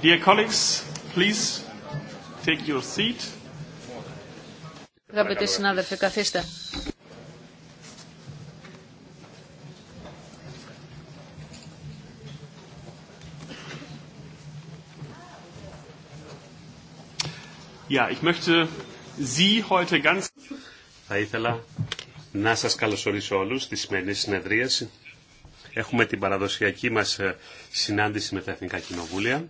Dear colleagues, please take your seat. Αγαπητοί συνάδελφοι, καθίστε. Yeah, ich möchte Sie heute ganz... Θα ήθελα να σας καλωσορίσω όλους στη σημερινή συνεδρίαση. Έχουμε την παραδοσιακή μας ε, συνάντηση με τα Εθνικά Κοινοβούλια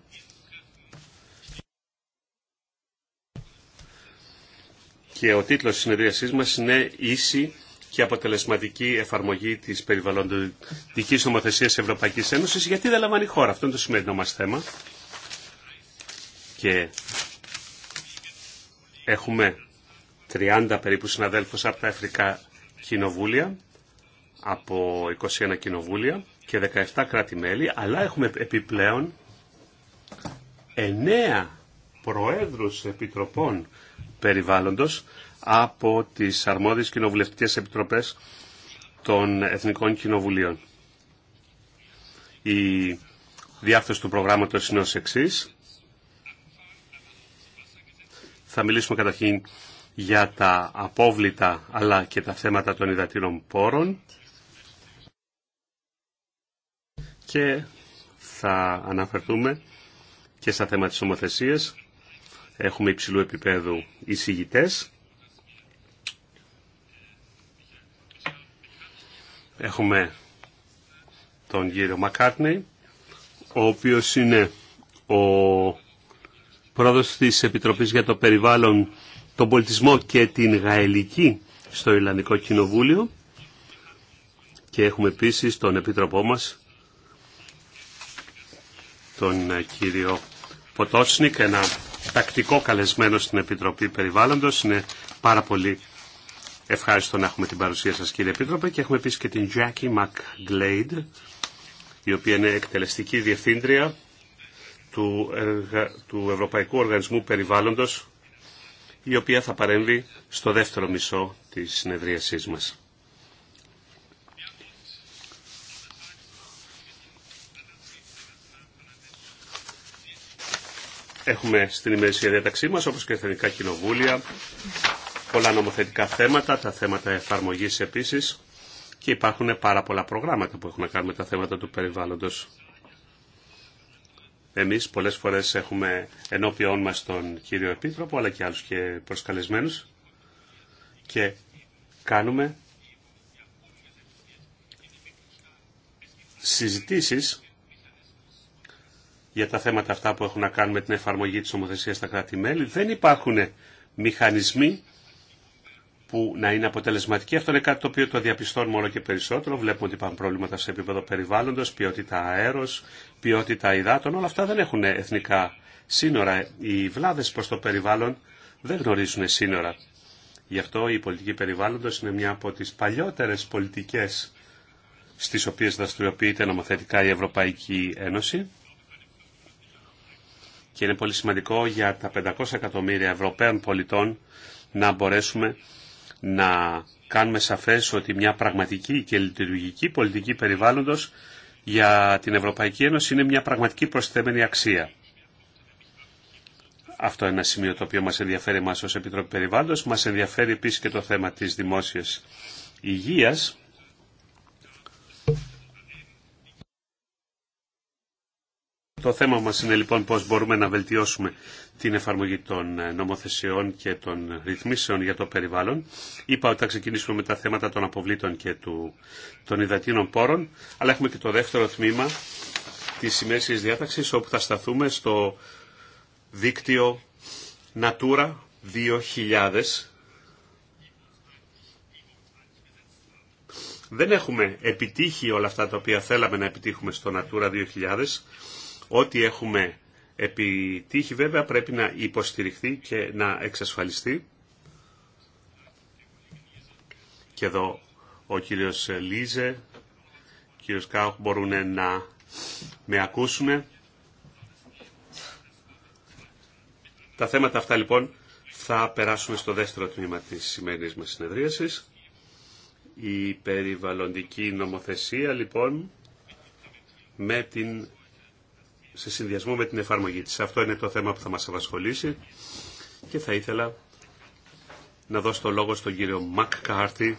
και ο τίτλος της συνεδρίασής μας είναι «Ίση και αποτελεσματική εφαρμογή της περιβαλλοντικής νομοθεσίας Ευρωπαϊκής Ένωσης». Γιατί δεν λαμβάνει χώρα. Αυτό είναι το σημερινό μας θέμα. Και έχουμε 30 περίπου συναδέλφους από τα Αφρικά κοινοβούλια, από 21 κοινοβούλια και 17 κράτη-μέλη, αλλά έχουμε επιπλέον 9 προέδρους επιτροπών περιβάλλοντος από τις αρμόδιες κοινοβουλευτικές επιτροπές των Εθνικών Κοινοβουλίων. Η διάθεση του προγράμματος είναι ως εξής. Θα μιλήσουμε καταρχήν για τα απόβλητα αλλά και τα θέματα των υδατήρων πόρων και θα αναφερθούμε και στα θέματα της ομοθεσίας Έχουμε υψηλού επίπεδου εισηγητές. Έχουμε τον κύριο Μακάρνι, ο οποίος είναι ο πρόεδρος της Επιτροπής για το Περιβάλλον, τον Πολιτισμό και την Γαελική στο Ιρλανδικό Κοινοβούλιο και έχουμε επίσης τον Επίτροπό μας, τον κύριο Ποτόσνικ, ένα τακτικό καλεσμένο στην Επιτροπή Περιβάλλοντος. Είναι πάρα πολύ ευχάριστο να έχουμε την παρουσία σας κύριε Επίτροπε και έχουμε επίσης και την Jackie McGlade η οποία είναι εκτελεστική διευθύντρια του, του Ευρωπαϊκού Οργανισμού Περιβάλλοντος η οποία θα παρέμβει στο δεύτερο μισό της συνεδρίασής μας. έχουμε στην ημερησία διάταξή μας, όπως και εθνικά κοινοβούλια, πολλά νομοθετικά θέματα, τα θέματα εφαρμογής επίσης και υπάρχουν πάρα πολλά προγράμματα που έχουν να κάνουν με τα θέματα του περιβάλλοντος. Εμείς πολλές φορές έχουμε ενώπιόν μας τον κύριο Επίτροπο, αλλά και άλλους και προσκαλεσμένους και κάνουμε συζητήσεις για τα θέματα αυτά που έχουν να κάνουν με την εφαρμογή της νομοθεσίας στα κράτη-μέλη. Δεν υπάρχουν μηχανισμοί που να είναι αποτελεσματικοί. Αυτό είναι κάτι το οποίο το διαπιστώνουμε όλο και περισσότερο. Βλέπουμε ότι υπάρχουν προβλήματα σε επίπεδο περιβάλλοντος, ποιότητα αέρος, ποιότητα υδάτων. Όλα αυτά δεν έχουν εθνικά σύνορα. Οι βλάβες προς το περιβάλλον δεν γνωρίζουν σύνορα. Γι' αυτό η πολιτική περιβάλλοντος είναι μια από τις παλιότερες πολιτικές στις οποίες δραστηριοποιείται νομοθετικά η Ευρωπαϊκή Ένωση και είναι πολύ σημαντικό για τα 500 εκατομμύρια Ευρωπαίων πολιτών να μπορέσουμε να κάνουμε σαφές ότι μια πραγματική και λειτουργική πολιτική περιβάλλοντος για την Ευρωπαϊκή Ένωση είναι μια πραγματική προσθέμενη αξία. Αυτό είναι ένα σημείο το οποίο μας ενδιαφέρει μας ως Επιτροπή Περιβάλλοντος. Μας ενδιαφέρει επίσης και το θέμα της δημόσιας υγείας Το θέμα μας είναι λοιπόν πώς μπορούμε να βελτιώσουμε την εφαρμογή των ε, νομοθεσιών και των ρυθμίσεων για το περιβάλλον. Είπα ότι θα ξεκινήσουμε με τα θέματα των αποβλήτων και του, των υδατίνων πόρων, αλλά έχουμε και το δεύτερο τμήμα της ημέρα διάταξης, όπου θα σταθούμε στο δίκτυο Natura 2000. Δεν έχουμε επιτύχει όλα αυτά τα οποία θέλαμε να επιτύχουμε στο Natura 2000 Ό,τι έχουμε επιτύχει βέβαια πρέπει να υποστηριχθεί και να εξασφαλιστεί. Και εδώ ο κύριος Λίζε, ο κύριος Κάουχ μπορούν να με ακούσουν. Τα θέματα αυτά λοιπόν θα περάσουμε στο δεύτερο τμήμα της σημερινής μας συνεδρίασης. Η περιβαλλοντική νομοθεσία λοιπόν με την σε συνδυασμό με την εφαρμογή της. Αυτό είναι το θέμα που θα μας απασχολήσει και θα ήθελα να δώσω το λόγο στον κύριο Μακ Κάρτη,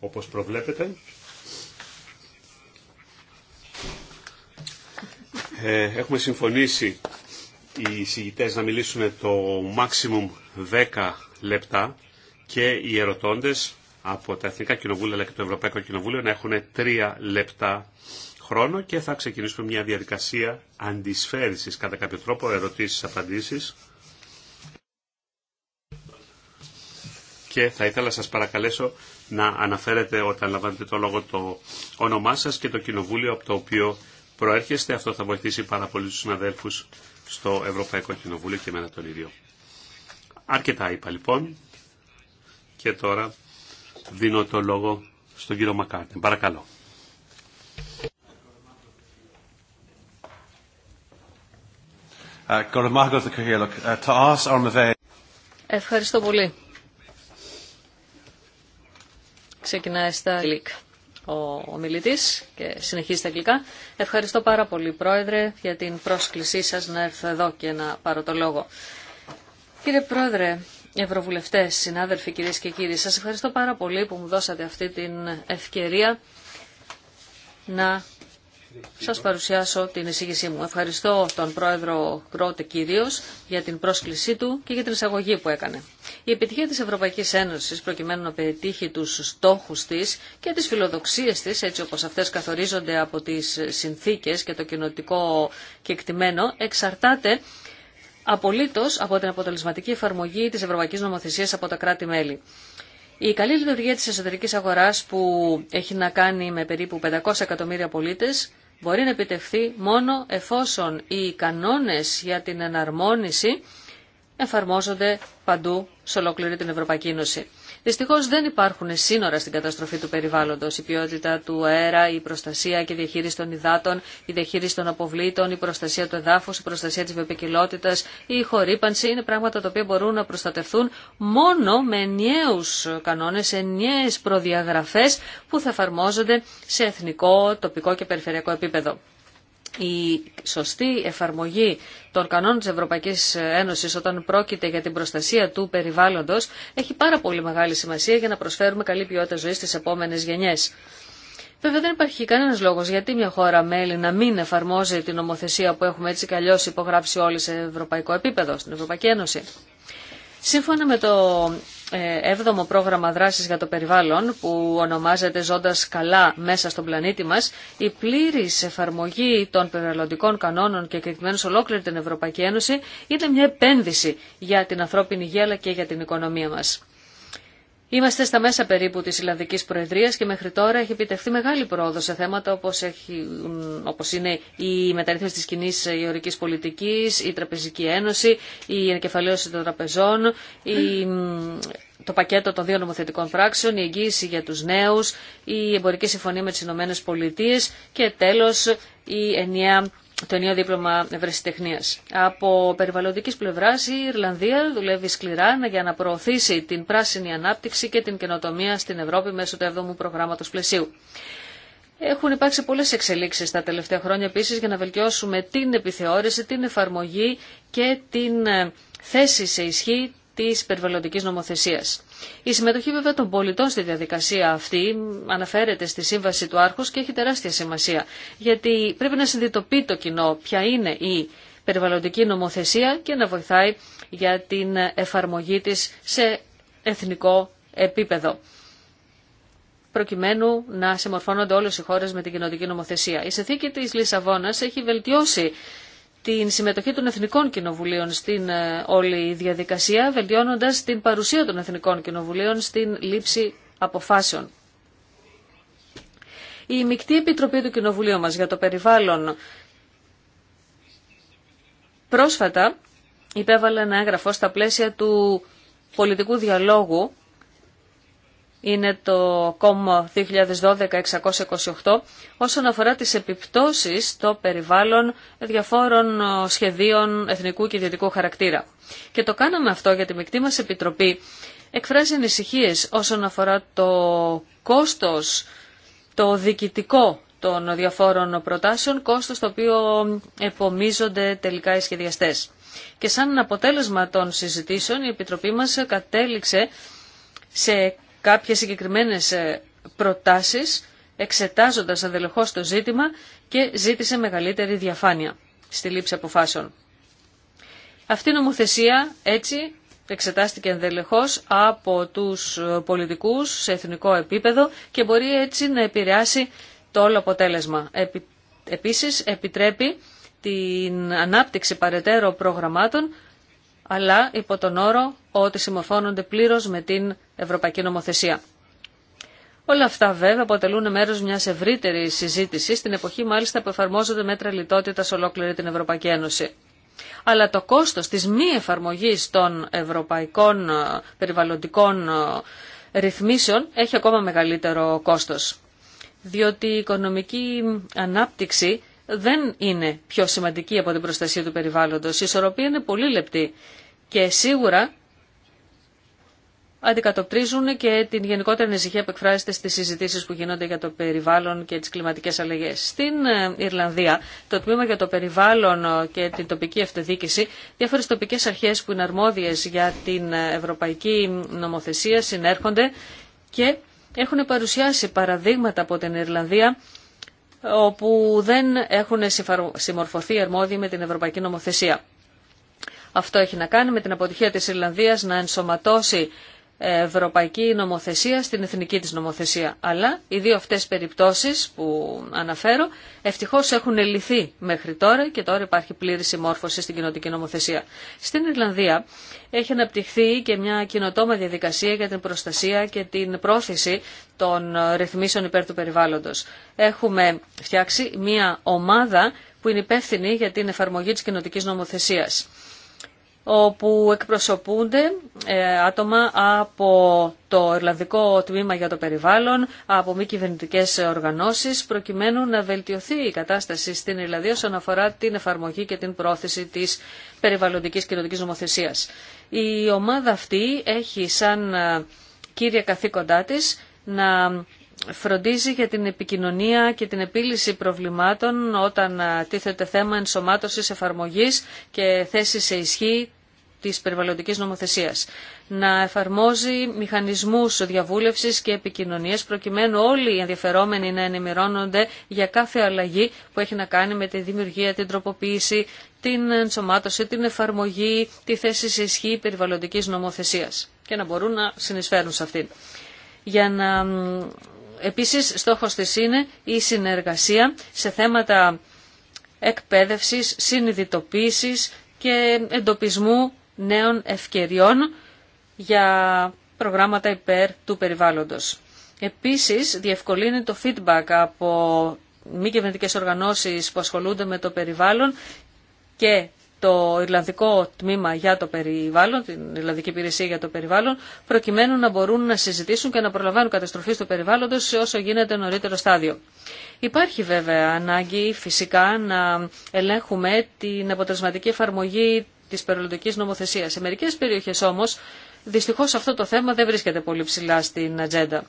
όπως προβλέπετε. Ε, έχουμε συμφωνήσει οι συγητές να μιλήσουν το maximum 10 λεπτά και οι ερωτώντες από τα Εθνικά Κοινοβούλια αλλά και το Ευρωπαϊκό Κοινοβούλιο να έχουν 3 λεπτά χρόνο και θα ξεκινήσουμε μια διαδικασία αντισφαίρησης κατά κάποιο τρόπο, ερωτήσεις, απαντήσεις. Και θα ήθελα να σας παρακαλέσω να αναφέρετε όταν λαμβάνετε το λόγο το όνομά σας και το κοινοβούλιο από το οποίο προέρχεστε. Αυτό θα βοηθήσει πάρα πολύ τους συναδέλφους στο Ευρωπαϊκό Κοινοβούλιο και εμένα τον ίδιο. Αρκετά είπα λοιπόν και τώρα δίνω το λόγο στον κύριο Μακάρντεν. Παρακαλώ. Ευχαριστώ πολύ. Ξεκινάει στα αγγλικά ο ομιλητής και συνεχίζει στα αγγλικά. Ευχαριστώ πάρα πολύ, Πρόεδρε, για την πρόσκλησή σα να έρθω εδώ και να πάρω το λόγο. Κύριε Πρόεδρε, Ευρωβουλευτές, συνάδελφοι, κύριε και κύριοι, σα ευχαριστώ πάρα πολύ που μου δώσατε αυτή την ευκαιρία να σας παρουσιάσω την εισήγησή μου. Ευχαριστώ τον πρόεδρο Κρότε κυρίω για την πρόσκλησή του και για την εισαγωγή που έκανε. Η επιτυχία της Ευρωπαϊκής Ένωσης προκειμένου να πετύχει τους στόχους της και τις φιλοδοξίες της, έτσι όπως αυτές καθορίζονται από τις συνθήκες και το κοινοτικό κεκτημένο, εξαρτάται απολύτως από την αποτελεσματική εφαρμογή της Ευρωπαϊκής Νομοθεσίας από τα κράτη-μέλη. Η καλή λειτουργία της εσωτερικής αγοράς που έχει να κάνει με περίπου 500 εκατομμύρια πολίτες μπορεί να επιτευχθεί μόνο εφόσον οι κανόνες για την εναρμόνιση εφαρμόζονται παντού σε ολόκληρη την Ευρωπαϊκή Ένωση. Δυστυχώ δεν υπάρχουν σύνορα στην καταστροφή του περιβάλλοντο. Η ποιότητα του αέρα, η προστασία και η διαχείριση των υδάτων, η διαχείριση των αποβλήτων, η προστασία του εδάφου, η προστασία τη βιοποικιλότητας, η χορύπανση είναι πράγματα τα οποία μπορούν να προστατευθούν μόνο με ενιαίου κανόνε, ενιαίε προδιαγραφέ που θα εφαρμόζονται σε εθνικό, τοπικό και περιφερειακό επίπεδο η σωστή εφαρμογή των κανόνων της Ευρωπαϊκής Ένωσης όταν πρόκειται για την προστασία του περιβάλλοντος έχει πάρα πολύ μεγάλη σημασία για να προσφέρουμε καλή ποιότητα ζωής στις επόμενες γενιές. Βέβαια δεν υπάρχει κανένα λόγο γιατί μια χώρα μέλη να μην εφαρμόζει την νομοθεσία που έχουμε έτσι κι αλλιώ υπογράψει όλοι σε ευρωπαϊκό επίπεδο, στην Ευρωπαϊκή Ένωση. Σύμφωνα με το 7 ε, πρόγραμμα δράσης για το περιβάλλον που ονομάζεται ζώντας καλά μέσα στον πλανήτη μας, η πλήρης εφαρμογή των περιβαλλοντικών κανόνων και κεκτημένου ολόκληρη την Ευρωπαϊκή Ένωση είναι μια επένδυση για την ανθρώπινη υγεία αλλά και για την οικονομία μας. Είμαστε στα μέσα περίπου της Ιλλανδικής Προεδρίας και μέχρι τώρα έχει επιτευχθεί μεγάλη πρόοδο σε θέματα όπως, έχει, όπως είναι η μεταρρύθμιση της κοινή ιωρικής πολιτικής, η Τραπεζική Ένωση, η ανακεφαλαίωση των τραπεζών, η, το πακέτο των δύο νομοθετικών πράξεων, η εγγύηση για τους νέους, η εμπορική συμφωνία με τις Ηνωμένε Πολιτείες και τέλος η ενιαία το ενίο δίπλωμα ευρεσιτεχνία. Από περιβαλλοντική πλευρά, η Ιρλανδία δουλεύει σκληρά για να προωθήσει την πράσινη ανάπτυξη και την καινοτομία στην Ευρώπη μέσω του 7ου προγράμματο πλαισίου. Έχουν υπάρξει πολλέ εξελίξει τα τελευταία χρόνια επίση για να βελτιώσουμε την επιθεώρηση, την εφαρμογή και την ε, θέση σε ισχύ της περιβαλλοντικής νομοθεσίας. Η συμμετοχή βέβαια των πολιτών στη διαδικασία αυτή αναφέρεται στη σύμβαση του Άρχου και έχει τεράστια σημασία, γιατί πρέπει να συνειδητοποιεί το κοινό ποια είναι η περιβαλλοντική νομοθεσία και να βοηθάει για την εφαρμογή της σε εθνικό επίπεδο προκειμένου να συμμορφώνονται όλες οι χώρες με την κοινωτική νομοθεσία. Η συνθήκη της Λισαβόνας έχει βελτιώσει την συμμετοχή των Εθνικών Κοινοβουλίων στην ε, όλη διαδικασία, βελτιώνοντας την παρουσία των Εθνικών Κοινοβουλίων στην λήψη αποφάσεων. Η Μικτή Επιτροπή του Κοινοβουλίου μας για το περιβάλλον πρόσφατα υπέβαλε ένα έγγραφο στα πλαίσια του πολιτικού διαλόγου είναι το κόμμα 2012-628 όσον αφορά τις επιπτώσεις στο περιβάλλον διαφόρων σχεδίων εθνικού και ιδιωτικού χαρακτήρα. Και το κάναμε αυτό γιατί η Μεκτή μας Επιτροπή εκφράζει ανησυχίε όσον αφορά το κόστος, το διοικητικό των διαφόρων προτάσεων, κόστος το οποίο επομίζονται τελικά οι σχεδιαστές. Και σαν αποτέλεσμα των συζητήσεων η Επιτροπή μας κατέληξε σε κάποιες συγκεκριμένες ε, προτάσεις εξετάζοντας αδελφώς το ζήτημα και ζήτησε μεγαλύτερη διαφάνεια στη λήψη αποφάσεων. Αυτή η νομοθεσία έτσι εξετάστηκε ενδελεχώς από τους ε, πολιτικούς σε εθνικό επίπεδο και μπορεί έτσι να επηρεάσει το όλο αποτέλεσμα. Επίσης επιτρέπει την ανάπτυξη παρετέρω προγραμμάτων αλλά υπό τον όρο ότι συμμορφώνονται πλήρως με την Ευρωπαϊκή Νομοθεσία. Όλα αυτά βέβαια αποτελούν μέρο μια ευρύτερη συζήτηση, στην εποχή μάλιστα που εφαρμόζονται μέτρα λιτότητα σε ολόκληρη την Ευρωπαϊκή Ένωση. Αλλά το κόστος της μη εφαρμογή των ευρωπαϊκών ε, περιβαλλοντικών ε, ρυθμίσεων έχει ακόμα μεγαλύτερο κόστο. Διότι η οικονομική ανάπτυξη δεν είναι πιο σημαντική από την προστασία του περιβάλλοντος. Η ισορροπία είναι πολύ λεπτή και σίγουρα αντικατοπτρίζουν και την γενικότερη ανησυχία που εκφράζεται στις συζητήσεις που γίνονται για το περιβάλλον και τις κλιματικές αλλαγές. Στην ε, Ιρλανδία, το τμήμα για το περιβάλλον και την τοπική αυτοδίκηση, διάφορες τοπικές αρχές που είναι αρμόδιες για την ε, ευρωπαϊκή νομοθεσία συνέρχονται και έχουν παρουσιάσει παραδείγματα από την Ιρλανδία όπου δεν έχουν συμμορφωθεί αρμόδιοι με την Ευρωπαϊκή Νομοθεσία. Αυτό έχει να κάνει με την αποτυχία της Ιρλανδίας να ενσωματώσει ευρωπαϊκή νομοθεσία στην εθνική της νομοθεσία. Αλλά οι δύο αυτές περιπτώσεις που αναφέρω ευτυχώς έχουν λυθεί μέχρι τώρα και τώρα υπάρχει πλήρη συμμόρφωση στην κοινωτική νομοθεσία. Στην Ιρλανδία έχει αναπτυχθεί και μια κοινοτόμα διαδικασία για την προστασία και την πρόθεση των ρυθμίσεων υπέρ του περιβάλλοντος. Έχουμε φτιάξει μια ομάδα που είναι υπεύθυνη για την εφαρμογή της κοινοτικής νομοθεσίας όπου εκπροσωπούνται ε, άτομα από το Ιρλανδικό Τμήμα για το Περιβάλλον, από μη κυβερνητικέ οργανώσεις, προκειμένου να βελτιωθεί η κατάσταση στην Ιρλανδία όσον αφορά την εφαρμογή και την πρόθεση της περιβαλλοντικής κοινωτικής νομοθεσίας. Η ομάδα αυτή έχει σαν ε, κύρια καθήκοντά της να φροντίζει για την επικοινωνία και την επίλυση προβλημάτων όταν τίθεται θέμα ενσωμάτωσης εφαρμογής και θέση σε ισχύ της περιβαλλοντικής νομοθεσίας. Να εφαρμόζει μηχανισμούς διαβούλευσης και επικοινωνίας προκειμένου όλοι οι ενδιαφερόμενοι να ενημερώνονται για κάθε αλλαγή που έχει να κάνει με τη δημιουργία, την τροποποίηση, την ενσωμάτωση, την εφαρμογή, τη θέση σε ισχύ περιβαλλοντικής νομοθεσίας και να μπορούν να συνεισφέρουν σε αυτήν. Για να Επίσης, στόχος της είναι η συνεργασία σε θέματα εκπαίδευσης, συνειδητοποίησης και εντοπισμού νέων ευκαιριών για προγράμματα υπέρ του περιβάλλοντος. Επίσης, διευκολύνει το feedback από μη κυβερνητικέ οργανώσεις που ασχολούνται με το περιβάλλον και το Ιρλανδικό τμήμα για το περιβάλλον, την Ιρλανδική υπηρεσία για το περιβάλλον, προκειμένου να μπορούν να συζητήσουν και να προλαμβάνουν καταστροφή του περιβάλλοντο σε όσο γίνεται νωρίτερο στάδιο. Υπάρχει βέβαια ανάγκη φυσικά να ελέγχουμε την αποτελεσματική εφαρμογή τη περιβαλλοντική νομοθεσία. Σε μερικέ περιοχέ όμω, δυστυχώ αυτό το θέμα δεν βρίσκεται πολύ ψηλά στην ατζέντα.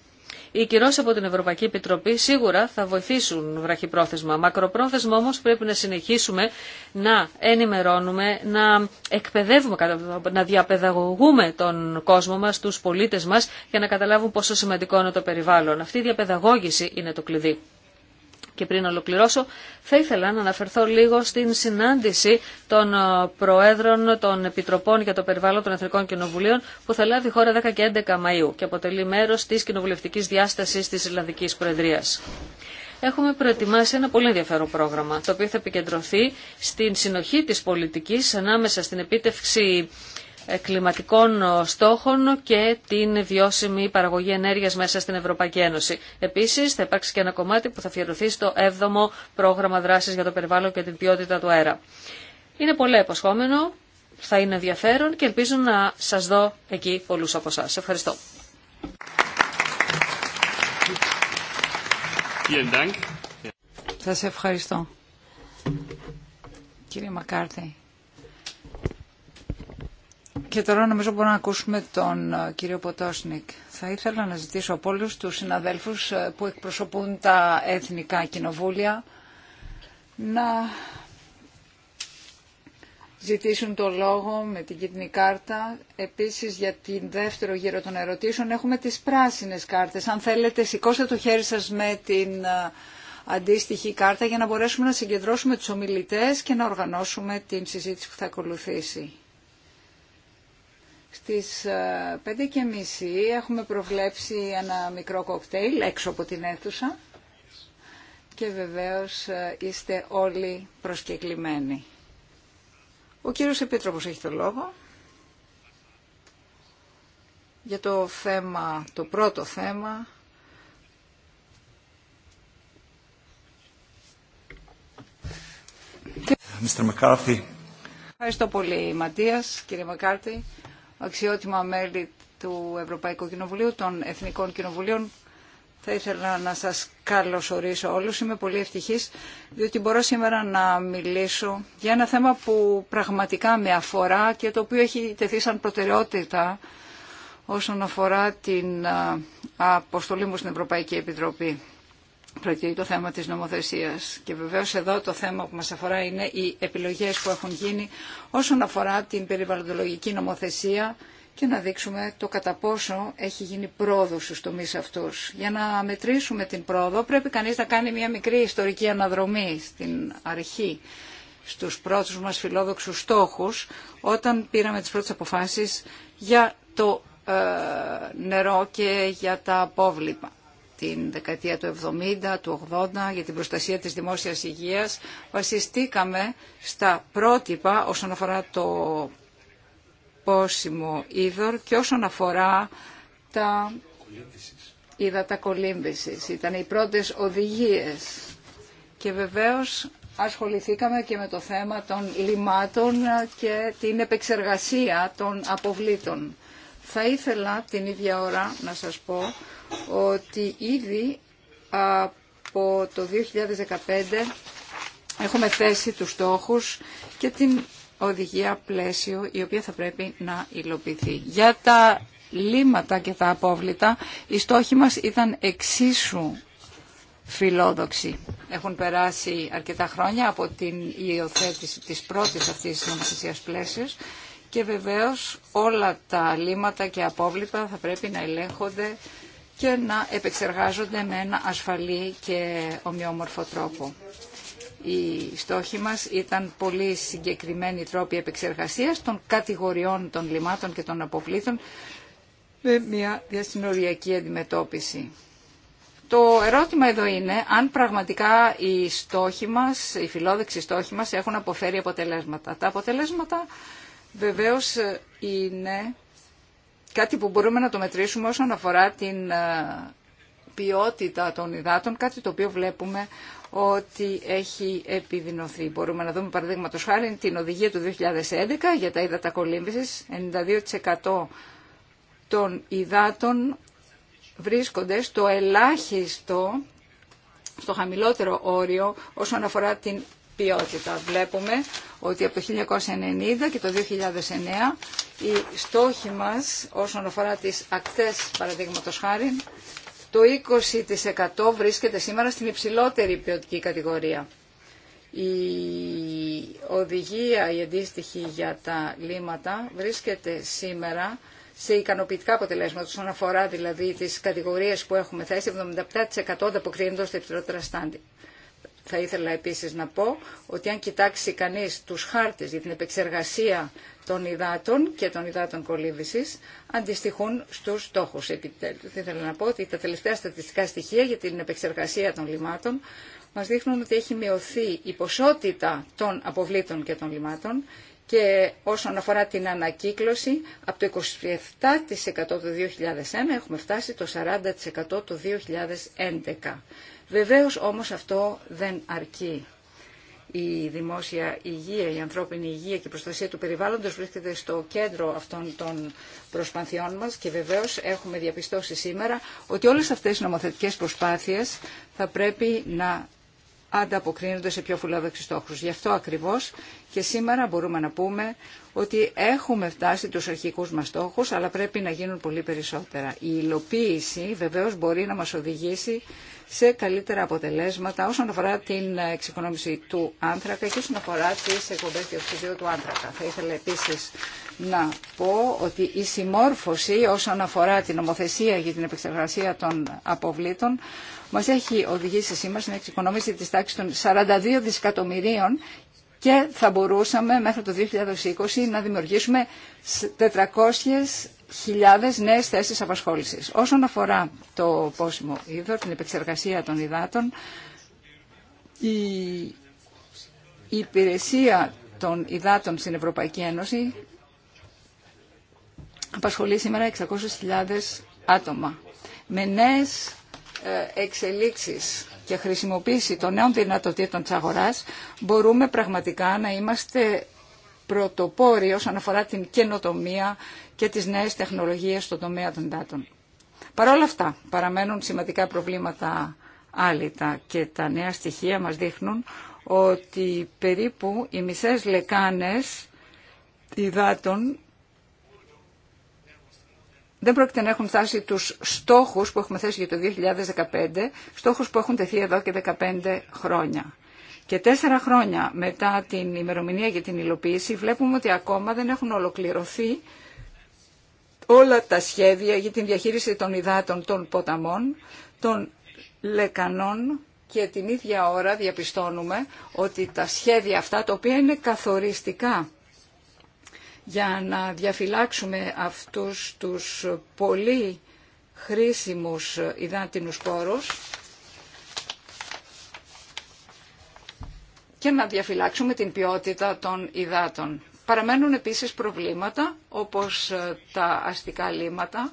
Οι κυρώσει από την Ευρωπαϊκή Επιτροπή σίγουρα θα βοηθήσουν βραχυπρόθεσμα. Μακροπρόθεσμα όμω πρέπει να συνεχίσουμε να ενημερώνουμε, να εκπαιδεύουμε, να διαπαιδαγωγούμε τον κόσμο μα, του πολίτε μα, για να καταλάβουν πόσο σημαντικό είναι το περιβάλλον. Αυτή η διαπαιδαγώγηση είναι το κλειδί. Και πριν ολοκληρώσω, θα ήθελα να αναφερθώ λίγο στην συνάντηση των ε, Προέδρων των Επιτροπών για το Περιβάλλον των Εθνικών Κοινοβουλίων που θα λάβει η χώρα 10 και 11 Μαΐου και αποτελεί μέρος της κοινοβουλευτικής διάστασης της Ιρλανδικής Προεδρίας. Έχουμε προετοιμάσει ένα πολύ ενδιαφέρον πρόγραμμα, το οποίο θα επικεντρωθεί στην συνοχή της πολιτικής ανάμεσα στην επίτευξη κλιματικών στόχων και την βιώσιμη παραγωγή ενέργειας μέσα στην Ευρωπαϊκή Ένωση. Επίσης θα υπάρξει και ένα κομμάτι που θα αφιερωθεί στο 7ο πρόγραμμα δράσης για το περιβάλλον και την ποιότητα του αέρα. Είναι πολύ υποσχόμενο, θα είναι ενδιαφέρον και ελπίζω να σας δω εκεί πολλούς από εσά. Ευχαριστώ. Σας ευχαριστώ. Κύριε Μακάρτη, και τώρα νομίζω μπορούμε να ακούσουμε τον ε, κύριο Ποτόσνικ. Θα ήθελα να ζητήσω από όλους τους συναδέλφους ε, που εκπροσωπούν τα εθνικά κοινοβούλια να ζητήσουν το λόγο με την κοινή κάρτα. Επίσης για την δεύτερο γύρο των ερωτήσεων έχουμε τις πράσινες κάρτες. Αν θέλετε σηκώστε το χέρι σας με την ε, αντίστοιχη κάρτα για να μπορέσουμε να συγκεντρώσουμε τους ομιλητές και να οργανώσουμε την συζήτηση που θα ακολουθήσει. Στις 5.30 ε, έχουμε προβλέψει ένα μικρό κοκτέιλ έξω από την αίθουσα και βεβαίως ε, είστε όλοι προσκεκλημένοι. Ο κύριος Επίτροπος έχει το λόγο για το θέμα, το πρώτο θέμα. Ευχαριστώ πολύ, Ματίας, κύριε Μακάρτη αξιότιμα μέλη του Ευρωπαϊκού Κοινοβουλίου, των Εθνικών Κοινοβουλίων. Θα ήθελα να σας καλωσορίσω όλους. Είμαι πολύ ευτυχής, διότι μπορώ σήμερα να μιλήσω για ένα θέμα που πραγματικά με αφορά και το οποίο έχει τεθεί σαν προτεραιότητα όσον αφορά την αποστολή μου στην Ευρωπαϊκή Επιτροπή προκύπτει το θέμα της νομοθεσίας. Και βεβαίως εδώ το θέμα που μας αφορά είναι οι επιλογές που έχουν γίνει όσον αφορά την περιβαλλοντολογική νομοθεσία και να δείξουμε το κατά πόσο έχει γίνει πρόοδο στους τομείς αυτούς. Για να μετρήσουμε την πρόοδο πρέπει κανείς να κάνει μια μικρή ιστορική αναδρομή στην αρχή στους πρώτους μας φιλόδοξους στόχους όταν πήραμε τις πρώτες αποφάσεις για το ε, νερό και για τα απόβλημα την δεκαετία του 70, του 80 για την προστασία της δημόσιας υγείας βασιστήκαμε στα πρότυπα όσον αφορά το πόσιμο είδωρ και όσον αφορά τα υδατά κολύμβησης. Ήταν οι πρώτες οδηγίες και βεβαίως ασχοληθήκαμε και με το θέμα των λιμάτων και την επεξεργασία των αποβλήτων. Θα ήθελα την ίδια ώρα να σας πω ότι ήδη από το 2015 έχουμε θέσει τους στόχους και την οδηγία πλαίσιο η οποία θα πρέπει να υλοποιηθεί. Για τα λύματα και τα απόβλητα οι στόχοι μας ήταν εξίσου φιλόδοξοι. Έχουν περάσει αρκετά χρόνια από την υιοθέτηση της πρώτης αυτής της νομοθεσίας πλαίσιος και βεβαίως όλα τα λύματα και απόβλητα θα πρέπει να ελέγχονται και να επεξεργάζονται με ένα ασφαλή και ομοιόμορφο τρόπο. Οι στόχοι μας ήταν πολύ συγκεκριμένοι τρόποι επεξεργασίας των κατηγοριών των λιμάτων και των αποβλήτων με μια διασυνοριακή αντιμετώπιση. Το ερώτημα εδώ είναι αν πραγματικά οι στόχοι μας, οι φιλόδεξοι στόχοι μας έχουν αποφέρει αποτελέσματα. Τα αποτελέσματα βεβαίως ε, είναι κάτι που μπορούμε να το μετρήσουμε όσον αφορά την ε, ποιότητα των υδάτων, κάτι το οποίο βλέπουμε ότι έχει επιδεινωθεί. Μπορούμε να δούμε παραδείγματο χάρη την οδηγία του 2011 για τα ύδατα κολύμβησης. 92% των υδάτων βρίσκονται στο ελάχιστο, στο χαμηλότερο όριο όσον αφορά την ποιότητα. Βλέπουμε ότι από το 1990 και το 2009 οι στόχοι μας όσον αφορά τις ακτές παραδείγματος χάρη το 20% βρίσκεται σήμερα στην υψηλότερη ποιοτική κατηγορία. Η οδηγία, η αντίστοιχη για τα λίματα, βρίσκεται σήμερα σε ικανοποιητικά αποτελέσματα, όσον αφορά δηλαδή τις κατηγορίες που έχουμε θέσει, 77% ανταποκρίνονται στα υψηλότερα στάντη. Θα ήθελα επίσης να πω ότι αν κοιτάξει κανείς τους χάρτες για την επεξεργασία των υδάτων και των υδάτων κολύβησης, αντιστοιχούν στους στόχους. Επιτέλους, ήθελα να πω ότι τα τελευταία στατιστικά στοιχεία για την επεξεργασία των λιμάτων μας δείχνουν ότι έχει μειωθεί η ποσότητα των αποβλήτων και των λιμάτων και όσον αφορά την ανακύκλωση, από το 27% το 2001 έχουμε φτάσει το 40% το 2011. Βεβαίως όμως αυτό δεν αρκεί. Η δημόσια υγεία, η ανθρώπινη υγεία και η προστασία του περιβάλλοντος βρίσκεται στο κέντρο αυτών των προσπαθειών μας και βεβαίως έχουμε διαπιστώσει σήμερα ότι όλες αυτές οι νομοθετικές προσπάθειες θα πρέπει να ανταποκρίνονται σε πιο φουλάδεξους στόχους. Γι' αυτό ακριβώς και σήμερα μπορούμε να πούμε ότι έχουμε φτάσει τους αρχικούς μας στόχους, αλλά πρέπει να γίνουν πολύ περισσότερα. Η υλοποίηση βεβαίως μπορεί να μας οδηγήσει σε καλύτερα αποτελέσματα όσον αφορά την εξοικονόμηση του άνθρακα και όσον αφορά τις εκπομπές διοξιδίου του άνθρακα. Θα ήθελα επίσης να πω ότι η συμμόρφωση όσον αφορά την νομοθεσία για την επεξεργασία των αποβλήτων μας έχει οδηγήσει σήμερα στην εξοικονόμηση της τάξης των 42 δισεκατομμυρίων και θα μπορούσαμε μέχρι το 2020 να δημιουργήσουμε 400 χιλιάδες νέες θέσεις απασχόλησης. Όσον αφορά το πόσιμο είδο, την επεξεργασία των υδάτων, η υπηρεσία των υδάτων στην Ευρωπαϊκή Ένωση απασχολεί σήμερα 600.000 άτομα. Με νέες ε, εξελίξεις και χρησιμοποίηση των νέων δυνατοτήτων της αγοράς μπορούμε πραγματικά να είμαστε πρωτοπόροι όσον αφορά την καινοτομία και τις νέες τεχνολογίες στον τομέα των δάτων. Παρ' όλα αυτά παραμένουν σημαντικά προβλήματα άλυτα και τα νέα στοιχεία μας δείχνουν ότι περίπου οι μισές λεκάνες υδάτων δεν πρόκειται να έχουν φτάσει τους στόχους που έχουμε θέσει για το 2015, στόχους που έχουν τεθεί εδώ και 15 χρόνια. Και τέσσερα χρόνια μετά την ημερομηνία για την υλοποίηση βλέπουμε ότι ακόμα δεν έχουν ολοκληρωθεί όλα τα σχέδια για την διαχείριση των υδάτων των ποταμών, των λεκανών και την ίδια ώρα διαπιστώνουμε ότι τα σχέδια αυτά, τα οποία είναι καθοριστικά για να διαφυλάξουμε αυτούς τους πολύ χρήσιμους υδάτινους πόρους και να διαφυλάξουμε την ποιότητα των υδάτων. Παραμένουν επίσης προβλήματα όπως ε, τα αστικά λύματα,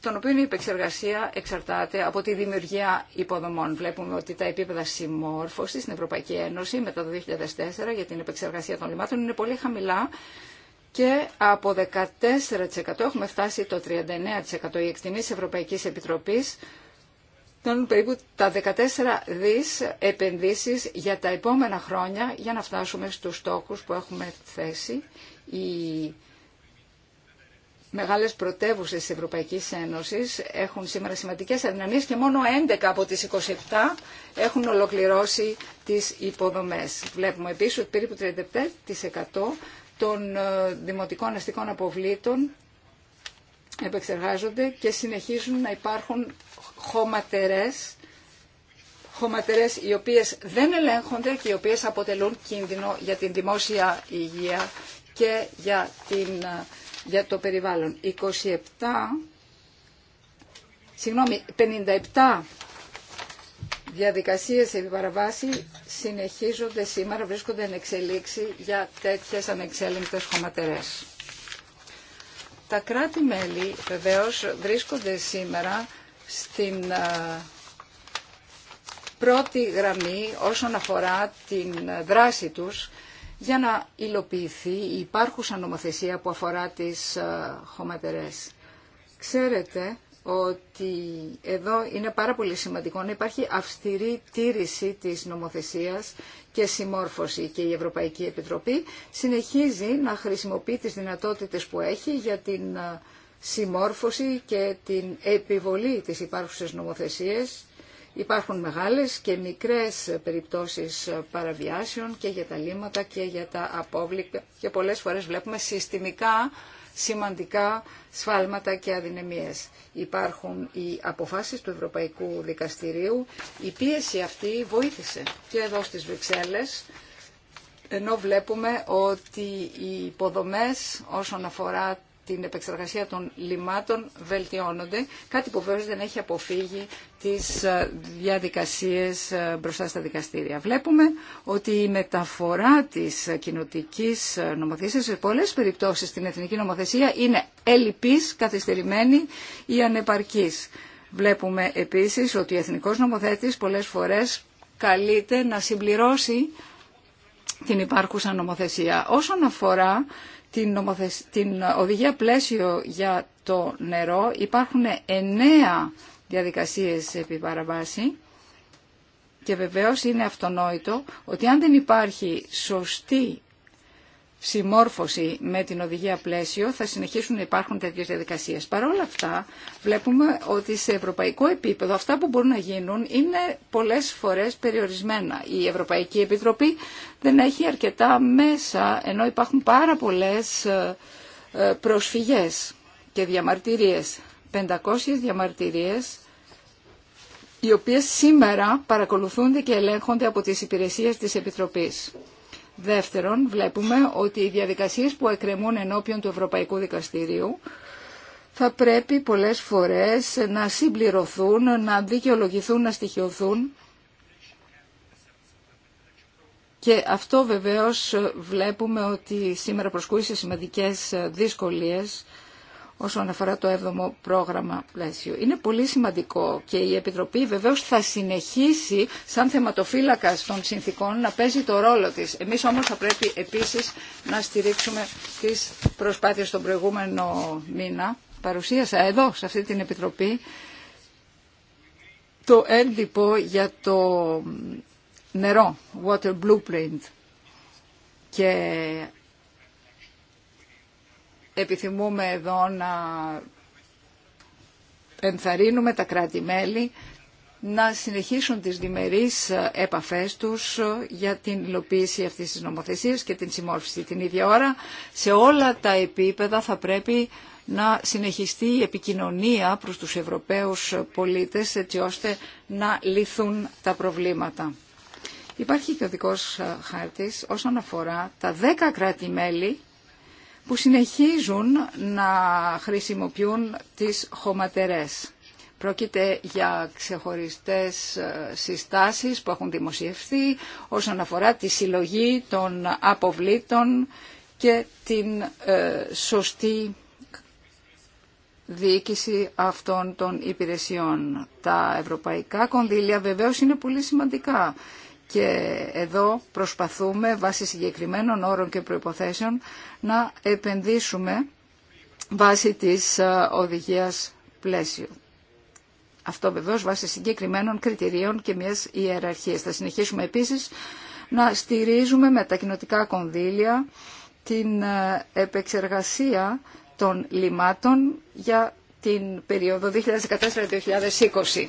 των οποίων η επεξεργασία εξαρτάται από τη δημιουργία υποδομών. Βλέπουμε ότι τα επίπεδα συμμόρφωσης στην Ευρωπαϊκή Ένωση μετά το 2004 για την επεξεργασία των λύματων είναι πολύ χαμηλά και από 14% έχουμε φτάσει το 39% οι εκτιμήσεις Ευρωπαϊκής Επιτροπής φτάνουν περίπου τα 14 δις επενδύσεις για τα επόμενα χρόνια για να φτάσουμε στους στόχους που έχουμε θέσει. Οι μεγάλες πρωτεύουσες της Ευρωπαϊκής Ένωσης έχουν σήμερα σημαντικές αδυναμίες και μόνο 11 από τις 27 έχουν ολοκληρώσει τις υποδομές. Βλέπουμε επίσης ότι περίπου 37% των ε, δημοτικών αστικών αποβλήτων επεξεργάζονται και συνεχίζουν να υπάρχουν χωματερές, χωματερές οι οποίες δεν ελέγχονται και οι οποίες αποτελούν κίνδυνο για την δημόσια υγεία και για, την, για το περιβάλλον. 27, συγγνώμη, 57 διαδικασίες επί συνεχίζονται σήμερα, βρίσκονται εν εξελίξη για τέτοιες ανεξέλεγκτες χωματερές. Τα κράτη-μέλη βεβαίως βρίσκονται σήμερα στην ε, πρώτη γραμμή όσον αφορά την δράση τους για να υλοποιηθεί η υπάρχουσα νομοθεσία που αφορά τις ε, χωματερές. Ξέρετε ότι εδώ είναι πάρα πολύ σημαντικό να υπάρχει αυστηρή τήρηση της νομοθεσίας και συμμόρφωση και η Ευρωπαϊκή Επιτροπή συνεχίζει να χρησιμοποιεί τις δυνατότητες που έχει για την ε, συμμόρφωση και την επιβολή της υπάρχουσας νομοθεσίας. Υπάρχουν μεγάλες και μικρές περιπτώσεις παραβιάσεων και για τα λίμματα και για τα απόβλητα και πολλές φορές βλέπουμε συστημικά σημαντικά σφάλματα και αδυναμίες. Υπάρχουν οι αποφάσεις του Ευρωπαϊκού Δικαστηρίου. Η πίεση αυτή βοήθησε και εδώ στις Βρυξέλλες, ενώ βλέπουμε ότι οι υποδομές όσον αφορά την επεξεργασία των λιμάτων βελτιώνονται, κάτι που βέβαια δεν έχει αποφύγει τις ε, διαδικασίες ε, μπροστά στα δικαστήρια. Βλέπουμε ότι η μεταφορά της κοινοτική ε, νομοθεσίας σε πολλές περιπτώσεις στην εθνική νομοθεσία είναι ελλειπής, καθυστερημένη ή ανεπαρκής. Βλέπουμε επίσης ότι ο εθνικός νομοθέτης πολλές φορές καλείται να συμπληρώσει την υπάρχουσα νομοθεσία. Όσον αφορά την, την οδηγία πλαίσιο για το νερό υπάρχουν εννέα διαδικασίες επί παραβάση και βεβαίως είναι αυτονόητο ότι αν δεν υπάρχει σωστή συμμόρφωση με την οδηγία πλαίσιο θα συνεχίσουν να υπάρχουν τέτοιε διαδικασίε. Παρ' όλα αυτά, βλέπουμε ότι σε ευρωπαϊκό επίπεδο αυτά που μπορούν να γίνουν είναι πολλέ φορέ περιορισμένα. Η Ευρωπαϊκή Επιτροπή δεν έχει αρκετά μέσα, ενώ υπάρχουν πάρα πολλέ ε, ε, προσφυγέ και διαμαρτυρίε. 500 διαμαρτυρίε οι οποίες σήμερα παρακολουθούνται και ελέγχονται από τις υπηρεσίες της Επιτροπής. Δεύτερον, βλέπουμε ότι οι διαδικασίες που εκκρεμούν ενώπιον του Ευρωπαϊκού Δικαστηρίου θα πρέπει πολλές φορές να συμπληρωθούν, να δικαιολογηθούν, να στοιχειωθούν και αυτό βεβαίως βλέπουμε ότι σήμερα προσκούει σε σημαντικές δυσκολίες όσον αφορά το 7ο πρόγραμμα πλαίσιο. Είναι πολύ σημαντικό και η Επιτροπή βεβαίως θα συνεχίσει σαν θεματοφύλακα των συνθήκων να παίζει το ρόλο της. Εμείς όμως θα πρέπει επίσης να στηρίξουμε τις προσπάθειες τον προηγούμενο μήνα. Παρουσίασα εδώ σε αυτή την Επιτροπή το έντυπο για το νερό, water blueprint. Και επιθυμούμε εδώ να ενθαρρύνουμε τα κράτη-μέλη να συνεχίσουν τις διμερείς επαφές τους για την υλοποίηση αυτής της νομοθεσίας και την συμμόρφωση την ίδια ώρα. Σε όλα τα επίπεδα θα πρέπει να συνεχιστεί η επικοινωνία προς τους Ευρωπαίους πολίτες έτσι ώστε να λυθούν τα προβλήματα. Υπάρχει και ο δικός χάρτης όσον αφορά τα 10 κράτη-μέλη που συνεχίζουν να χρησιμοποιούν τις χωματερές. Πρόκειται για ξεχωριστές ε, συστάσεις που έχουν δημοσιευθεί όσον αφορά τη συλλογή των αποβλήτων και την ε, σωστή διοίκηση αυτών των υπηρεσιών. Τα ευρωπαϊκά κονδύλια βεβαίως είναι πολύ σημαντικά και εδώ προσπαθούμε βάσει συγκεκριμένων όρων και προϋποθέσεων να επενδύσουμε βάσει της ε, οδηγίας πλαίσιου. Αυτό βεβαίως βάσει συγκεκριμένων κριτηρίων και μιας ιεραρχίας. Θα συνεχίσουμε επίσης να στηρίζουμε με τα κοινοτικά κονδύλια την ε, επεξεργασία των λιμάτων για την περίοδο 2014-2020.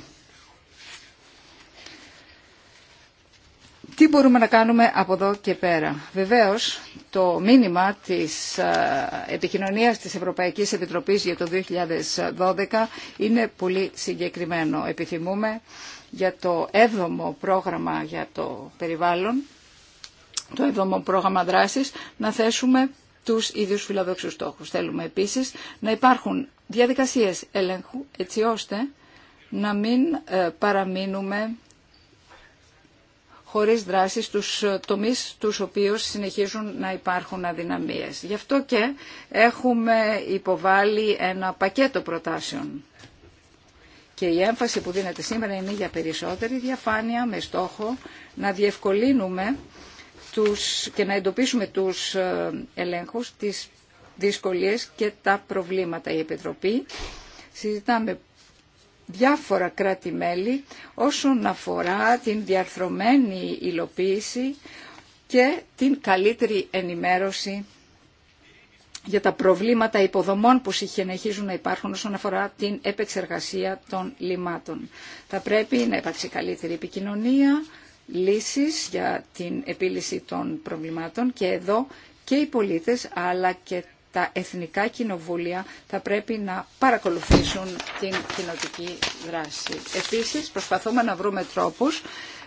Τι μπορούμε να κάνουμε από εδώ και πέρα. Βεβαίως, το μήνυμα της ε, επικοινωνίας της Ευρωπαϊκής Επιτροπής για το 2012 είναι πολύ συγκεκριμένο. Επιθυμούμε για το 7ο πρόγραμμα για το περιβάλλον, το 7ο πρόγραμμα δράσης, να θέσουμε τους ίδιους φιλοδόξους στόχους. Θέλουμε επίσης να υπάρχουν διαδικασίες έλεγχου έτσι ώστε να μην ε, παραμείνουμε χωρίς δράση στους τομείς τους οποίους συνεχίζουν να υπάρχουν αδυναμίες. Γι' αυτό και έχουμε υποβάλει ένα πακέτο προτάσεων. Και η έμφαση που δίνεται σήμερα είναι για περισσότερη διαφάνεια με στόχο να διευκολύνουμε τους, και να εντοπίσουμε τους ε, ελέγχους, τις δυσκολίες και τα προβλήματα. Η Επιτροπή συζητάμε διάφορα κράτη-μέλη όσον αφορά την διαρθρωμένη υλοποίηση και την καλύτερη ενημέρωση για τα προβλήματα υποδομών που συνεχίζουν να υπάρχουν όσον αφορά την επεξεργασία των λιμάτων. Θα πρέπει να υπάρξει καλύτερη επικοινωνία, λύσεις για την επίλυση των προβλημάτων και εδώ και οι πολίτες αλλά και τα εθνικά κοινοβούλια θα πρέπει να παρακολουθήσουν την κοινοτική δράση. Επίσης, προσπαθούμε να βρούμε τρόπους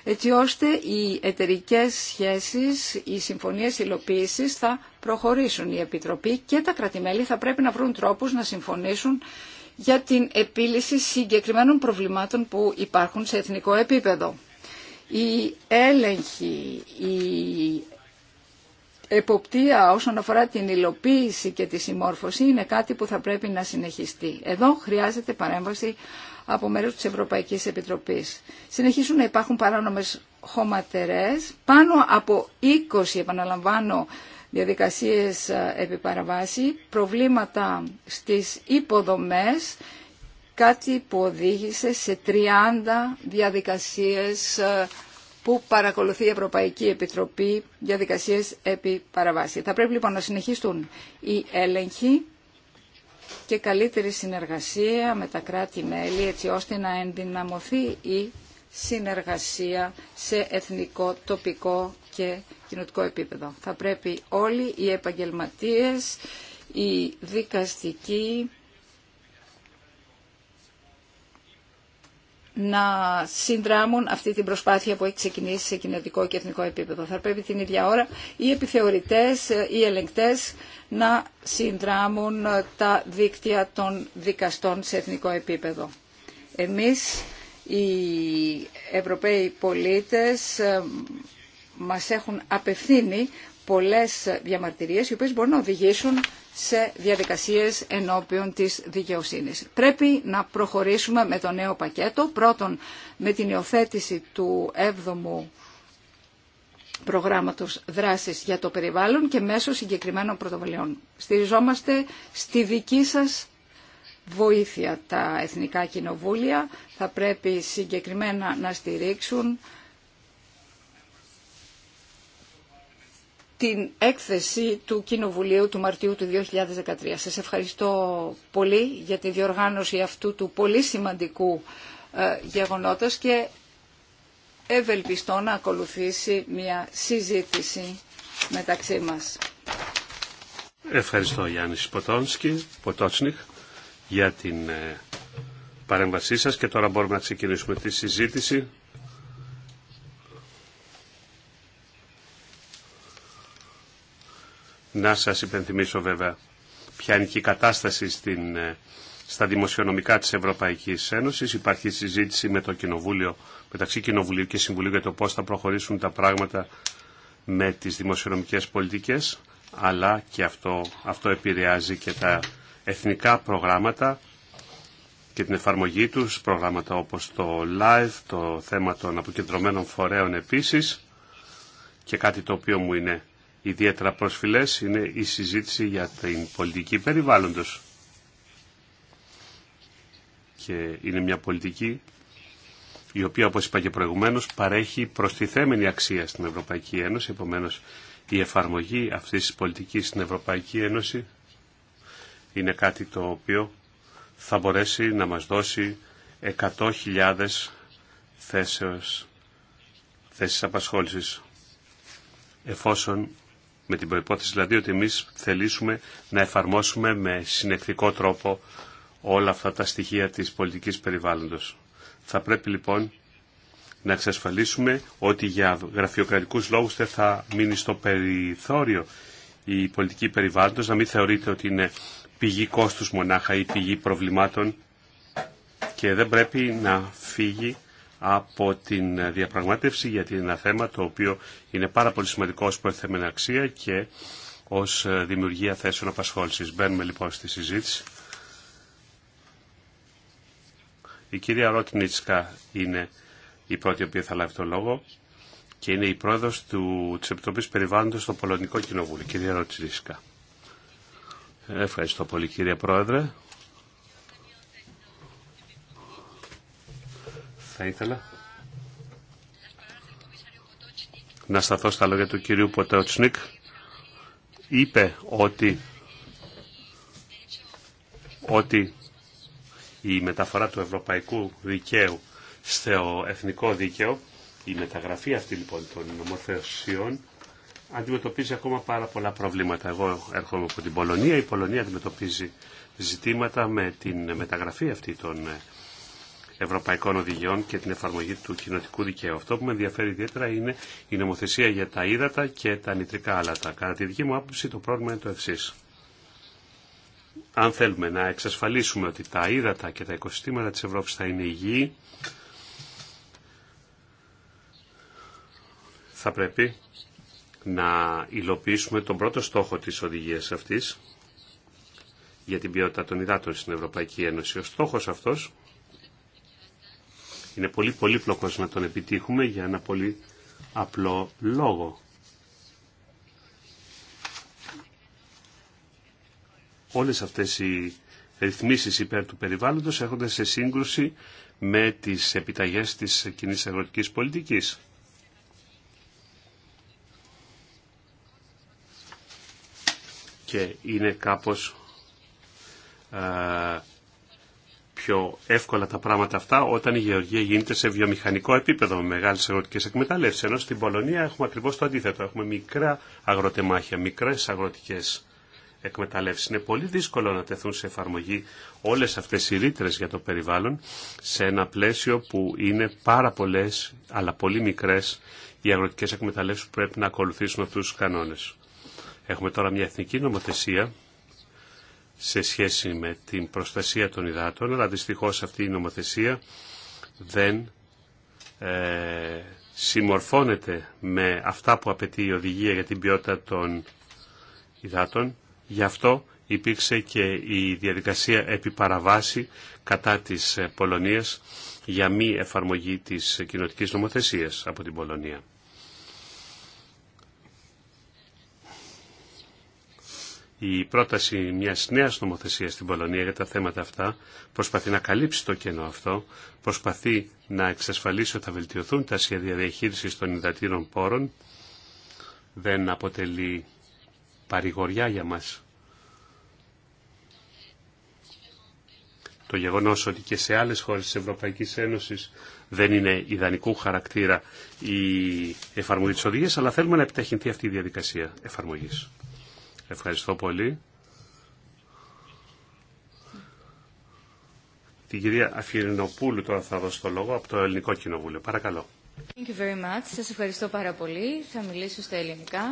έτσι ώστε οι εταιρικέ σχέσεις, οι συμφωνίες υλοποίηση θα προχωρήσουν. Η Επιτροπή και τα κρατημέλη θα πρέπει να βρουν τρόπους να συμφωνήσουν για την επίλυση συγκεκριμένων προβλημάτων που υπάρχουν σε εθνικό επίπεδο. Οι έλεγχοι, οι εποπτεία όσον αφορά την υλοποίηση και τη συμμόρφωση είναι κάτι που θα πρέπει να συνεχιστεί. Εδώ χρειάζεται παρέμβαση από μέρους της Ευρωπαϊκής Επιτροπής. Συνεχίζουν να υπάρχουν παράνομες χωματερές, πάνω από 20 επαναλαμβάνω διαδικασίες ε, επί προβλήματα στις υποδομές, κάτι που οδήγησε σε 30 διαδικασίες ε, που παρακολουθεί η Ευρωπαϊκή Επιτροπή διαδικασίες επί παραβάση. Θα πρέπει λοιπόν να συνεχιστούν οι έλεγχοι και καλύτερη συνεργασία με τα κράτη-μέλη έτσι ώστε να ενδυναμωθεί η συνεργασία σε εθνικό, τοπικό και κοινωτικό επίπεδο. Θα πρέπει όλοι οι επαγγελματίες, οι δικαστικοί, να συνδράμουν αυτή την προσπάθεια που έχει ξεκινήσει σε κοινωτικό και εθνικό επίπεδο. Θα πρέπει την ίδια ώρα οι επιθεωρητές, οι ελεγκτές να συνδράμουν τα δίκτυα των δικαστών σε εθνικό επίπεδο. Εμείς οι Ευρωπαίοι πολίτες ε, μας έχουν απευθύνει πολλές διαμαρτυρίες οι οποίες μπορούν να οδηγήσουν σε διαδικασίες ενώπιον της δικαιοσύνης. Πρέπει να προχωρήσουμε με το νέο πακέτο. Πρώτον, με την υιοθέτηση του 7ου προγράμματος δράσης για το περιβάλλον και μέσω συγκεκριμένων πρωτοβουλειών. Στηριζόμαστε στη δική σας βοήθεια. Τα Εθνικά Κοινοβούλια θα πρέπει συγκεκριμένα να στηρίξουν την έκθεση του Κοινοβουλίου του Μαρτίου του 2013. Σας ευχαριστώ πολύ για τη διοργάνωση αυτού του πολύ σημαντικού ε, γεγονότος και ευελπιστώ να ακολουθήσει μια συζήτηση μεταξύ μας. Ευχαριστώ Γιάννη Ποτόνσκι, Ποτότσνιχ, για την ε, παρέμβασή σας και τώρα μπορούμε να ξεκινήσουμε τη συζήτηση. Να σας υπενθυμίσω βέβαια ποια είναι και η κατάσταση στην, ε, στα δημοσιονομικά της Ευρωπαϊκής Ένωσης. Υπάρχει συζήτηση με το Κοινοβούλιο, μεταξύ Κοινοβουλίου και Συμβουλίου για το πώς θα προχωρήσουν τα πράγματα με τις δημοσιονομικές πολιτικές, αλλά και αυτό, αυτό επηρεάζει και τα εθνικά προγράμματα και την εφαρμογή τους, προγράμματα όπως το live, το θέμα των αποκεντρωμένων φορέων επίσης και κάτι το οποίο μου είναι ιδιαίτερα προσφυλές είναι η συζήτηση για την πολιτική περιβάλλοντος. Και είναι μια πολιτική η οποία, όπως είπα και προηγουμένως, παρέχει προστιθέμενη αξία στην Ευρωπαϊκή Ένωση. Επομένως, η εφαρμογή αυτής της πολιτικής στην Ευρωπαϊκή Ένωση είναι κάτι το οποίο θα μπορέσει να μας δώσει 100.000 θέσεις, θέσεις απασχόλησης εφόσον με την προϋπόθεση δηλαδή ότι εμείς θελήσουμε να εφαρμόσουμε με συνεκτικό τρόπο όλα αυτά τα στοιχεία της πολιτικής περιβάλλοντος. Θα πρέπει λοιπόν να εξασφαλίσουμε ότι για γραφειοκρατικούς λόγους δεν θα μείνει στο περιθώριο η πολιτική περιβάλλοντος, να μην θεωρείται ότι είναι πηγή κόστους μονάχα ή πηγή προβλημάτων και δεν πρέπει να φύγει από την διαπραγμάτευση γιατί είναι ένα θέμα το οποίο είναι πάρα πολύ σημαντικό ως προεθέμενη αξία και ως ε, δημιουργία θέσεων απασχόλησης. Μπαίνουμε λοιπόν στη συζήτηση. Η κυρία Ρότινιτσκα είναι η πρώτη η οποία θα λάβει το λόγο και είναι η πρόεδρος του, της Επιτροπής Περιβάλλοντος στο Πολωνικό Κοινοβούλιο. Κυρία Ρότινιτσκα. Ευχαριστώ πολύ κύριε Πρόεδρε. θα ήθελα να σταθώ στα λόγια του κυρίου Ποτεοτσνικ. Είπε ότι, ότι η μεταφορά του ευρωπαϊκού δικαίου στο εθνικό δίκαιο, η μεταγραφή αυτή λοιπόν των νομοθεσιών, αντιμετωπίζει ακόμα πάρα πολλά προβλήματα. Εγώ έρχομαι από την Πολωνία. Η Πολωνία αντιμετωπίζει ζητήματα με την μεταγραφή αυτή των ε, ευρωπαϊκών οδηγιών και την εφαρμογή του κοινοτικού δικαίου. Αυτό που με ενδιαφέρει ιδιαίτερα είναι η νομοθεσία για τα ύδατα και τα νητρικά άλατα. Κατά τη δική μου άποψη το πρόβλημα είναι το εξή. Αν θέλουμε να εξασφαλίσουμε ότι τα ύδατα και τα οικοσυστήματα της Ευρώπης θα είναι υγιή, θα πρέπει να υλοποιήσουμε τον πρώτο στόχο της οδηγίας αυτής για την ποιότητα των υδάτων στην Ευρωπαϊκή Ένωση. Ο στόχος αυτός είναι πολύ πολύπλοκος να τον επιτύχουμε για ένα πολύ απλό λόγο. Όλες αυτές οι ρυθμίσεις υπέρ του περιβάλλοντος έρχονται σε σύγκρουση με τις επιταγές της κοινή αγροτικής πολιτικής. Και είναι κάπως πιο εύκολα τα πράγματα αυτά όταν η γεωργία γίνεται σε βιομηχανικό επίπεδο με μεγάλε αγροτικέ εκμετάλλευσει. Ενώ στην Πολωνία έχουμε ακριβώ το αντίθετο. Έχουμε μικρά αγροτεμάχια, μικρέ αγροτικές εκμεταλλεύσει. Είναι πολύ δύσκολο να τεθούν σε εφαρμογή όλε αυτέ οι ρήτρε για το περιβάλλον σε ένα πλαίσιο που είναι πάρα πολλέ, αλλά πολύ μικρέ οι αγροτικές εκμεταλλεύσεις που πρέπει να ακολουθήσουν αυτού του κανόνε. Έχουμε τώρα μια εθνική νομοθεσία σε σχέση με την προστασία των υδάτων, αλλά δυστυχώς αυτή η νομοθεσία δεν ε, συμμορφώνεται με αυτά που απαιτεί η οδηγία για την ποιότητα των υδάτων. Γι' αυτό υπήρξε και η διαδικασία επιπαραβάση κατά της ε, Πολωνίας για μη εφαρμογή της κοινοτικής νομοθεσίας από την Πολωνία. η πρόταση μιας νέα νομοθεσία στην Πολωνία για τα θέματα αυτά προσπαθεί να καλύψει το κενό αυτό, προσπαθεί να εξασφαλίσει ότι θα βελτιωθούν τα σχέδια διαχείριση των υδατήρων πόρων, δεν αποτελεί παρηγοριά για μας. Το γεγονός ότι και σε άλλες χώρες της Ευρωπαϊκής Ένωσης δεν είναι ιδανικού χαρακτήρα η εφαρμογή της οδηγίας, αλλά θέλουμε να επιταχυνθεί αυτή η διαδικασία εφαρμογής. Ευχαριστώ πολύ. Την κυρία Αφιρινοπούλου τώρα θα δώσω το λόγο από το Ελληνικό Κοινοβούλιο. Παρακαλώ. Thank you very much. Σας ευχαριστώ πάρα πολύ. Θα μιλήσω στα ελληνικά.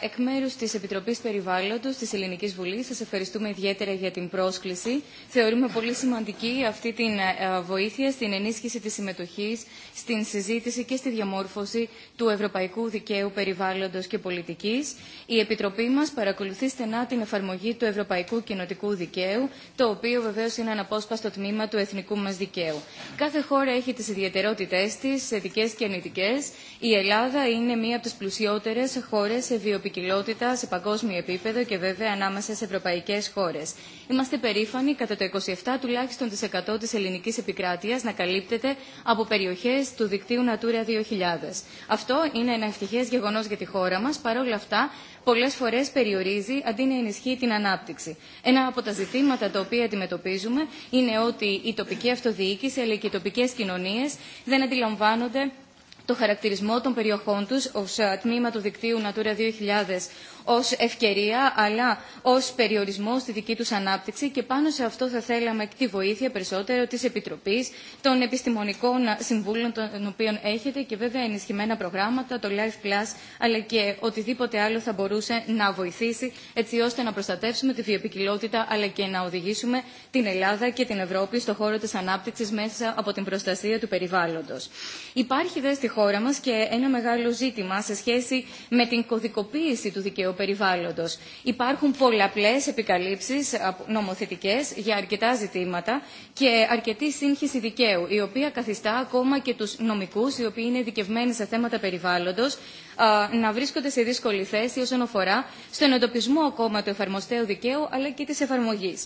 Εκ μέρου τη Επιτροπή Περιβάλλοντο τη Ελληνική Βουλή, σα ευχαριστούμε ιδιαίτερα για την πρόσκληση. Θεωρούμε πολύ σημαντική αυτή τη ε, βοήθεια στην ενίσχυση τη συμμετοχή στην συζήτηση και στη διαμόρφωση του Ευρωπαϊκού Δικαίου Περιβάλλοντο και Πολιτική. Η Επιτροπή μα παρακολουθεί στενά την εφαρμογή του Ευρωπαϊκού Κοινοτικού Δικαίου, το οποίο βεβαίω είναι αναπόσπαστο τμήμα του εθνικού μα δικαίου. Κάθε χώρα έχει τι ιδιαιτερότητέ τη, θετικέ και αρνητικέ. Η Ελλάδα είναι μία από τι πλουσιότερε χώρε σε βιοπικιλότητα σε παγκόσμιο επίπεδο και βέβαια ανάμεσα σε ευρωπαϊκέ χώρε. Είμαστε περήφανοι κατά το 27 τουλάχιστον τη 100 τη ελληνική επικράτεια να καλύπτεται από περιοχέ του δικτύου Natura 2000. Αυτό είναι ένα ευτυχέ γεγονό για τη χώρα μα, παρόλα αυτά πολλέ φορέ περιορίζει αντί να ενισχύει την ανάπτυξη. Ένα από τα ζητήματα τα οποία αντιμετωπίζουμε είναι ότι η τοπική αυτοδιοίκηση αλλά και οι τοπικέ κοινωνίε δεν αντιλαμβάνονται το χαρακτηρισμό των περιοχών τους ως ε, τμήμα του δικτύου Natura 2000 ως ευκαιρία αλλά ως περιορισμό στη δική τους ανάπτυξη και πάνω σε αυτό θα θέλαμε τη βοήθεια περισσότερο της Επιτροπής, των επιστημονικών συμβούλων των οποίων έχετε και βέβαια ενισχυμένα προγράμματα, το Life Plus αλλά και οτιδήποτε άλλο θα μπορούσε να βοηθήσει έτσι ώστε να προστατεύσουμε τη βιοπικιλότητα αλλά και να οδηγήσουμε την Ελλάδα και την Ευρώπη στο χώρο της ανάπτυξης μέσα από την προστασία του περιβάλλοντος. Υπάρχει δε στη χώρα μας και ένα μεγάλο ζήτημα σε σχέση με την κωδικοποίηση του δικαιωμάτου περιβάλλοντος. Υπάρχουν πολλαπλές επικαλύψεις ε, νομοθετικές για αρκετά ζητήματα και αρκετή σύγχυση δικαίου, η οποία καθιστά ακόμα και τους νομικούς, οι οποίοι είναι ειδικευμένοι σε θέματα περιβάλλοντος, να βρίσκονται σε δύσκολη θέση όσον αφορά στον εντοπισμό ακόμα του εφαρμοστέου δικαίου, αλλά και της εφαρμογής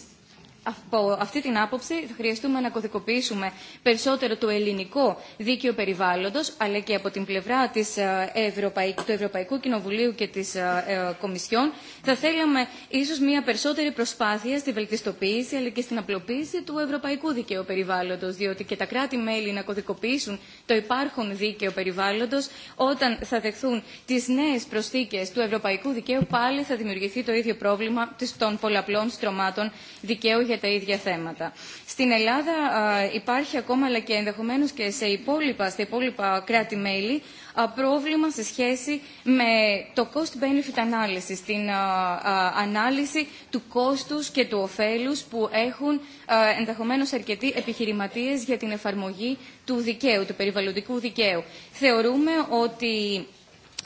από αυτή την άποψη θα χρειαστούμε να κωδικοποιήσουμε περισσότερο το ελληνικό δίκαιο περιβάλλοντος αλλά και από την πλευρά της ε, Ευρωπαϊκ... του Ευρωπαϊκού Κοινοβουλίου και της ε, ε, Κομισιόν θα θέλαμε ίσως μια περισσότερη προσπάθεια στη βελτιστοποίηση αλλά και στην απλοποίηση του ευρωπαϊκού δικαίου περιβάλλοντος διότι και τα κράτη-μέλη να κωδικοποιήσουν το υπάρχον δίκαιο περιβάλλοντος όταν θα δεχθούν τις νέες προσθήκες του ευρωπαϊκού δικαίου πάλι θα δημιουργηθεί το ίδιο πρόβλημα των πολλαπλών στρωμάτων δικαίου τα ίδια θέματα. Στην Ελλάδα υπάρχει ακόμα, αλλά και ενδεχομένω και σε υπόλοιπα, στα υπόλοιπα κράτη-μέλη, πρόβλημα σε σχέση με το cost-benefit ανάλυση, την ανάλυση του κόστους και του ωφέλους που έχουν ενδεχομένως αρκετοί επιχειρηματίες για την εφαρμογή του δικαίου, του περιβαλλοντικού δικαίου. Θεωρούμε ότι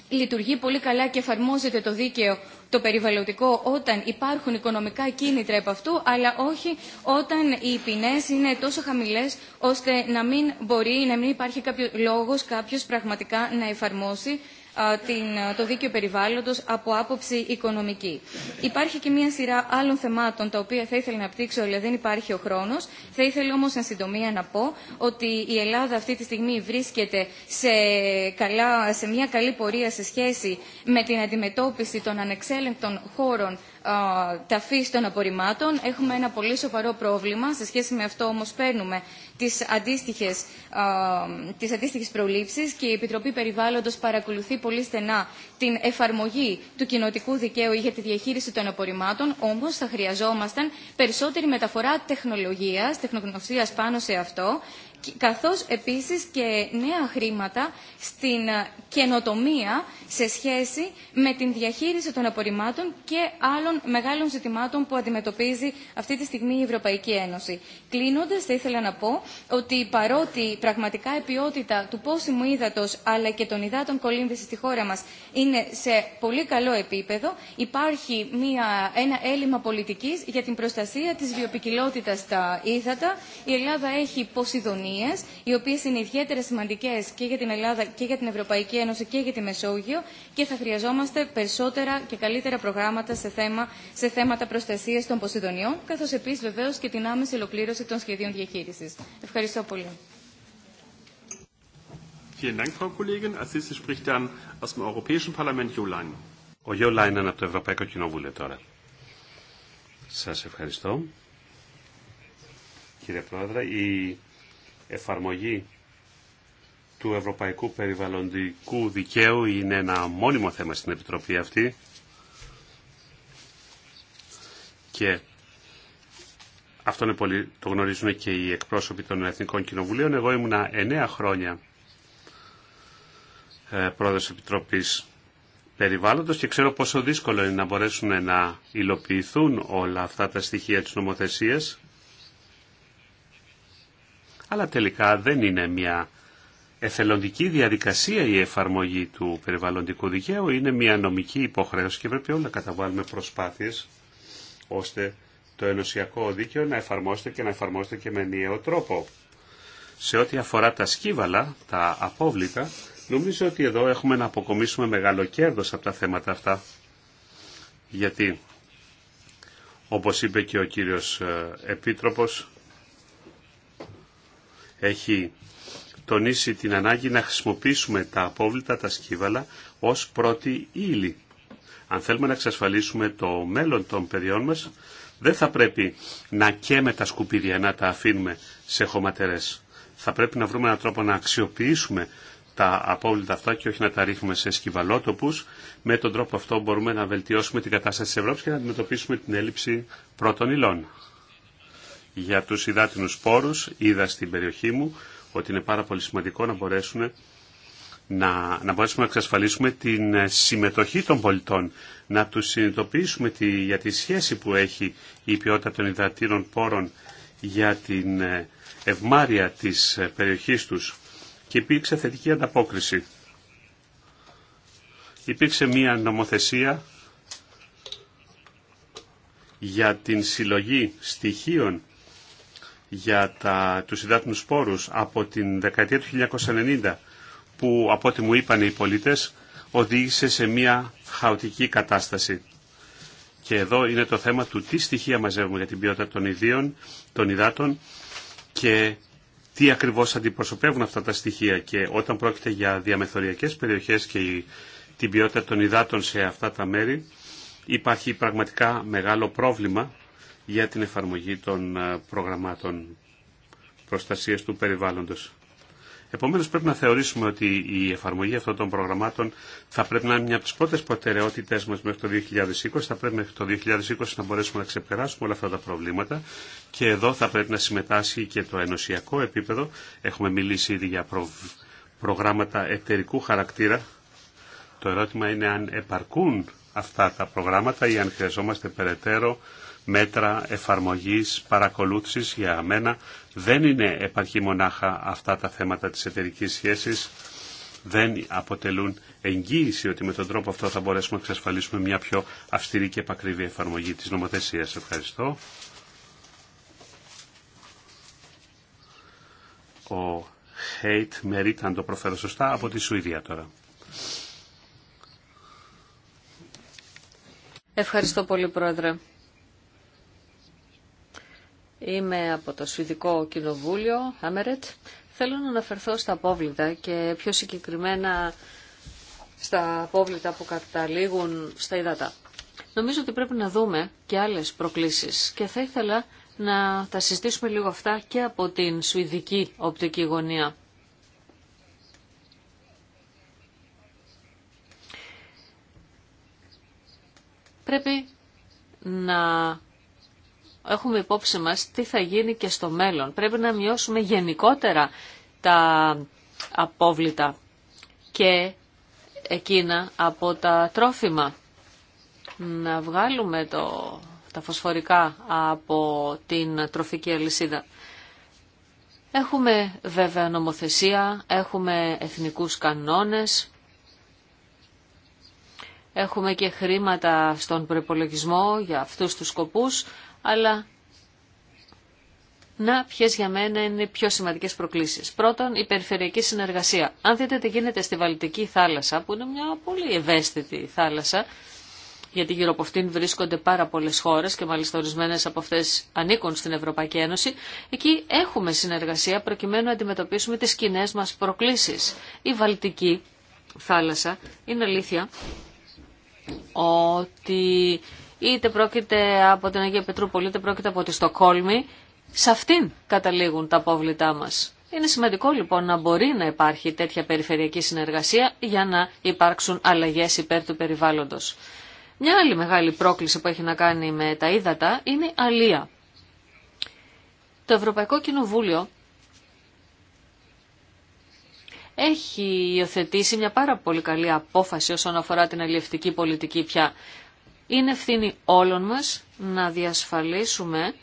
λειτουργεί πολύ καλά και εφαρμόζεται το δίκαιο το περιβαλλοντικό όταν υπάρχουν οικονομικά κίνητρα επ' αυτού, αλλά όχι όταν οι ποινέ είναι τόσο χαμηλέ ώστε να μην μπορεί, να μην υπάρχει κάποιο λόγο κάποιο πραγματικά να εφαρμόσει το δίκαιο περιβάλλοντος από άποψη οικονομική. Υπάρχει και μια σειρά άλλων θεμάτων τα οποία θα ήθελα να πτύξω, αλλά δεν υπάρχει ο χρόνος. Θα ήθελα όμως εν συντομία να πω ότι η Ελλάδα αυτή τη στιγμή βρίσκεται σε, καλά, σε μια καλή πορεία σε σχέση με την αντιμετώπιση των ανεξέλεγκτων χώρων ταφής των απορριμμάτων. Έχουμε ένα πολύ σοβαρό πρόβλημα. Σε σχέση με αυτό όμως παίρνουμε τις αντίστοιχε ε, τις και η Επιτροπή Περιβάλλοντος παρακολουθεί πολύ στενά την εφαρμογή του κοινοτικού δικαίου για τη διαχείριση των απορριμμάτων, όμως θα χρειαζόμασταν περισσότερη μεταφορά τεχνολογίας, τεχνογνωσίας πάνω σε αυτό, καθώς επίσης και νέα χρήματα στην ε, καινοτομία σε σχέση με την διαχείριση των απορριμμάτων και άλλων μεγάλων ζητημάτων που αντιμετωπίζει αυτή τη στιγμή η Ευρωπαϊκή Ένωση. Κλείνοντας, θα ήθελα να πω ότι παρότι πραγματικά η ποιότητα του πόσιμου ύδατος αλλά και των υδάτων κολύμβησης στη χώρα μας είναι σε πολύ καλό επίπεδο, υπάρχει μια, ένα έλλειμμα πολιτικής για την προστασία της βιοπικιλότητας στα ύδατα. Η Ελλάδα έχει οι οποίε είναι ιδιαίτερα σημαντικέ και για την Ελλάδα και για την Ευρωπαϊκή Ένωση και για τη Μεσόγειο και θα χρειαζόμαστε περισσότερα και καλύτερα προγράμματα σε, θέμα, σε θέματα προστασία των Ποσειδονιών, καθώ επίσης βεβαίω και την άμεση ολοκλήρωση των σχεδίων διαχείριση. Ευχαριστώ πολύ. Vielen Ο από το Σας ευχαριστώ. Κύριε Πρόεδρε, η εφαρμογή του Ευρωπαϊκού Περιβαλλοντικού Δικαίου είναι ένα μόνιμο θέμα στην Επιτροπή αυτή και αυτό είναι πολύ, το γνωρίζουν και οι εκπρόσωποι των Εθνικών Κοινοβουλίων. Εγώ ήμουνα εννέα χρόνια ε, πρόεδρος Επιτροπής Περιβάλλοντος και ξέρω πόσο δύσκολο είναι να μπορέσουν να υλοποιηθούν όλα αυτά τα στοιχεία της νομοθεσίας αλλά τελικά δεν είναι μια εθελοντική διαδικασία η εφαρμογή του περιβαλλοντικού δικαίου, είναι μια νομική υποχρέωση και πρέπει όλοι να καταβάλουμε προσπάθειες ώστε το ενωσιακό δίκαιο να εφαρμόστε και να εφαρμόστε και με ενιαίο τρόπο. Σε ό,τι αφορά τα σκύβαλα, τα απόβλητα, νομίζω ότι εδώ έχουμε να αποκομίσουμε μεγάλο κέρδος από τα θέματα αυτά. Γιατί, όπως είπε και ο κύριος ε, Επίτροπος, έχει τονίσει την ανάγκη να χρησιμοποιήσουμε τα απόβλητα, τα σκύβαλα, ως πρώτη ύλη. Αν θέλουμε να εξασφαλίσουμε το μέλλον των παιδιών μας, δεν θα πρέπει να καίμε τα σκουπίδια, να τα αφήνουμε σε χωματερές. Θα πρέπει να βρούμε έναν τρόπο να αξιοποιήσουμε τα απόβλητα αυτά και όχι να τα ρίχνουμε σε σκυβαλότοπους. Με τον τρόπο αυτό μπορούμε να βελτιώσουμε την κατάσταση της Ευρώπης και να αντιμετωπίσουμε την έλλειψη πρώτων υλών για τους υδάτινου πόρους, Είδα στην περιοχή μου ότι είναι πάρα πολύ σημαντικό να μπορέσουν να, να μπορέσουμε να εξασφαλίσουμε την ε, συμμετοχή των πολιτών, να τους συνειδητοποιήσουμε τη, για τη σχέση που έχει η ποιότητα των υδατήρων πόρων για την ε, ευμάρεια της ε, περιοχής τους και υπήρξε θετική ανταπόκριση. Υπήρξε μία νομοθεσία για την συλλογή στοιχείων για τα, τους υδάτινους σπόρους από την δεκαετία του 1990 που από ό,τι μου είπαν οι πολίτες οδήγησε σε μια χαοτική κατάσταση. Και εδώ είναι το θέμα του τι στοιχεία μαζεύουμε για την ποιότητα των ιδίων, των υδάτων και τι ακριβώς αντιπροσωπεύουν αυτά τα στοιχεία και όταν πρόκειται για διαμεθοριακές περιοχές και την ποιότητα των υδάτων σε αυτά τα μέρη υπάρχει πραγματικά μεγάλο πρόβλημα για την εφαρμογή των ε, προγραμμάτων προστασίας του περιβάλλοντος. Επομένως πρέπει να θεωρήσουμε ότι η εφαρμογή αυτών των προγραμμάτων θα πρέπει να είναι μια από τις πρώτες προτεραιότητες μας μέχρι το 2020. Θα πρέπει μέχρι το 2020 να μπορέσουμε να ξεπεράσουμε όλα αυτά τα προβλήματα και εδώ θα πρέπει να συμμετάσχει και το ενωσιακό επίπεδο. Έχουμε μιλήσει ήδη για προγράμματα εταιρικού χαρακτήρα. Το ερώτημα είναι αν επαρκούν αυτά τα προγράμματα ή αν χρειαζόμαστε περαιτέρω μέτρα εφαρμογής, παρακολούθησης για μένα δεν είναι επαρκή μονάχα αυτά τα θέματα της εταιρική σχέσης δεν αποτελούν εγγύηση ότι με τον τρόπο αυτό θα μπορέσουμε να εξασφαλίσουμε μια πιο αυστηρή και επακριβή εφαρμογή της νομοθεσίας. Ευχαριστώ. Ο Χέιτ Μερίτ, αν το προφέρω σωστά, από τη Σουηδία τώρα. Ευχαριστώ πολύ, Πρόεδρε. Είμαι από το Σουηδικό Κοινοβούλιο, Άμερετ. Θέλω να αναφερθώ στα απόβλητα και πιο συγκεκριμένα στα απόβλητα που καταλήγουν στα υδατά. Νομίζω ότι πρέπει να δούμε και άλλες προκλήσεις και θα ήθελα να τα συζητήσουμε λίγο αυτά και από την Σουηδική οπτική γωνία. Πρέπει να έχουμε υπόψη μας τι θα γίνει και στο μέλλον. Πρέπει να μειώσουμε γενικότερα τα απόβλητα και εκείνα από τα τρόφιμα. Να βγάλουμε το, τα φωσφορικά από την τροφική αλυσίδα. Έχουμε βέβαια νομοθεσία, έχουμε εθνικούς κανόνες, έχουμε και χρήματα στον προπολογισμό για αυτούς τους σκοπούς, αλλά να ποιε για μένα είναι οι πιο σημαντικέ προκλήσει. Πρώτον, η περιφερειακή συνεργασία. Αν δείτε τι γίνεται στη Βαλτική θάλασσα, που είναι μια πολύ ευαίσθητη θάλασσα, γιατί γύρω από αυτήν βρίσκονται πάρα πολλέ χώρε και μάλιστα ορισμένε από αυτέ ανήκουν στην Ευρωπαϊκή Ένωση, εκεί έχουμε συνεργασία προκειμένου να αντιμετωπίσουμε τι κοινέ μα προκλήσει. Η Βαλτική θάλασσα είναι αλήθεια ότι είτε πρόκειται από την Αγία Πετρούπολη, είτε πρόκειται από τη Στοκόλμη, σε αυτήν καταλήγουν τα απόβλητά μα. Είναι σημαντικό λοιπόν να μπορεί να υπάρχει τέτοια περιφερειακή συνεργασία για να υπάρξουν αλλαγέ υπέρ του περιβάλλοντο. Μια άλλη μεγάλη πρόκληση που έχει να κάνει με τα ύδατα είναι η αλία. Το Ευρωπαϊκό Κοινοβούλιο έχει υιοθετήσει μια πάρα πολύ καλή απόφαση όσον αφορά την αλληλευτική πολιτική πια. Είναι ευθύνη όλων μας να διασφαλίσουμε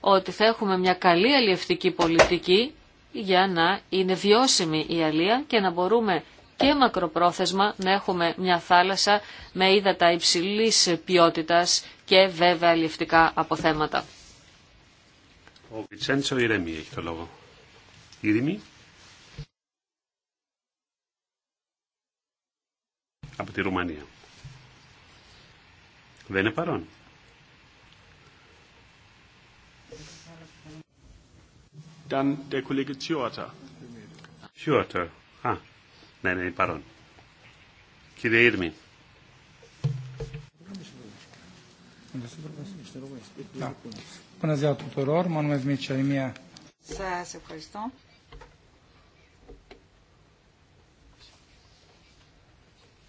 ότι θα έχουμε μια καλή αλλιευτική πολιτική για να είναι βιώσιμη η αλία και να μπορούμε και μακροπρόθεσμα να έχουμε μια θάλασσα με ύδατα υψηλής ποιότητας και βέβαια αλλιευτικά αποθέματα. Ο Βιτσέντσο έχει το λόγο. Από τη Ρουμανία. Δεν είναι παρόν. Δεν ναι, ναι, είναι παρόν. Κύριε Ήρμη. Σας ευχαριστώ.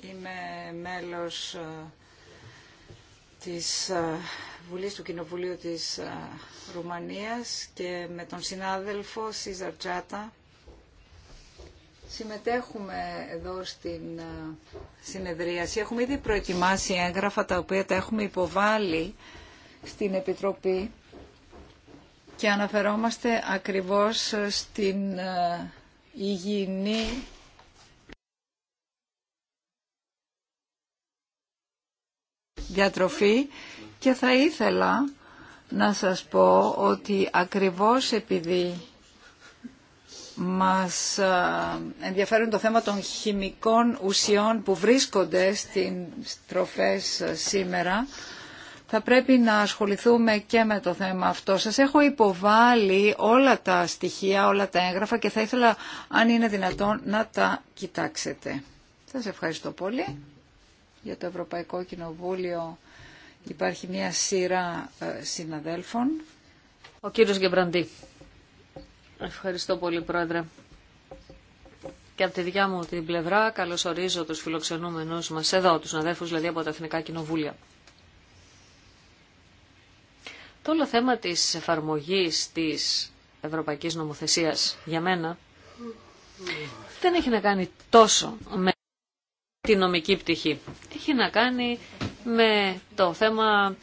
Είμαι μέλος ε, της ε, Βουλής του Κοινοβουλίου της ε, Ρουμανίας και με τον συνάδελφο Σίζαρ Τζάτα. Συμμετέχουμε εδώ στην ε, συνεδρίαση. Έχουμε ήδη προετοιμάσει έγγραφα τα οποία τα έχουμε υποβάλει στην Επιτροπή και αναφερόμαστε ακριβώς στην υγιεινή διατροφή και θα ήθελα να σας πω ότι ακριβώς επειδή μας ενδιαφέρουν το θέμα των χημικών ουσιών που βρίσκονται στις τροφές σήμερα, θα πρέπει να ασχοληθούμε και με το θέμα αυτό. Σας έχω υποβάλει όλα τα στοιχεία, όλα τα έγγραφα και θα ήθελα, αν είναι δυνατόν, να τα κοιτάξετε. Σας ευχαριστώ πολύ για το Ευρωπαϊκό Κοινοβούλιο υπάρχει μια σειρά ε, συναδέλφων. Ο κύριος Γεμπραντή. Ευχαριστώ πολύ, Πρόεδρε. Και από τη δικιά μου την πλευρά καλωσορίζω τους φιλοξενούμενους μας εδώ, τους αδέρφους δηλαδή από τα Εθνικά Κοινοβούλια. Το όλο θέμα της εφαρμογής της Ευρωπαϊκής Νομοθεσίας για μένα δεν έχει να κάνει τόσο με τη νομική πτυχή. Έχει να κάνει με το θέμα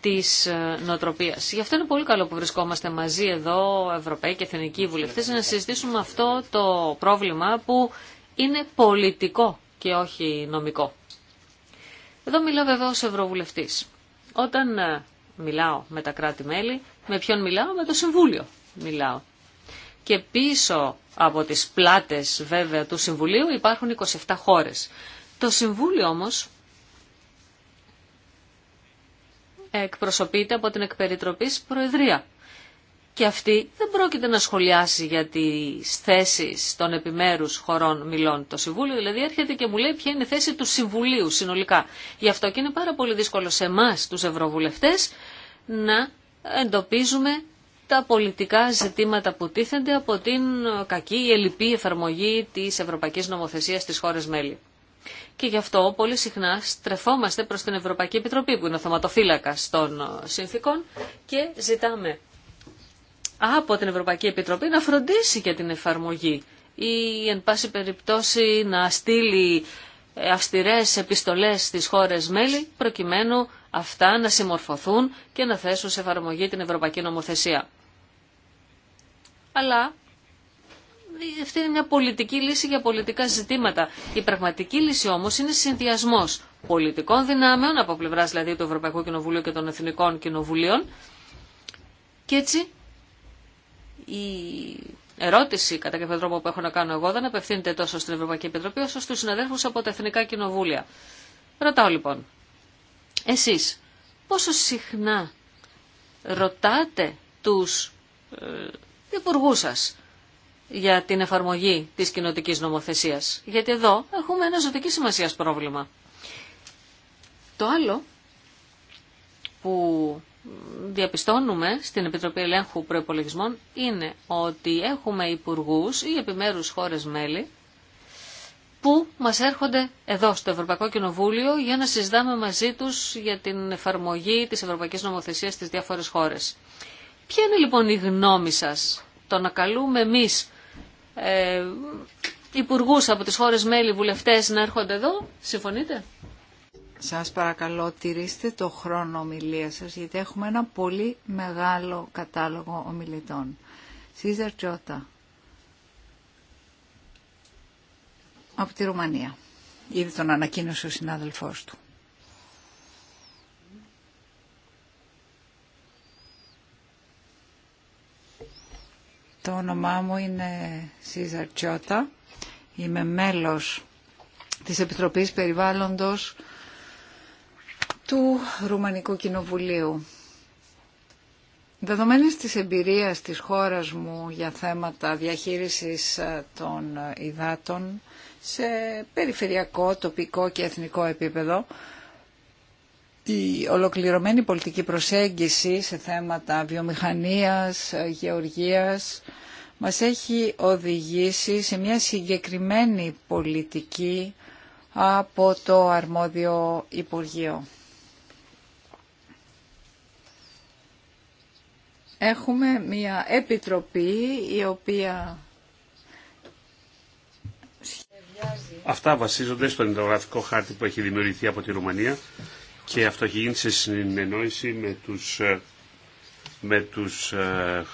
της ε, νοτροπίας. Γι' αυτό είναι πολύ καλό που βρισκόμαστε μαζί εδώ, Ευρωπαίοι και Εθνικοί Βουλευτές, να συζητήσουμε αυτό το πρόβλημα που είναι πολιτικό και όχι νομικό. Εδώ μιλάω βέβαια ως Ευρωβουλευτής. Όταν ε, μιλάω με τα κράτη-μέλη, με ποιον μιλάω, με το Συμβούλιο μιλάω. Και πίσω από τις πλάτες βέβαια του Συμβουλίου υπάρχουν 27 χώρες. Το Συμβούλιο όμως εκπροσωπείται από την εκπεριτροπής Προεδρία. Και αυτή δεν πρόκειται να σχολιάσει για τις θέσεις των επιμέρους χωρών μιλών. Το Συμβούλιο δηλαδή έρχεται και μου λέει ποια είναι η θέση του Συμβουλίου συνολικά. Γι' αυτό και είναι πάρα πολύ δύσκολο σε εμά τους Ευρωβουλευτές να εντοπίζουμε τα πολιτικά ζητήματα που τίθενται από την κακή ή ελλειπή εφαρμογή της Ευρωπαϊκής Νομοθεσίας στις χώρες μέλη. Και γι' αυτό πολύ συχνά στρεφόμαστε προς την Ευρωπαϊκή Επιτροπή που είναι ο θεματοφύλακας των ε, συνθήκων και ζητάμε από την Ευρωπαϊκή Επιτροπή να φροντίσει για την εφαρμογή ή εν πάση περιπτώσει να στείλει ε, αυστηρές επιστολές στις χώρες μέλη προκειμένου αυτά να συμμορφωθούν και να θέσουν σε εφαρμογή την Ευρωπαϊκή Νομοθεσία. Αλλά αυτή είναι μια πολιτική λύση για πολιτικά ζητήματα. Η πραγματική λύση όμως είναι συνδυασμός πολιτικών δυνάμεων, από πλευρά δηλαδή του Ευρωπαϊκού Κοινοβουλίου και των Εθνικών Κοινοβουλίων. Και έτσι η ερώτηση κατά κάποιο τρόπο που έχω να κάνω εγώ δεν απευθύνεται τόσο στην Ευρωπαϊκή Επιτροπή όσο στους συναδέλφους από τα Εθνικά Κοινοβούλια. Ρωτάω λοιπόν, εσείς πόσο συχνά ρωτάτε τους ε, υπουργούς για την εφαρμογή της κοινοτική νομοθεσίας. Γιατί εδώ έχουμε ένα ζωτική σημασία πρόβλημα. Το άλλο που διαπιστώνουμε στην Επιτροπή Ελέγχου Προϋπολογισμών είναι ότι έχουμε υπουργούς ή επιμέρους χώρες μέλη που μας έρχονται εδώ στο Ευρωπαϊκό Κοινοβούλιο για να συζητάμε μαζί τους για την εφαρμογή της Ευρωπαϊκής Νομοθεσίας στις διάφορες χώρες. Ποια είναι λοιπόν η γνώμη σας το να καλούμε εμείς ε, υπουργού από τις χώρες μέλη βουλευτές να έρχονται εδώ. Συμφωνείτε? Σας παρακαλώ τηρήστε το χρόνο ομιλία σας γιατί έχουμε ένα πολύ μεγάλο κατάλογο ομιλητών. Σίζερ Τζότα από τη Ρουμανία. Ήδη τον ανακοίνωσε ο συνάδελφός του. Το όνομά μου είναι Σίζαρ Τσιώτα. Είμαι μέλος της Επιτροπής Περιβάλλοντος του Ρουμανικού Κοινοβουλίου. Δεδομένης της εμπειρίας της χώρας μου για θέματα διαχείρισης ε, των ε, υδάτων σε περιφερειακό, τοπικό και εθνικό επίπεδο, η ολοκληρωμένη πολιτική προσέγγιση σε θέματα βιομηχανίας, γεωργίας μας έχει οδηγήσει σε μια συγκεκριμένη πολιτική από το αρμόδιο Υπουργείο. Έχουμε μια επιτροπή η οποία σχεδιάζει... Αυτά βασίζονται στον εντογραφικό χάρτη που έχει δημιουργηθεί από τη Ρουμανία και αυτό έχει γίνει σε συνεννόηση με τους, ε, με τους ε,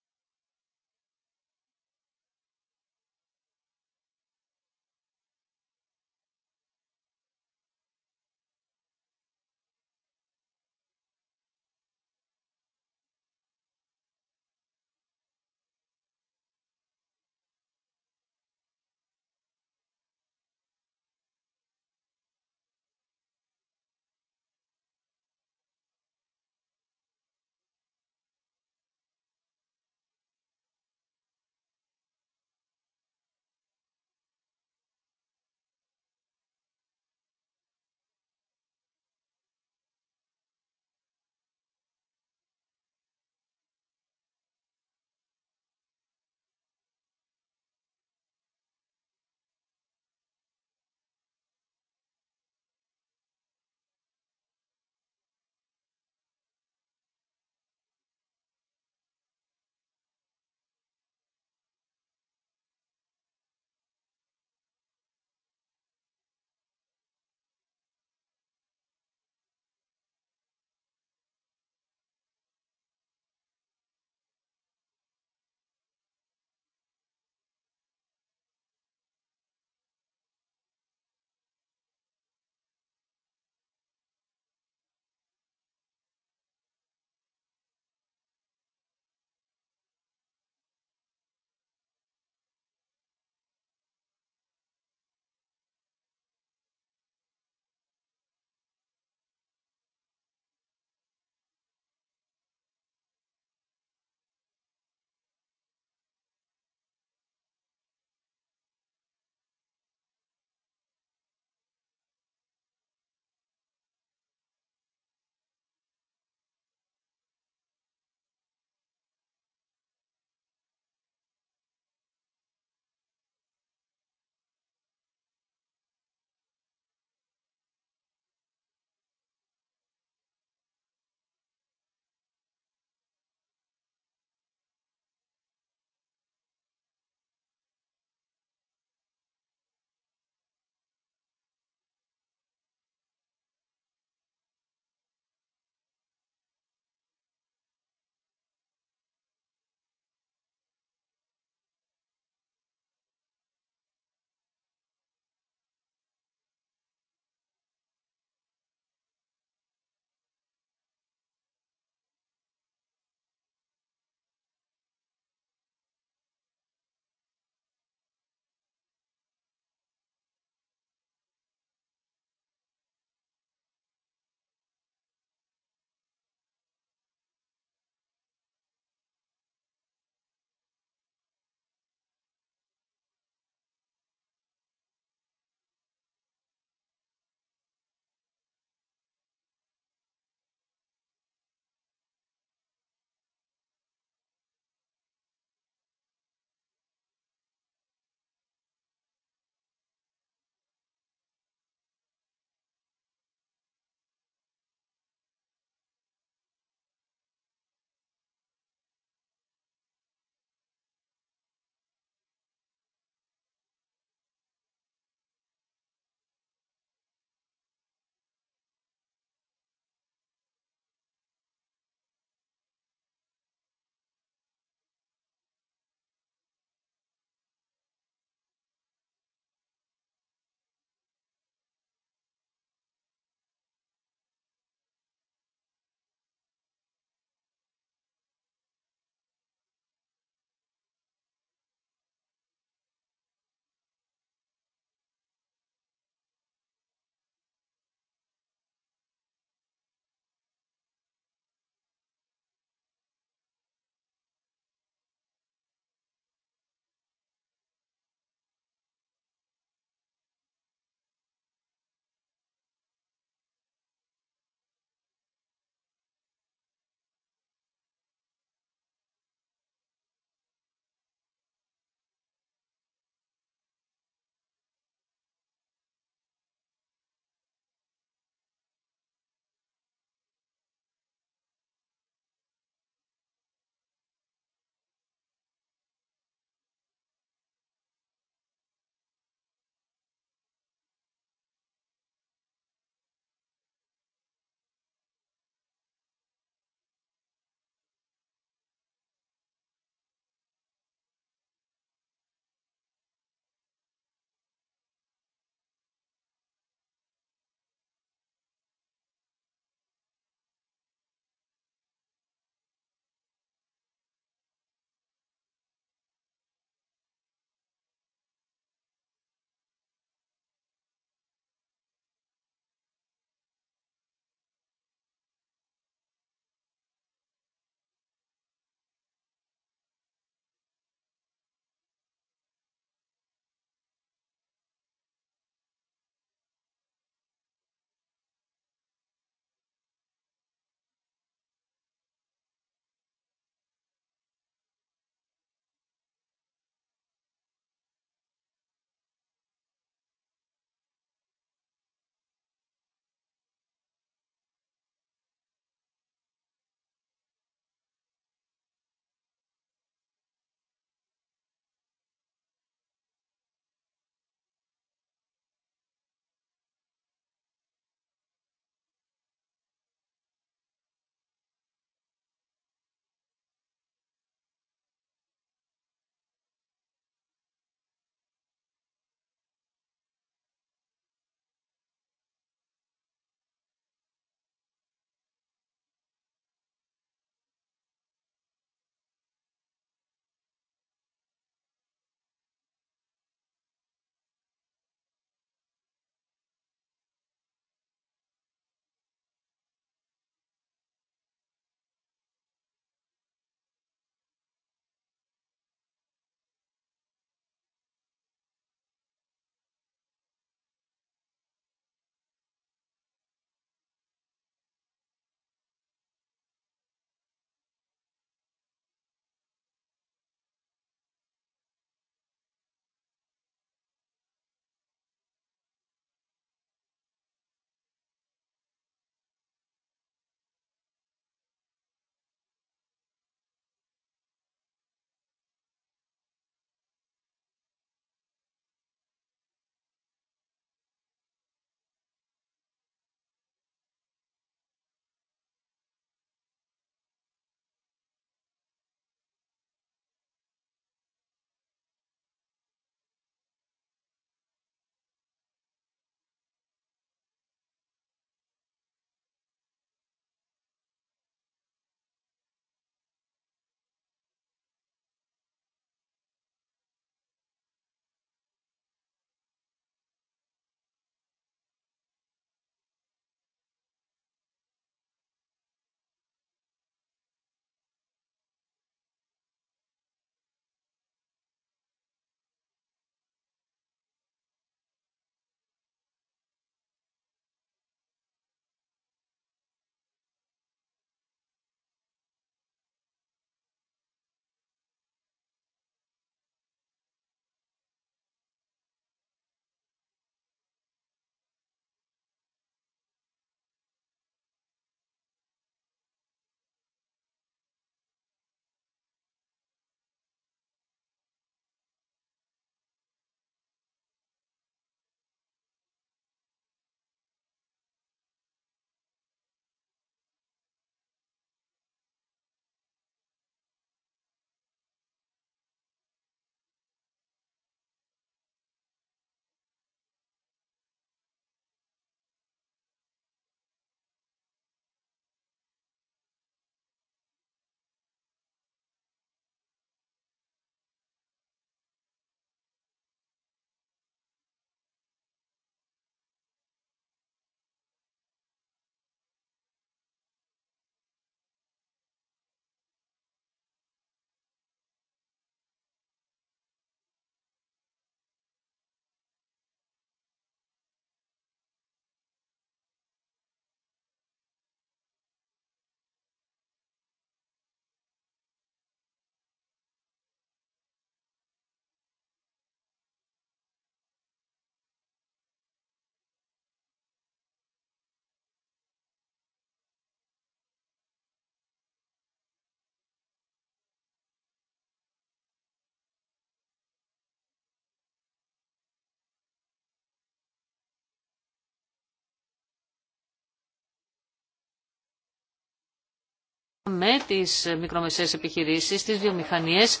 με τις μικρομεσαίες επιχειρήσεις, τις βιομηχανίες,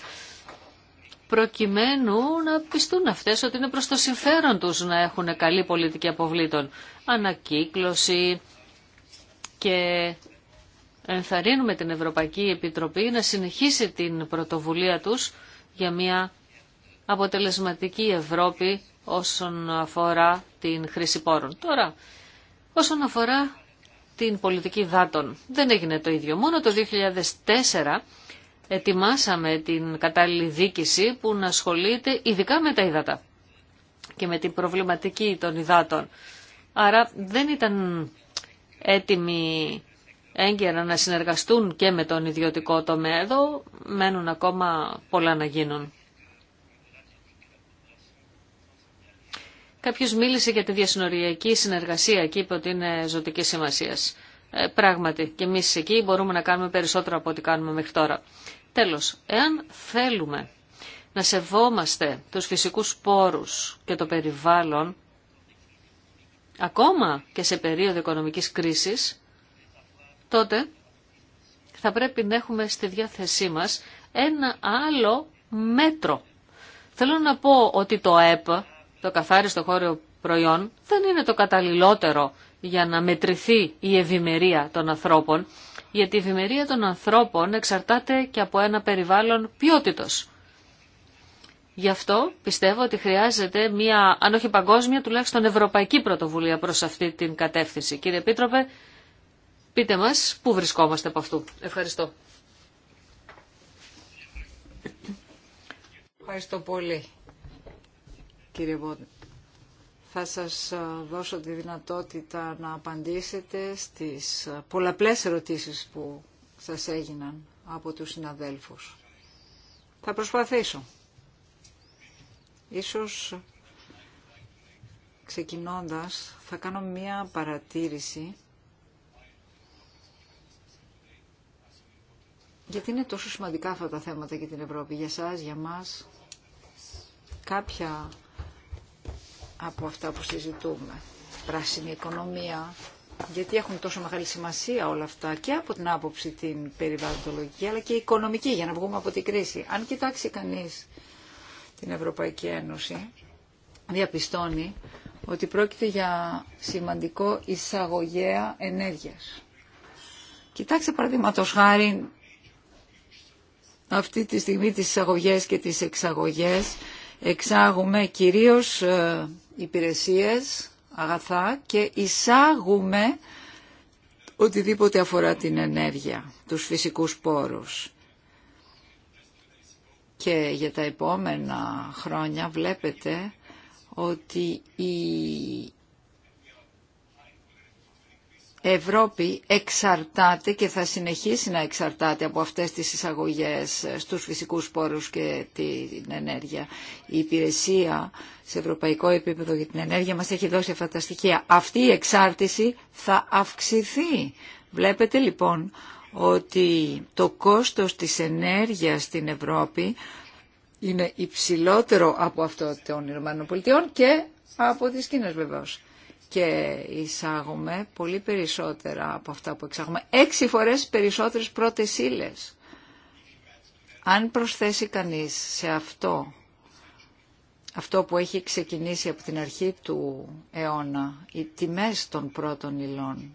προκειμένου να πιστούν αυτές ότι είναι προς το συμφέρον τους να έχουν καλή πολιτική αποβλήτων. Ανακύκλωση και ενθαρρύνουμε την Ευρωπαϊκή Επιτροπή να συνεχίσει την πρωτοβουλία τους για μια αποτελεσματική Ευρώπη όσον αφορά την χρήση πόρων. Τώρα, όσον αφορά την πολιτική δάτων. Δεν έγινε το ίδιο. Μόνο το 2004 ετοιμάσαμε την κατάλληλη δίκηση που να ασχολείται ειδικά με τα υδάτα και με την προβληματική των υδάτων. Άρα δεν ήταν έτοιμοι έγκαιρα να συνεργαστούν και με τον ιδιωτικό τομέα. Εδώ μένουν ακόμα πολλά να γίνουν. Κάποιο μίλησε για τη διασυνοριακή συνεργασία και είπε ότι είναι ζωτική σημασία. Ε, πράγματι, και εμεί εκεί μπορούμε να κάνουμε περισσότερο από ό,τι κάνουμε μέχρι τώρα. Τέλος, εάν θέλουμε να σεβόμαστε τους φυσικούς πόρους και το περιβάλλον, ακόμα και σε περίοδο οικονομικής κρίσης, τότε θα πρέπει να έχουμε στη διάθεσή μας ένα άλλο μέτρο. Θέλω να πω ότι το ΕΠ το καθάριστο χώριο προϊόν δεν είναι το καταλληλότερο για να μετρηθεί η ευημερία των ανθρώπων, γιατί η ευημερία των ανθρώπων εξαρτάται και από ένα περιβάλλον ποιότητος. Γι' αυτό πιστεύω ότι χρειάζεται μια, αν όχι παγκόσμια, τουλάχιστον ευρωπαϊκή πρωτοβουλία προς αυτή την κατεύθυνση. Κύριε Επίτροπε, πείτε μας πού βρισκόμαστε από αυτού. Ευχαριστώ. Ευχαριστώ πολύ κύριε Βόντε. Θα σας ε, δώσω τη δυνατότητα να απαντήσετε στις ε, πολλαπλές ερωτήσεις που σας έγιναν από τους συναδέλφους. Θα προσπαθήσω. Ίσως ξεκινώντας θα κάνω μία παρατήρηση γιατί είναι τόσο σημαντικά αυτά τα θέματα για την Ευρώπη, για σας, για μας. Κάποια από αυτά που συζητούμε. Πράσινη οικονομία, γιατί έχουν τόσο μεγάλη σημασία όλα αυτά και από την άποψη την περιβαλλοντολογική αλλά και οικονομική για να βγούμε από την κρίση. Αν κοιτάξει κανείς την Ευρωπαϊκή Ένωση διαπιστώνει ότι πρόκειται για σημαντικό εισαγωγέα ενέργειας. Κοιτάξτε παραδείγματο χάρη αυτή τη στιγμή τις εισαγωγές και τις εξαγωγές εξάγουμε κυρίως ε, υπηρεσίες, αγαθά και εισάγουμε οτιδήποτε αφορά την ενέργεια, τους φυσικούς πόρους. Και για τα επόμενα χρόνια βλέπετε ότι η Ευρώπη εξαρτάται και θα συνεχίσει να εξαρτάται από αυτές τις εισαγωγές στους φυσικούς πόρους και την ενέργεια. Η υπηρεσία σε ευρωπαϊκό επίπεδο για την ενέργεια μας έχει δώσει αυτά τα στοιχεία. Αυτή η εξάρτηση θα αυξηθεί. Βλέπετε λοιπόν ότι το κόστος της ενέργειας στην Ευρώπη είναι υψηλότερο από αυτό των πολιτειών και από τις Κίνες βεβαίως και εισάγουμε πολύ περισσότερα από αυτά που εξάγουμε. Έξι φορές περισσότερες πρώτες ύλε. Αν προσθέσει κανείς σε αυτό, αυτό που έχει ξεκινήσει από την αρχή του αιώνα, οι τιμές των πρώτων υλών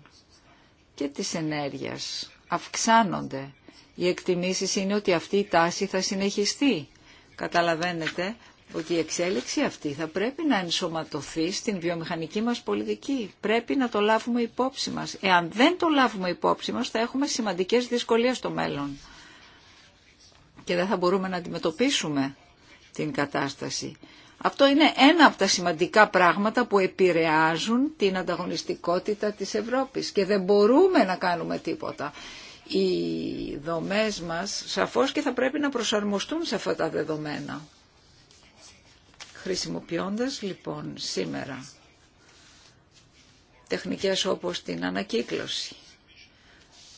και της ενέργειας αυξάνονται. Οι εκτιμήσεις είναι ότι αυτή η τάση θα συνεχιστεί. Καταλαβαίνετε ότι η εξέλιξη αυτή θα πρέπει να ενσωματωθεί στην βιομηχανική μας πολιτική. Πρέπει να το λάβουμε υπόψη μας. Εάν δεν το λάβουμε υπόψη μας θα έχουμε σημαντικές δυσκολίες στο μέλλον και δεν θα μπορούμε να αντιμετωπίσουμε την κατάσταση. Αυτό είναι ένα από τα σημαντικά πράγματα που επηρεάζουν την ανταγωνιστικότητα της Ευρώπης και δεν μπορούμε να κάνουμε τίποτα. Οι δομές μας σαφώς και θα πρέπει να προσαρμοστούν σε αυτά τα δεδομένα. Χρησιμοποιώντας λοιπόν σήμερα τεχνικές όπως την ανακύκλωση,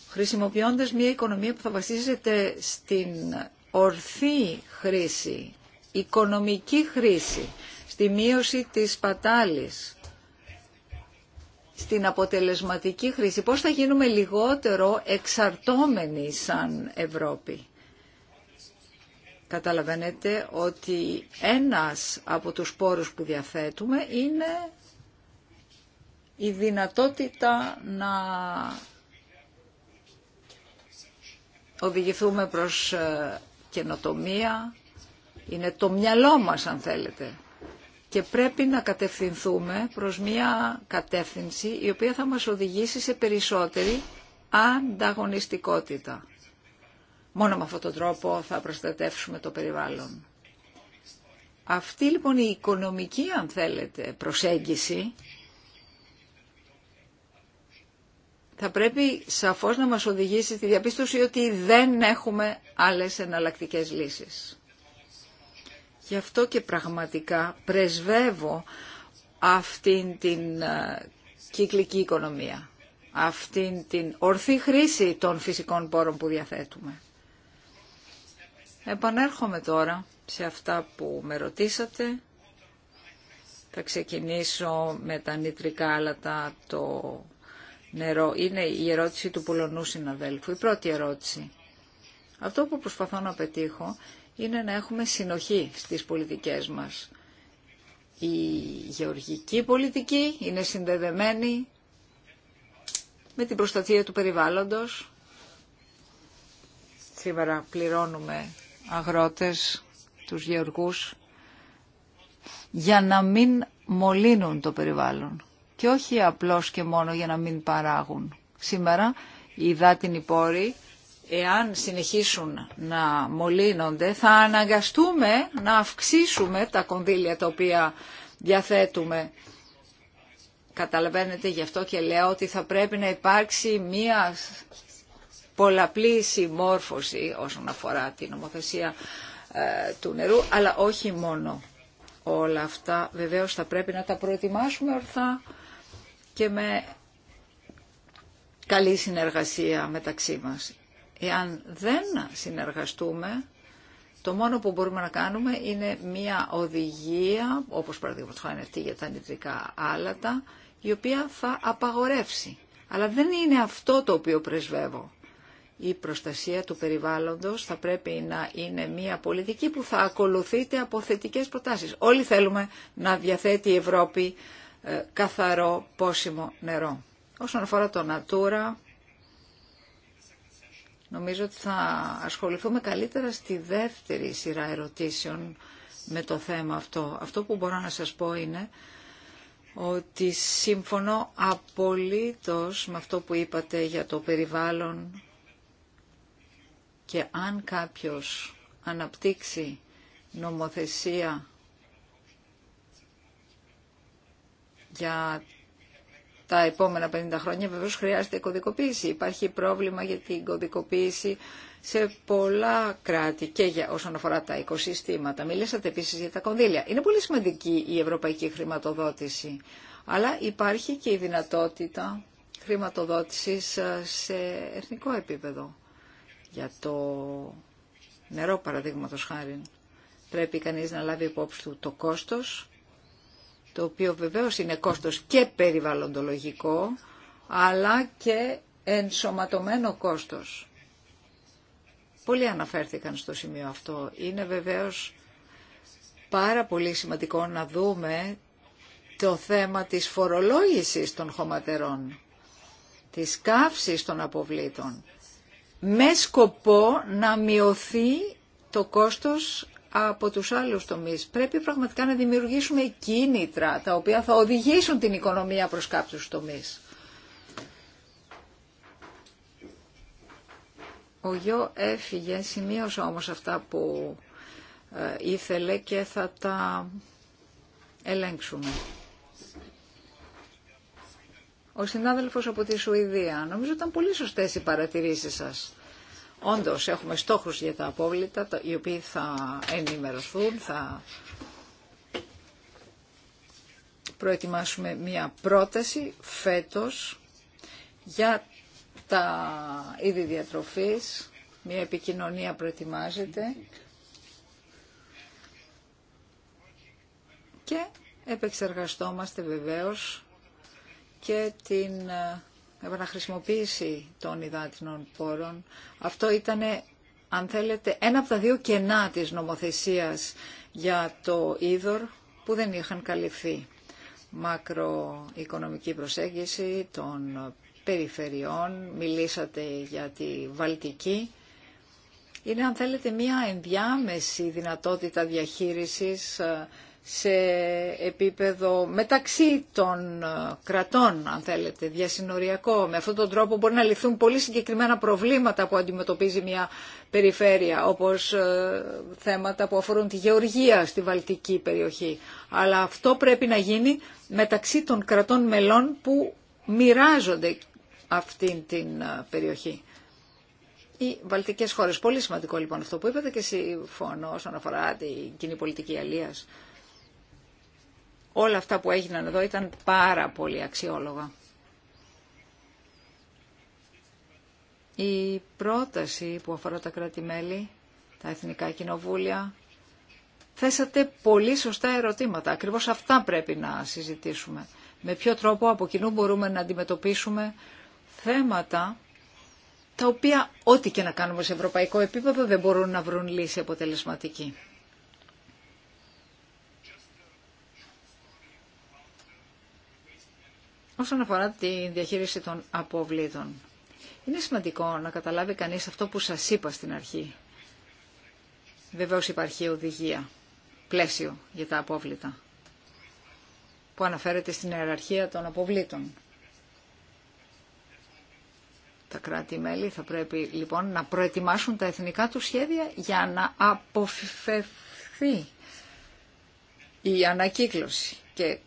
χρησιμοποιώντας μια οικονομία που θα βασίζεται στην ορθή χρήση, οικονομική χρήση, στη μείωση της πατάλης, στην αποτελεσματική χρήση. Πώς θα γίνουμε λιγότερο εξαρτώμενοι σαν Ευρώπη. Καταλαβαίνετε ότι ένας από τους πόρους που διαθέτουμε είναι η δυνατότητα να οδηγηθούμε προς ε, καινοτομία, είναι το μυαλό μας αν θέλετε και πρέπει να κατευθυνθούμε προς μια κατεύθυνση η οποία θα μας οδηγήσει σε περισσότερη ανταγωνιστικότητα. Μόνο με αυτόν τον τρόπο θα προστατεύσουμε το περιβάλλον. Αυτή λοιπόν η οικονομική, αν θέλετε, προσέγγιση θα πρέπει σαφώς να μας οδηγήσει στη διαπίστωση ότι δεν έχουμε άλλες εναλλακτικές λύσεις. Γι' αυτό και πραγματικά πρεσβεύω αυτήν την ε, κυκλική οικονομία, αυτήν την ορθή χρήση των φυσικών πόρων που διαθέτουμε. Επανέρχομαι τώρα σε αυτά που με ρωτήσατε. Θα ξεκινήσω με τα νητρικά άλατα, το νερό. Είναι η ερώτηση του Πολωνού συναδέλφου, η πρώτη ερώτηση. Αυτό που προσπαθώ να πετύχω είναι να έχουμε συνοχή στις πολιτικές μας. Η γεωργική πολιτική είναι συνδεδεμένη με την προστασία του περιβάλλοντος. Σήμερα πληρώνουμε αγρότες, τους γεωργούς, για να μην μολύνουν το περιβάλλον και όχι απλώς και μόνο για να μην παράγουν. Σήμερα οι δάτινοι πόροι, εάν συνεχίσουν να μολύνονται, θα αναγκαστούμε να αυξήσουμε τα κονδύλια τα οποία διαθέτουμε. Καταλαβαίνετε γι' αυτό και λέω ότι θα πρέπει να υπάρξει μία πολλαπλή συμμόρφωση όσον αφορά την νομοθεσία ε, του νερού, αλλά όχι μόνο. Όλα αυτά βεβαίως θα πρέπει να τα προετοιμάσουμε ορθά και με καλή συνεργασία μεταξύ μας. Εάν δεν συνεργαστούμε, το μόνο που μπορούμε να κάνουμε είναι μία οδηγία, όπως παραδείγματος χάρη αυτή για τα νητρικά άλατα, η οποία θα απαγορεύσει. Αλλά δεν είναι αυτό το οποίο πρεσβεύω η προστασία του περιβάλλοντος θα πρέπει να είναι μια πολιτική που θα ακολουθείται από θετικές προτάσεις. Όλοι θέλουμε να διαθέτει η Ευρώπη ε, καθαρό πόσιμο νερό. Όσον αφορά το Natura, νομίζω ότι θα ασχοληθούμε καλύτερα στη δεύτερη σειρά ερωτήσεων με το θέμα αυτό. Αυτό που μπορώ να σας πω είναι ότι συμφωνώ απολύτως με αυτό που είπατε για το περιβάλλον και αν κάποιος αναπτύξει νομοθεσία για τα επόμενα 50 χρόνια βεβαίω χρειάζεται κωδικοποίηση. Υπάρχει πρόβλημα για την κωδικοποίηση σε πολλά κράτη και για όσον αφορά τα οικοσυστήματα. Μιλήσατε επίσης για τα κονδύλια. Είναι πολύ σημαντική η ευρωπαϊκή χρηματοδότηση, αλλά υπάρχει και η δυνατότητα χρηματοδότησης ε, σε εθνικό επίπεδο για το νερό παραδείγματος χάρη. Πρέπει κανείς να λάβει υπόψη του το κόστος, το οποίο βεβαίως είναι κόστος και περιβαλλοντολογικό, αλλά και ενσωματωμένο κόστος. Πολλοί αναφέρθηκαν στο σημείο αυτό. Είναι βεβαίως πάρα πολύ σημαντικό να δούμε το θέμα της φορολόγησης των χωματερών, της καύσης των αποβλήτων με σκοπό να μειωθεί το κόστος από τους άλλους τομείς. Πρέπει πραγματικά να δημιουργήσουμε κίνητρα τα οποία θα οδηγήσουν την οικονομία προς κάποιους τομείς. Ο γιο έφυγε, σημείωσα όμως αυτά που ε, ήθελε και θα τα ελέγξουμε. Ο συνάδελφος από τη Σουηδία, νομίζω ήταν πολύ σωστές οι παρατηρήσεις σας. Όντως έχουμε στόχους για τα απόβλητα, οι οποίοι θα ενημερωθούν, θα προετοιμάσουμε μια πρόταση φέτος για τα είδη διατροφής, μια επικοινωνία προετοιμάζεται και επεξεργαστόμαστε βεβαίως και την ε, επαναχρησιμοποίηση των υδάτινων πόρων. Αυτό ήταν, αν θέλετε, ένα από τα δύο κενά της νομοθεσίας για το είδωρ που δεν είχαν καλυφθεί. Μακροοικονομική προσέγγιση των περιφερειών, μιλήσατε για τη Βαλτική. Είναι, αν θέλετε, μια ενδιάμεση δυνατότητα διαχείρισης σε επίπεδο μεταξύ των ε, κρατών, αν θέλετε, διασυνοριακό. Με αυτόν τον τρόπο μπορεί να λυθούν πολύ συγκεκριμένα προβλήματα που αντιμετωπίζει μια περιφέρεια, όπως ε, θέματα που αφορούν τη γεωργία στη βαλτική περιοχή. Αλλά αυτό πρέπει να γίνει μεταξύ των κρατών μελών που μοιράζονται αυτήν την ε, περιοχή. Οι βαλτικές χώρες. Πολύ σημαντικό λοιπόν αυτό που είπατε και συμφωνώ όσον αφορά την κοινή πολιτική αλίας όλα αυτά που έγιναν εδώ ήταν πάρα πολύ αξιόλογα. Η πρόταση που αφορά τα κράτη-μέλη, τα εθνικά κοινοβούλια, θέσατε πολύ σωστά ερωτήματα. Ακριβώς αυτά πρέπει να συζητήσουμε. Με ποιο τρόπο από κοινού μπορούμε να αντιμετωπίσουμε θέματα τα οποία ό,τι και να κάνουμε σε ευρωπαϊκό επίπεδο δεν μπορούν να βρουν λύση αποτελεσματική. Όσον αφορά τη διαχείριση των αποβλήτων, είναι σημαντικό να καταλάβει κανείς αυτό που σας είπα στην αρχή. Βεβαίως υπάρχει οδηγία, πλαίσιο για τα απόβλητα, που αναφέρεται στην ιεραρχία των αποβλήτων. Τα κράτη-μέλη θα πρέπει λοιπόν να προετοιμάσουν τα εθνικά του σχέδια για να αποφευθεί η ανακύκλωση. Και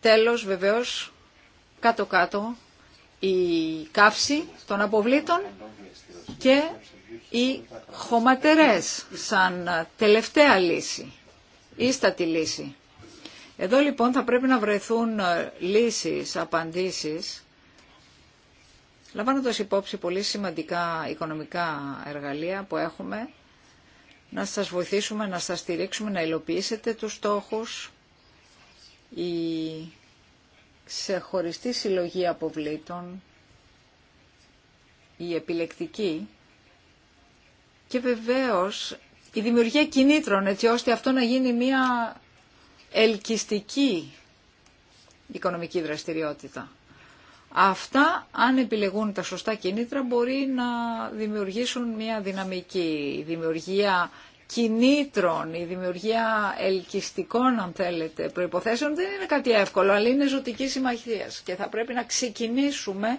τέλος βεβαίως κάτω-κάτω η καύση των αποβλήτων και οι χωματερές σαν τελευταία λύση, ίστατη λύση. Εδώ λοιπόν θα πρέπει να βρεθούν ε, λύσεις, απαντήσεις, λαμβάνοντας υπόψη πολύ σημαντικά οικονομικά εργαλεία που έχουμε, να σας βοηθήσουμε, να σας στηρίξουμε, να υλοποιήσετε τους στόχους. Η ξεχωριστή συλλογή αποβλήτων, η επιλεκτική και βεβαίως η δημιουργία κινήτρων έτσι ώστε αυτό να γίνει μια ελκυστική οικονομική δραστηριότητα. Αυτά, αν επιλεγούν τα σωστά κινήτρα, μπορεί να δημιουργήσουν μια δυναμική δημιουργία κινήτρων, η δημιουργία ελκυστικών, αν θέλετε, προϋποθέσεων δεν είναι κάτι εύκολο, αλλά είναι ζωτική συμμαχία και θα πρέπει να ξεκινήσουμε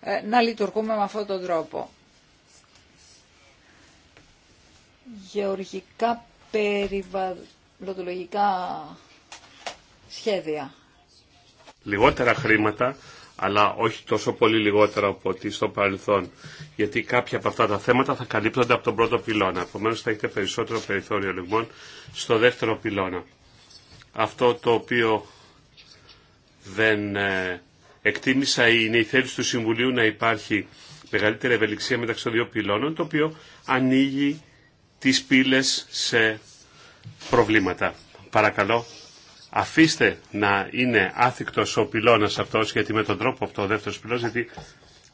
ε, να λειτουργούμε με αυτόν τον τρόπο. Γεωργικά περιβαλλοντολογικά σχέδια. Λιγότερα χρήματα αλλά όχι τόσο πολύ λιγότερα από ό,τι στο παρελθόν. Γιατί κάποια από αυτά τα θέματα θα καλύπτονται από τον πρώτο πυλώνα. Επομένω θα έχετε περισσότερο περιθώριο λοιπόν στο δεύτερο πυλώνα. Αυτό το οποίο δεν ε, εκτίμησα είναι η θέληση του Συμβουλίου να υπάρχει μεγαλύτερη ευελιξία μεταξύ των δύο πυλώνων, το οποίο ανοίγει τις πύλες σε προβλήματα. Παρακαλώ, αφήστε να είναι άθικτος ο πυλώνας αυτός, γιατί με τον τρόπο αυτό, ο δεύτερος πυλώνας, γιατί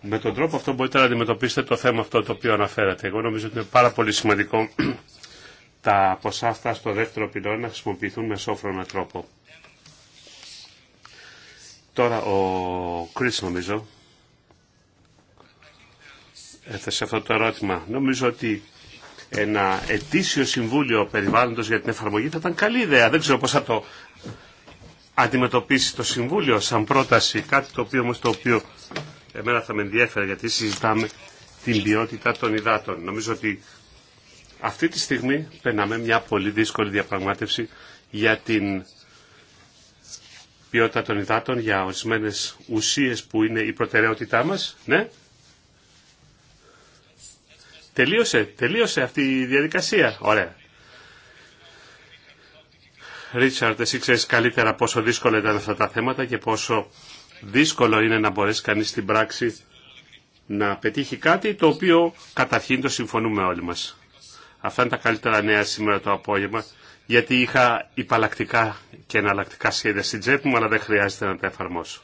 με τον τρόπο αυτό μπορείτε να αντιμετωπίσετε το θέμα αυτό το οποίο αναφέρατε. Εγώ νομίζω ότι είναι πάρα πολύ σημαντικό τα ποσά αυτά στο δεύτερο πυλώνα να χρησιμοποιηθούν με σόφρονα τρόπο. Τώρα ο Κρίς νομίζω έθεσε αυτό το ερώτημα. Νομίζω ότι ένα ετήσιο συμβούλιο περιβάλλοντος για την εφαρμογή θα ήταν καλή ιδέα. Δεν ξέρω πώ θα το αντιμετωπίσει το Συμβούλιο σαν πρόταση, κάτι το οποίο όμω το οποίο εμένα θα με ενδιέφερε γιατί συζητάμε την ποιότητα των υδάτων. Νομίζω ότι αυτή τη στιγμή περνάμε μια πολύ δύσκολη διαπραγμάτευση για την ποιότητα των υδάτων, για ορισμένε ουσίες που είναι η προτεραιότητά μα, Ναι, Τελείωσε, τελείωσε αυτή η διαδικασία. Ωραία. Ρίτσαρντ, εσύ ξέρει καλύτερα πόσο δύσκολα ήταν αυτά τα θέματα και πόσο δύσκολο είναι να μπορέσει κανεί στην πράξη να πετύχει κάτι το οποίο καταρχήν το συμφωνούμε όλοι μας. Αυτά είναι τα καλύτερα νέα σήμερα το απόγευμα γιατί είχα υπαλλακτικά και εναλλακτικά σχέδια στην τσέπη μου αλλά δεν χρειάζεται να τα εφαρμόσω.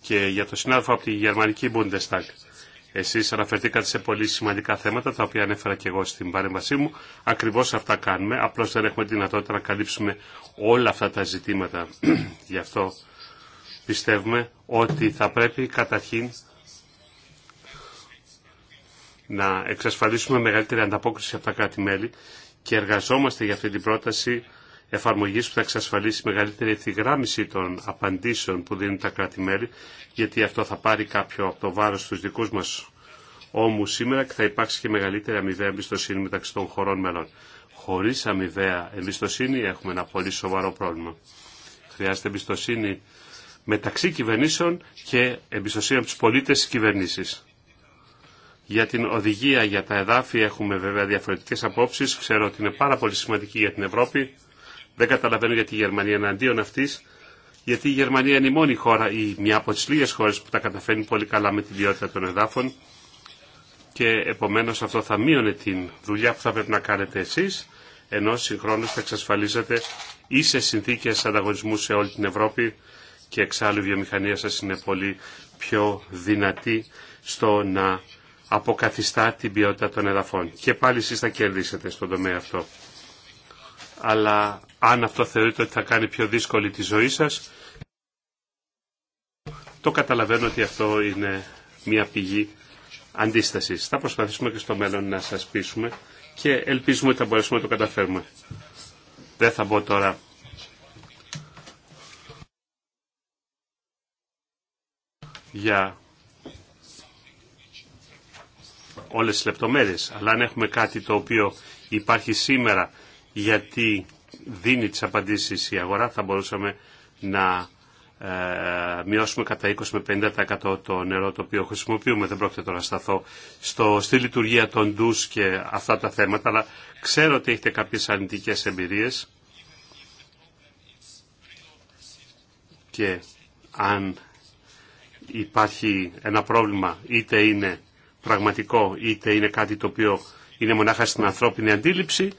Και για το συνάδελφο από τη Γερμανική Bundestag. Εσεί αναφερθήκατε σε πολύ σημαντικά θέματα, τα οποία ανέφερα και εγώ στην παρέμβασή μου. Ακριβώς αυτά κάνουμε, Απλώ δεν έχουμε τη δυνατότητα να καλύψουμε όλα αυτά τα ζητήματα. Γι' αυτό πιστεύουμε ότι θα πρέπει καταρχήν να εξασφαλίσουμε μεγαλύτερη ανταπόκριση από τα κράτη-μέλη και εργαζόμαστε για αυτή την πρόταση εφαρμογή που θα εξασφαλίσει μεγαλύτερη ευθυγράμμιση των απαντήσεων που δίνουν τα κράτη-μέλη, γιατί αυτό θα πάρει κάποιο από το βάρο στου δικού μα όμους σήμερα και θα υπάρξει και μεγαλύτερη αμοιβαία εμπιστοσύνη μεταξύ των χωρών μελών. Χωρί αμοιβαία εμπιστοσύνη έχουμε ένα πολύ σοβαρό πρόβλημα. Χρειάζεται εμπιστοσύνη μεταξύ κυβερνήσεων και εμπιστοσύνη από του πολίτε τη κυβέρνηση. Για την οδηγία για τα εδάφη έχουμε βέβαια διαφορετικές απόψεις. Ξέρω ότι είναι πάρα πολύ σημαντική για την Ευρώπη. Δεν καταλαβαίνω γιατί η Γερμανία είναι αντίον αυτή, γιατί η Γερμανία είναι η μόνη χώρα ή μια από τι λίγε χώρε που τα καταφέρνει πολύ καλά με την ποιότητα των εδάφων και επομένω αυτό θα μείωνε την δουλειά που θα πρέπει να κάνετε εσεί, ενώ συγχρόνω θα εξασφαλίζετε ίσε συνθήκε ανταγωνισμού σε όλη την Ευρώπη και εξάλλου η βιομηχανία σα είναι πολύ πιο δυνατή στο να αποκαθιστά την ποιότητα των εδαφών. Και πάλι εσεί θα κερδίσετε στον τομέα αυτό αλλά αν αυτό θεωρείτε ότι θα κάνει πιο δύσκολη τη ζωή σας, το καταλαβαίνω ότι αυτό είναι μια πηγή αντίστασης. Θα προσπαθήσουμε και στο μέλλον να σας πείσουμε και ελπίζουμε ότι θα μπορέσουμε να το καταφέρουμε. Δεν θα μπω τώρα για όλες τις λεπτομέρειες, αλλά αν έχουμε κάτι το οποίο υπάρχει σήμερα γιατί δίνει τις απαντήσεις η αγορά θα μπορούσαμε να ε, μειώσουμε κατά 20 με 50% το νερό το οποίο χρησιμοποιούμε. Δεν πρόκειται τώρα να σταθώ στο, στη λειτουργία των ντους και αυτά τα θέματα, αλλά ξέρω ότι έχετε κάποιες αρνητικές εμπειρίες και αν υπάρχει ένα πρόβλημα είτε είναι πραγματικό είτε είναι κάτι το οποίο είναι μονάχα στην ανθρώπινη αντίληψη,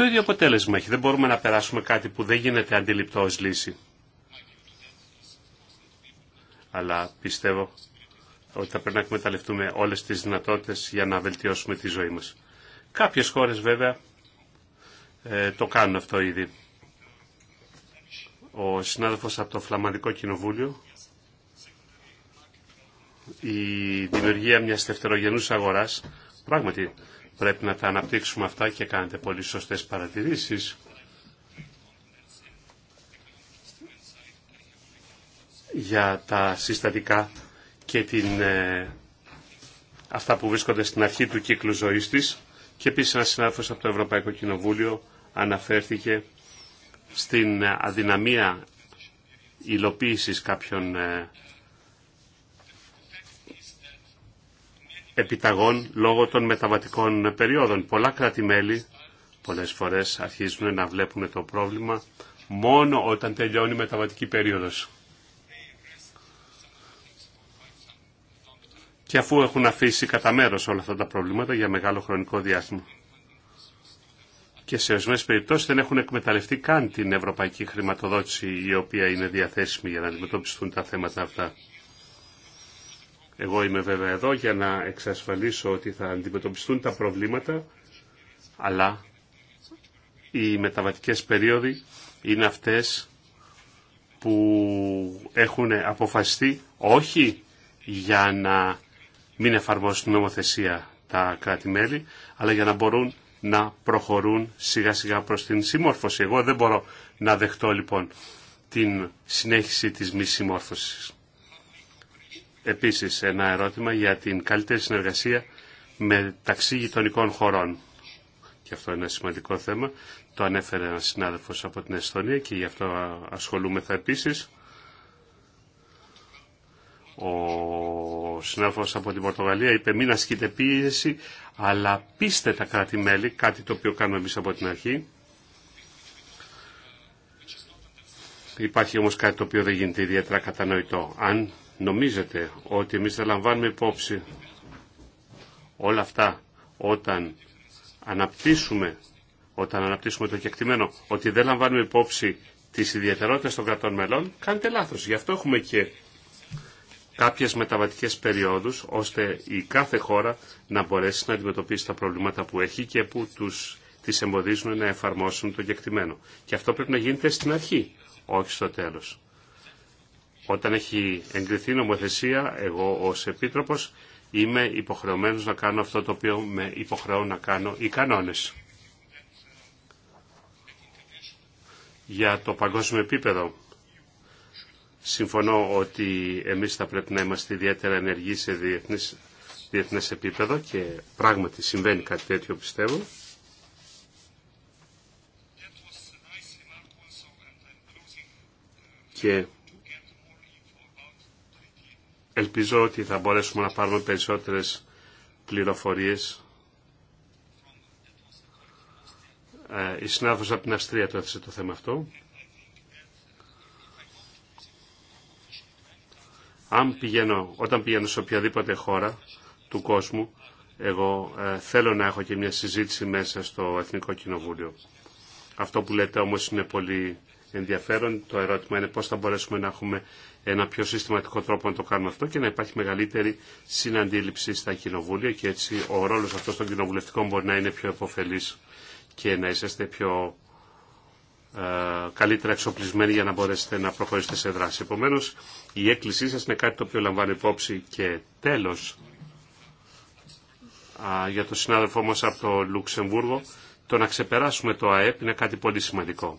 το ίδιο αποτέλεσμα έχει. Δεν μπορούμε να περάσουμε κάτι που δεν γίνεται αντιληπτό ως λύση. Αλλά πιστεύω ότι θα πρέπει να εκμεταλλευτούμε όλες τις δυνατότητες για να βελτιώσουμε τη ζωή μας. Κάποιες χώρες βέβαια ε, το κάνουν αυτό ήδη. Ο συνάδελφος από το Φλαμανδικό Κοινοβούλιο η δημιουργία μιας δευτερογενούς αγοράς πράγματι πρέπει να τα αναπτύξουμε αυτά και κάνετε πολύ σωστές παρατηρήσεις. για τα συστατικά και την, ε, αυτά που βρίσκονται στην αρχή του κύκλου ζωής της. Και επίσης ένα συνάδελφος από το Ευρωπαϊκό Κοινοβούλιο αναφέρθηκε στην ε, αδυναμία υλοποίησης κάποιων ε, επιταγών λόγω των μεταβατικών περιόδων. Πολλά κράτη-μέλη πολλές φορές αρχίζουν να βλέπουν το πρόβλημα μόνο όταν τελειώνει η μεταβατική περίοδος. Και αφού έχουν αφήσει κατά μέρο όλα αυτά τα προβλήματα για μεγάλο χρονικό διάστημα. Και σε ορισμένε περιπτώσει δεν έχουν εκμεταλλευτεί καν την ευρωπαϊκή χρηματοδότηση η οποία είναι διαθέσιμη για να αντιμετωπιστούν τα θέματα αυτά. Εγώ είμαι βέβαια εδώ για να εξασφαλίσω ότι θα αντιμετωπιστούν τα προβλήματα, αλλά οι μεταβατικές περίοδοι είναι αυτές που έχουν αποφασιστεί όχι για να μην εφαρμόσουν νομοθεσία τα κράτη-μέλη, αλλά για να μπορούν να προχωρούν σιγά-σιγά προς την συμμόρφωση. Εγώ δεν μπορώ να δεχτώ λοιπόν την συνέχιση της μη συμμόρφωσης. Επίσης, ένα ερώτημα για την καλύτερη συνεργασία μεταξύ γειτονικών χωρών. Και αυτό είναι ένα σημαντικό θέμα. Το ανέφερε ένα συνάδελφος από την Εσθονία και γι' αυτό ασχολούμεθα επίσης. Ο συνάδελφος από την Πορτογαλία είπε μην ασκείτε πίεση, αλλά πείστε τα κράτη-μέλη, κάτι το οποίο κάνουμε εμείς από την αρχή. Υπάρχει όμως κάτι το οποίο δεν γίνεται ιδιαίτερα κατανοητό. Αν νομίζετε ότι εμείς θα λαμβάνουμε υπόψη όλα αυτά όταν αναπτύσσουμε, όταν αναπτύσσουμε το κεκτημένο, ότι δεν λαμβάνουμε υπόψη τις ιδιαιτερότητες των κρατών μελών, κάνετε λάθος. Γι' αυτό έχουμε και κάποιες μεταβατικές περιόδους, ώστε η κάθε χώρα να μπορέσει να αντιμετωπίσει τα προβλήματα που έχει και που τους, τις εμποδίζουν να εφαρμόσουν το κεκτημένο. Και αυτό πρέπει να γίνεται στην αρχή, όχι στο τέλος. Όταν έχει εγκριθεί νομοθεσία, εγώ ως Επίτροπος είμαι υποχρεωμένος να κάνω αυτό το οποίο με υποχρεώ να κάνω οι κανόνες. Για το παγκόσμιο επίπεδο, συμφωνώ ότι εμείς θα πρέπει να είμαστε ιδιαίτερα ενεργοί σε διεθνέ διεθνές επίπεδο και πράγματι συμβαίνει κάτι τέτοιο πιστεύω. Και Ελπίζω ότι θα μπορέσουμε να πάρουμε περισσότερες πληροφορίες. Ε, η συνάδελφος από την Αυστρία το έθεσε το θέμα αυτό. Αν πηγαίνω, όταν πηγαίνω σε οποιαδήποτε χώρα του κόσμου, εγώ ε, θέλω να έχω και μια συζήτηση μέσα στο Εθνικό Κοινοβούλιο. Αυτό που λέτε όμως είναι πολύ ενδιαφέρον. Το ερώτημα είναι πώς θα μπορέσουμε να έχουμε ένα πιο συστηματικό τρόπο να το κάνουμε αυτό και να υπάρχει μεγαλύτερη συναντήληψη στα κοινοβούλια και έτσι ο ρόλος αυτός των κοινοβουλευτικών μπορεί να είναι πιο εποφελής και να είσαστε πιο ε, καλύτερα εξοπλισμένοι για να μπορέσετε να προχωρήσετε σε δράση. Επομένω, η έκκλησή σας είναι κάτι το οποίο λαμβάνει υπόψη και τέλος για τον συνάδελφό μας από το Λουξεμβούργο το να ξεπεράσουμε το ΑΕΠ είναι κάτι πολύ σημαντικό.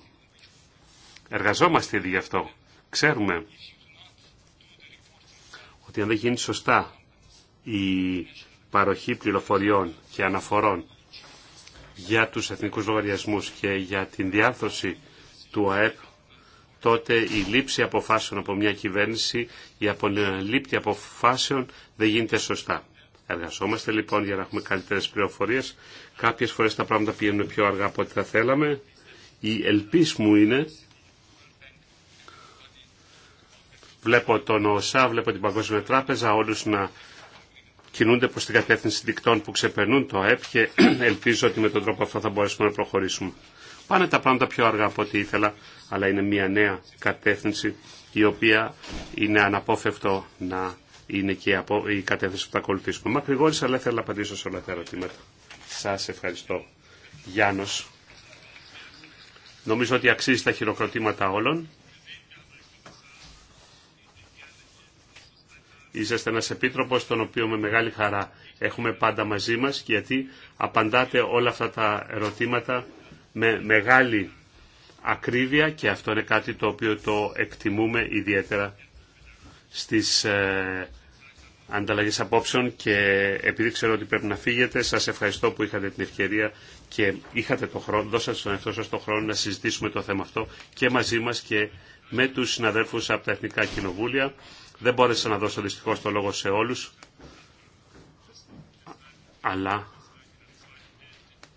Εργαζόμαστε ήδη γι' αυτό. Ξέρουμε ότι αν δεν γίνει σωστά η παροχή πληροφοριών και αναφορών για τους εθνικούς λογαριασμούς και για την διάρθρωση του ΑΕΠ, τότε η λήψη αποφάσεων από μια κυβέρνηση, η απολύπτη αποφάσεων δεν γίνεται σωστά. Εργαζόμαστε λοιπόν για να έχουμε καλύτερες πληροφορίες. Κάποιες φορές τα πράγματα πηγαίνουν πιο αργά από ό,τι θα θέλαμε. Η ελπίση μου είναι Βλέπω τον ΟΣΑ, βλέπω την Παγκόσμια Τράπεζα, όλους να κινούνται προς την κατεύθυνση δικτών που ξεπερνούν το ΑΕΠ και ελπίζω ότι με τον τρόπο αυτό θα μπορέσουμε να προχωρήσουμε. Πάνε τα πράγματα πιο αργά από ό,τι ήθελα, αλλά είναι μια νέα κατεύθυνση η οποία είναι αναπόφευκτο να είναι και η κατεύθυνση που θα ακολουθήσουμε. Μακρηγόρησα, αλλά ήθελα να απαντήσω σε όλα τα ερωτήματα. Σας ευχαριστώ. Γιάννος. Νομίζω ότι αξίζει τα χειροκροτήματα όλων. Είσαστε ένας επίτροπος, τον οποίο με μεγάλη χαρά έχουμε πάντα μαζί μας, γιατί απαντάτε όλα αυτά τα ερωτήματα με μεγάλη ακρίβεια και αυτό είναι κάτι το οποίο το εκτιμούμε ιδιαίτερα στις ε, ανταλλαγές απόψεων και επειδή ξέρω ότι πρέπει να φύγετε, σας ευχαριστώ που είχατε την ευκαιρία και είχατε το χρόνο, δώσατε στον εαυτό σας τον χρόνο να συζητήσουμε το θέμα αυτό και μαζί μας και με τους συναδέλφους από τα Εθνικά Κοινοβούλια. Δεν μπόρεσα να δώσω δυστυχώς το λόγο σε όλους, αλλά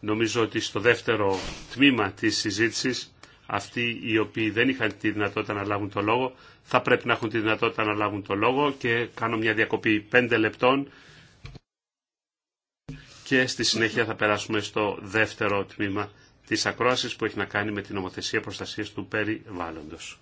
νομίζω ότι στο δεύτερο τμήμα της συζήτησης αυτοί οι οποίοι δεν είχαν τη δυνατότητα να λάβουν το λόγο θα πρέπει να έχουν τη δυνατότητα να λάβουν το λόγο και κάνω μια διακοπή πέντε λεπτών και στη συνέχεια θα περάσουμε στο δεύτερο τμήμα της ακρόασης που έχει να κάνει με την νομοθεσία προστασίας του περιβάλλοντος.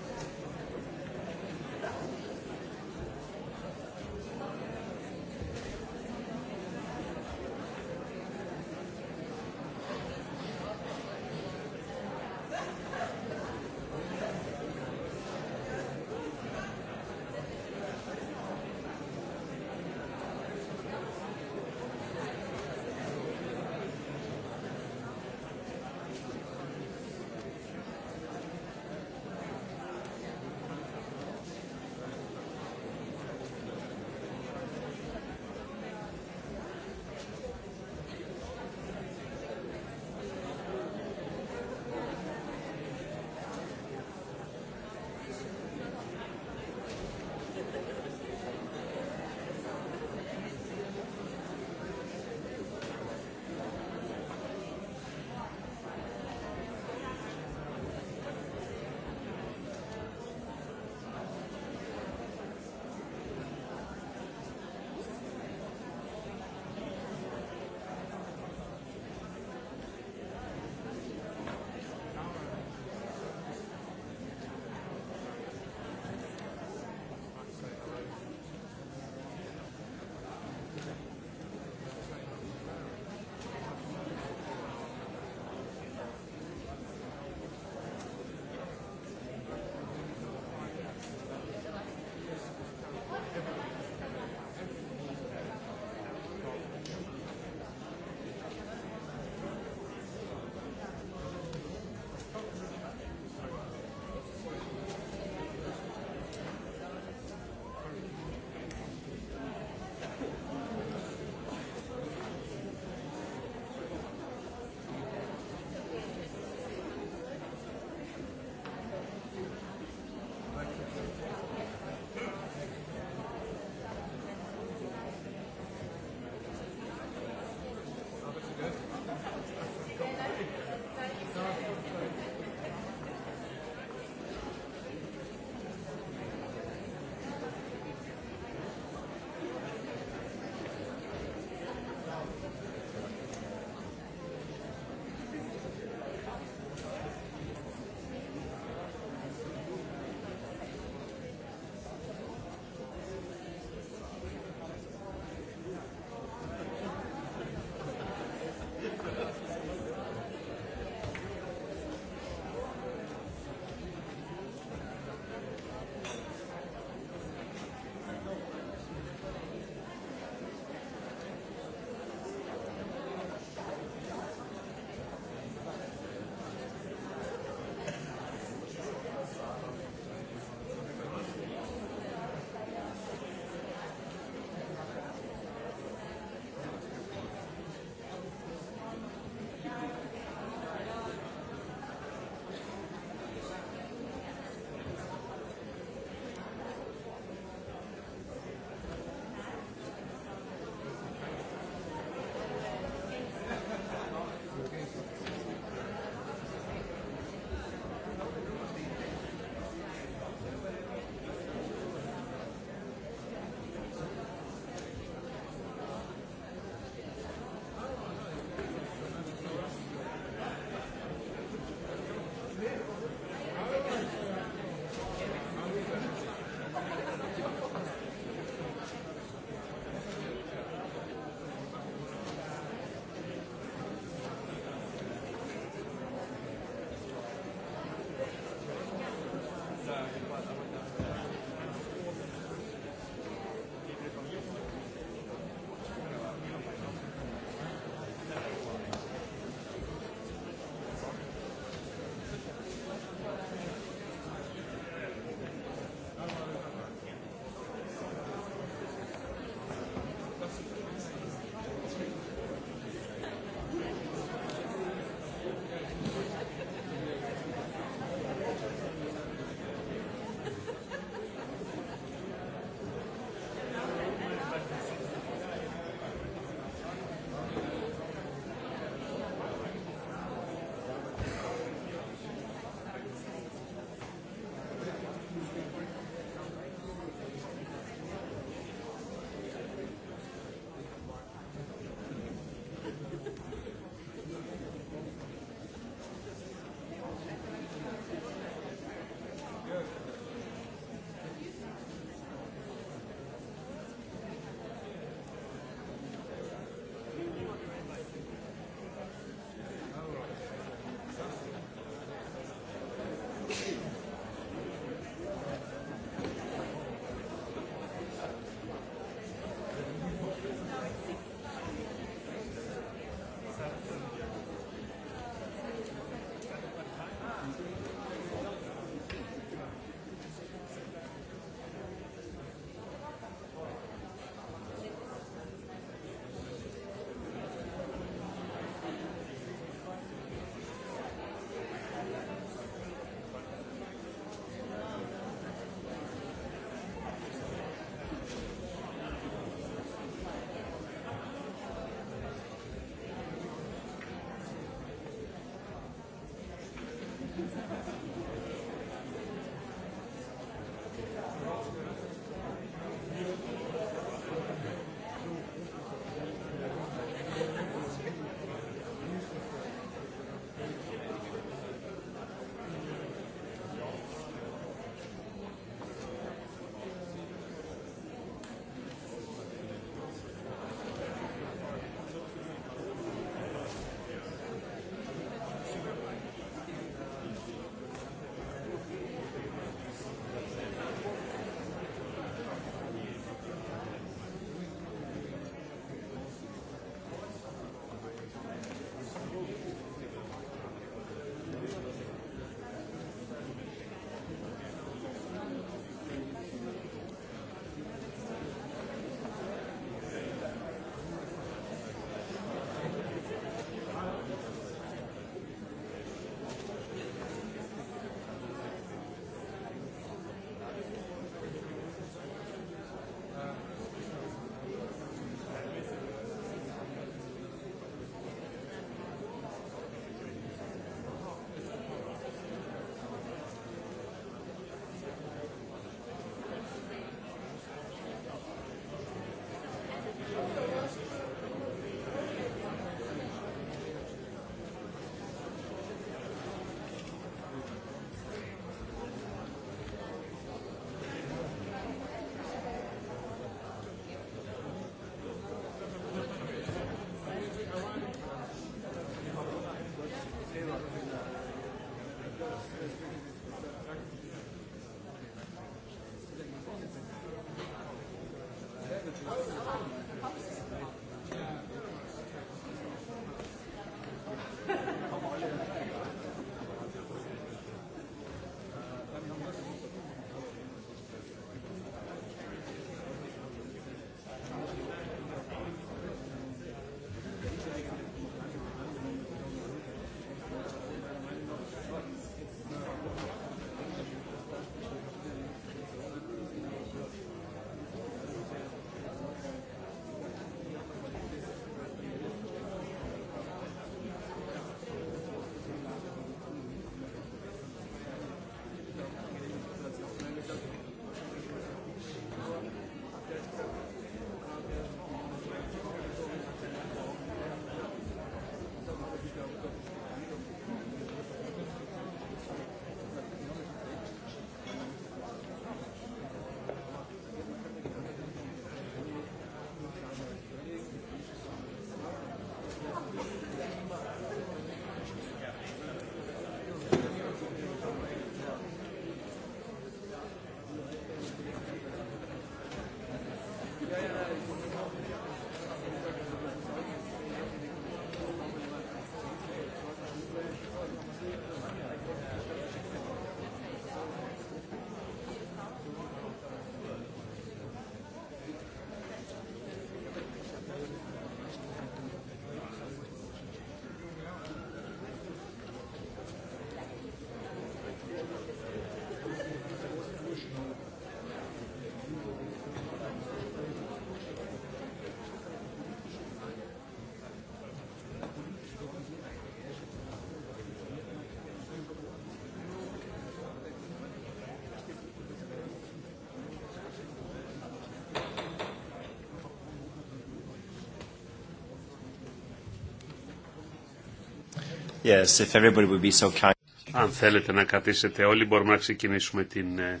Αν θέλετε να καθίσετε όλοι μπορούμε να ξεκινήσουμε την ε,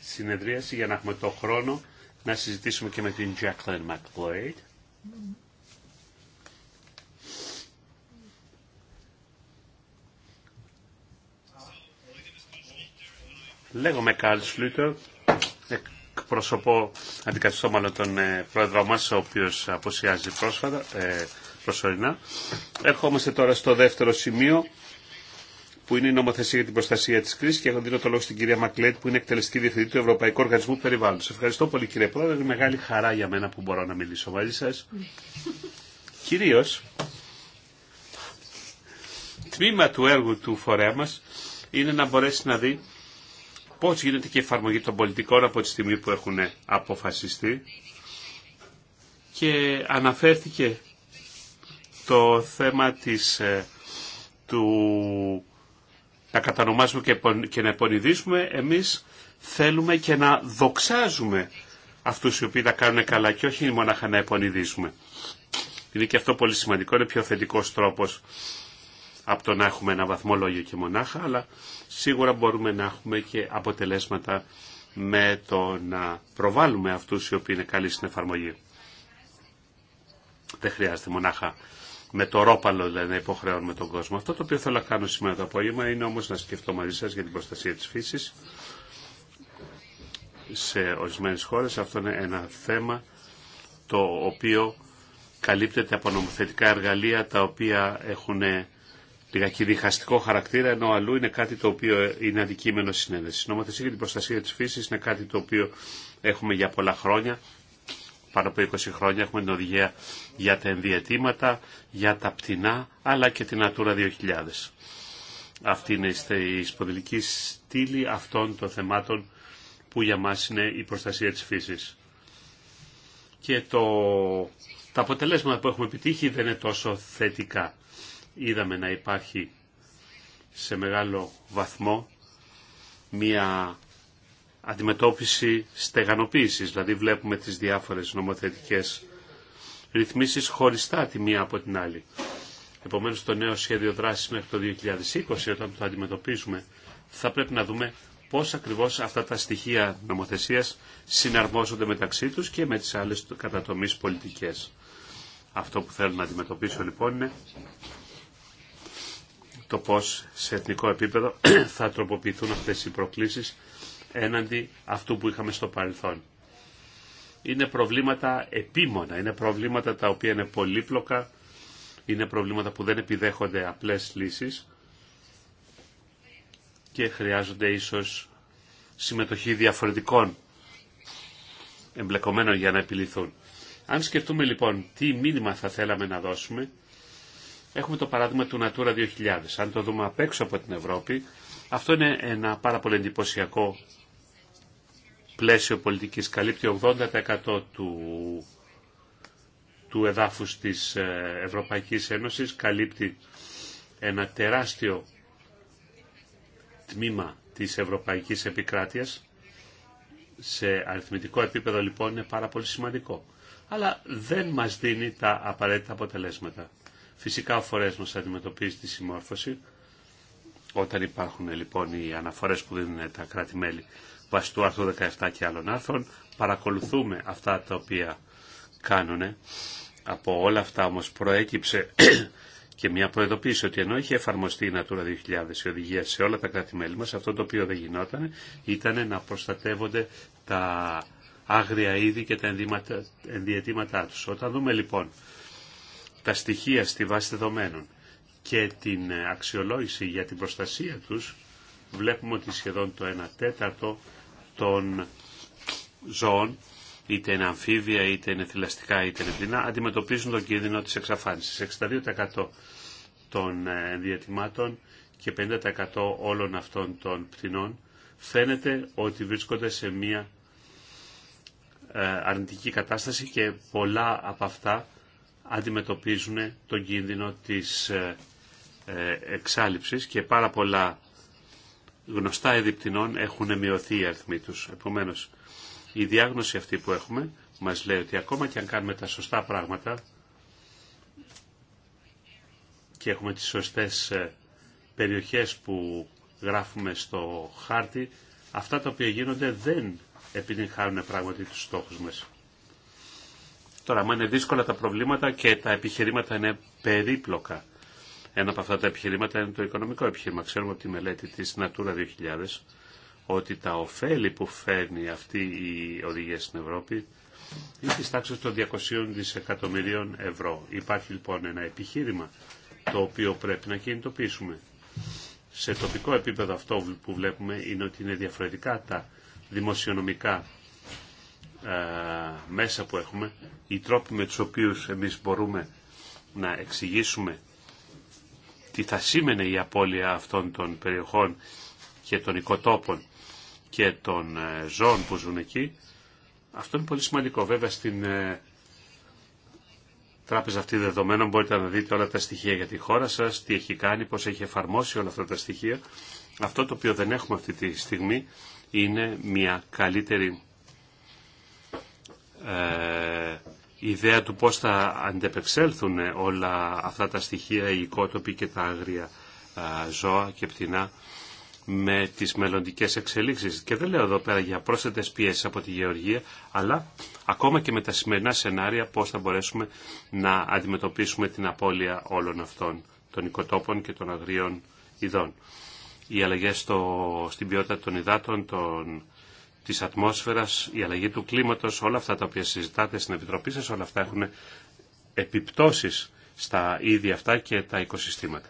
συνεδρίαση για να έχουμε το χρόνο να συζητήσουμε και με την Jacqueline McLeod. Λέγομαι Καρλ Σλούτερ, εκπροσωπώ, αντικαθιστώ μάλλον τον ε, πρόεδρό μας, ο οποίος αποσιάζει πρόσφατα, ε, προσωρινά. Ερχόμαστε τώρα στο δεύτερο σημείο που είναι η νομοθεσία για την προστασία τη κρίση και έχω δίνω το λόγο στην κυρία Μακλέτ που είναι εκτελεστική διευθυντή του Ευρωπαϊκού Οργανισμού Περιβάλλοντο. Ευχαριστώ πολύ κύριε Πρόεδρε, είναι μεγάλη χαρά για μένα που μπορώ να μιλήσω μαζί σα. Κυρίω τμήμα του έργου του φορέα μα είναι να μπορέσει να δει πώ γίνεται και η εφαρμογή των πολιτικών από τη στιγμή που έχουν αποφασιστεί και αναφέρθηκε το θέμα της, ε, του να κατανομάσουμε και, να επωνυδίσουμε, εμείς θέλουμε και να δοξάζουμε αυτούς οι οποίοι τα κάνουν καλά και όχι μονάχα να επωνυδίσουμε. Είναι και αυτό πολύ σημαντικό, είναι πιο θετικός τρόπος από το να έχουμε ένα βαθμολόγιο και μονάχα, αλλά σίγουρα μπορούμε να έχουμε και αποτελέσματα με το να προβάλλουμε αυτούς οι οποίοι είναι καλοί στην εφαρμογή. Δεν χρειάζεται μονάχα με το ρόπαλο δηλαδή να υποχρεώνουμε τον κόσμο. Αυτό το οποίο θέλω να κάνω σήμερα το απόγευμα είναι όμως να σκεφτώ μαζί σας για την προστασία της φύσης σε ορισμένες χώρες. Αυτό είναι ένα θέμα το οποίο καλύπτεται από νομοθετικά εργαλεία τα οποία έχουν λιγάκι διχαστικό χαρακτήρα, ενώ αλλού είναι κάτι το οποίο είναι αντικείμενο συνένεση. Η νομοθεσία για την προστασία τη φύση είναι κάτι το οποίο έχουμε για πολλά χρόνια πάνω από 20 χρόνια. Έχουμε την οδηγία για τα ενδιατήματα, για τα πτηνά, αλλά και την Natura 2000. Αυτή είναι η σπονδυλική στήλη αυτών των θεμάτων που για μας είναι η προστασία της φύσης. Και το... τα αποτελέσματα που έχουμε επιτύχει δεν είναι τόσο θετικά. Είδαμε να υπάρχει σε μεγάλο βαθμό μια αντιμετώπιση στεγανοποίησης. Δηλαδή βλέπουμε τις διάφορες νομοθετικές ρυθμίσεις χωριστά τη μία από την άλλη. Επομένως το νέο σχέδιο δράσης μέχρι το 2020 όταν το αντιμετωπίζουμε θα πρέπει να δούμε πώς ακριβώς αυτά τα στοιχεία νομοθεσίας συναρμόζονται μεταξύ τους και με τις άλλες κατατομείς πολιτικές. Αυτό που θέλω να αντιμετωπίσω λοιπόν είναι το πώς σε εθνικό επίπεδο θα τροποποιηθούν αυτές οι προκλήσεις έναντι αυτού που είχαμε στο παρελθόν. Είναι προβλήματα επίμονα, είναι προβλήματα τα οποία είναι πολύπλοκα, είναι προβλήματα που δεν επιδέχονται απλές λύσεις και χρειάζονται ίσως συμμετοχή διαφορετικών εμπλεκομένων για να επιληθούν. Αν σκεφτούμε λοιπόν τι μήνυμα θα θέλαμε να δώσουμε, έχουμε το παράδειγμα του Natura 2000. Αν το δούμε απ' έξω από την Ευρώπη, αυτό είναι ένα πάρα πολύ εντυπωσιακό πλαίσιο πολιτικής καλύπτει 80% του, του εδάφους της ε, Ευρωπαϊκής Ένωσης, καλύπτει ένα τεράστιο τμήμα της Ευρωπαϊκής Επικράτειας. Σε αριθμητικό επίπεδο λοιπόν είναι πάρα πολύ σημαντικό. Αλλά δεν μας δίνει τα απαραίτητα αποτελέσματα. Φυσικά ο φορέας μας αντιμετωπίζει τη συμμόρφωση. Όταν υπάρχουν λοιπόν οι αναφορές που δίνουν τα κράτη-μέλη βάσει του άρθρου 17 και άλλων άρθρων. Παρακολουθούμε αυτά τα οποία κάνουν. Από όλα αυτά όμως προέκυψε και μια προειδοποίηση ότι ενώ είχε εφαρμοστεί η Natura 2000 η οδηγία σε όλα τα κράτη-μέλη μας, αυτό το οποίο δεν γινόταν ήταν να προστατεύονται τα άγρια είδη και τα ενδιαιτήματά τους. Όταν δούμε λοιπόν τα στοιχεία στη βάση δεδομένων και την αξιολόγηση για την προστασία τους, βλέπουμε ότι σχεδόν το 1 τέταρτο των ζώων, είτε είναι αμφίβια, είτε είναι θηλαστικά, είτε είναι πλήνα, αντιμετωπίζουν τον κίνδυνο της εξαφάνισης. 62% των ε, διατημάτων και 50% όλων αυτών των πτηνών φαίνεται ότι βρίσκονται σε μία ε, αρνητική κατάσταση και πολλά από αυτά αντιμετωπίζουν τον κίνδυνο της ε, εξάλληψης και πάρα πολλά γνωστά εδιπτυνών έχουν μειωθεί οι αριθμοί τους. Επομένως, η διάγνωση αυτή που έχουμε μας λέει ότι ακόμα και αν κάνουμε τα σωστά πράγματα και έχουμε τις σωστές ε, περιοχές που γράφουμε στο χάρτη, αυτά τα οποία γίνονται δεν επιτυγχάνουν πράγματι τους στόχους μας. Τώρα, μα είναι δύσκολα τα προβλήματα και τα επιχειρήματα είναι περίπλοκα ένα από αυτά τα επιχειρήματα είναι το οικονομικό επιχείρημα. Ξέρουμε από τη μελέτη της Natura 2000 ότι τα ωφέλη που φέρνει αυτή η οδηγία στην Ευρώπη είναι της τάξης των 200 δισεκατομμυρίων ευρώ. Υπάρχει λοιπόν ένα επιχείρημα το οποίο πρέπει να κινητοποιήσουμε. Σε τοπικό επίπεδο αυτό που βλέπουμε είναι ότι είναι διαφορετικά τα δημοσιονομικά ε, μέσα που έχουμε, οι τρόποι με τους οποίους εμείς μπορούμε να εξηγήσουμε τι θα σήμαινε η απώλεια αυτών των περιοχών και των οικοτόπων και των ε, ζώων που ζουν εκεί. Αυτό είναι πολύ σημαντικό. Βέβαια στην ε, τράπεζα αυτή δεδομένων μπορείτε να δείτε όλα τα στοιχεία για τη χώρα σας, τι έχει κάνει, πώς έχει εφαρμόσει όλα αυτά τα στοιχεία. Αυτό το οποίο δεν έχουμε αυτή τη στιγμή είναι μια καλύτερη ε, η ιδέα του πώς θα αντεπεξέλθουν όλα αυτά τα στοιχεία, οι οικότοποι και τα άγρια ζώα και πτηνά με τις μελλοντικέ εξελίξεις. Και δεν λέω εδώ πέρα για πρόσθετες πιέσεις από τη γεωργία, αλλά ακόμα και με τα σημερινά σενάρια πώς θα μπορέσουμε να αντιμετωπίσουμε την απώλεια όλων αυτών των οικοτόπων και των αγρίων ειδών. Οι αλλαγές στο, στην ποιότητα των υδάτων, των της ατμόσφαιρας, η αλλαγή του κλίματος, όλα αυτά τα οποία συζητάτε στην Επιτροπή σα, όλα αυτά έχουν επιπτώσεις στα ίδια αυτά και τα οικοσυστήματα.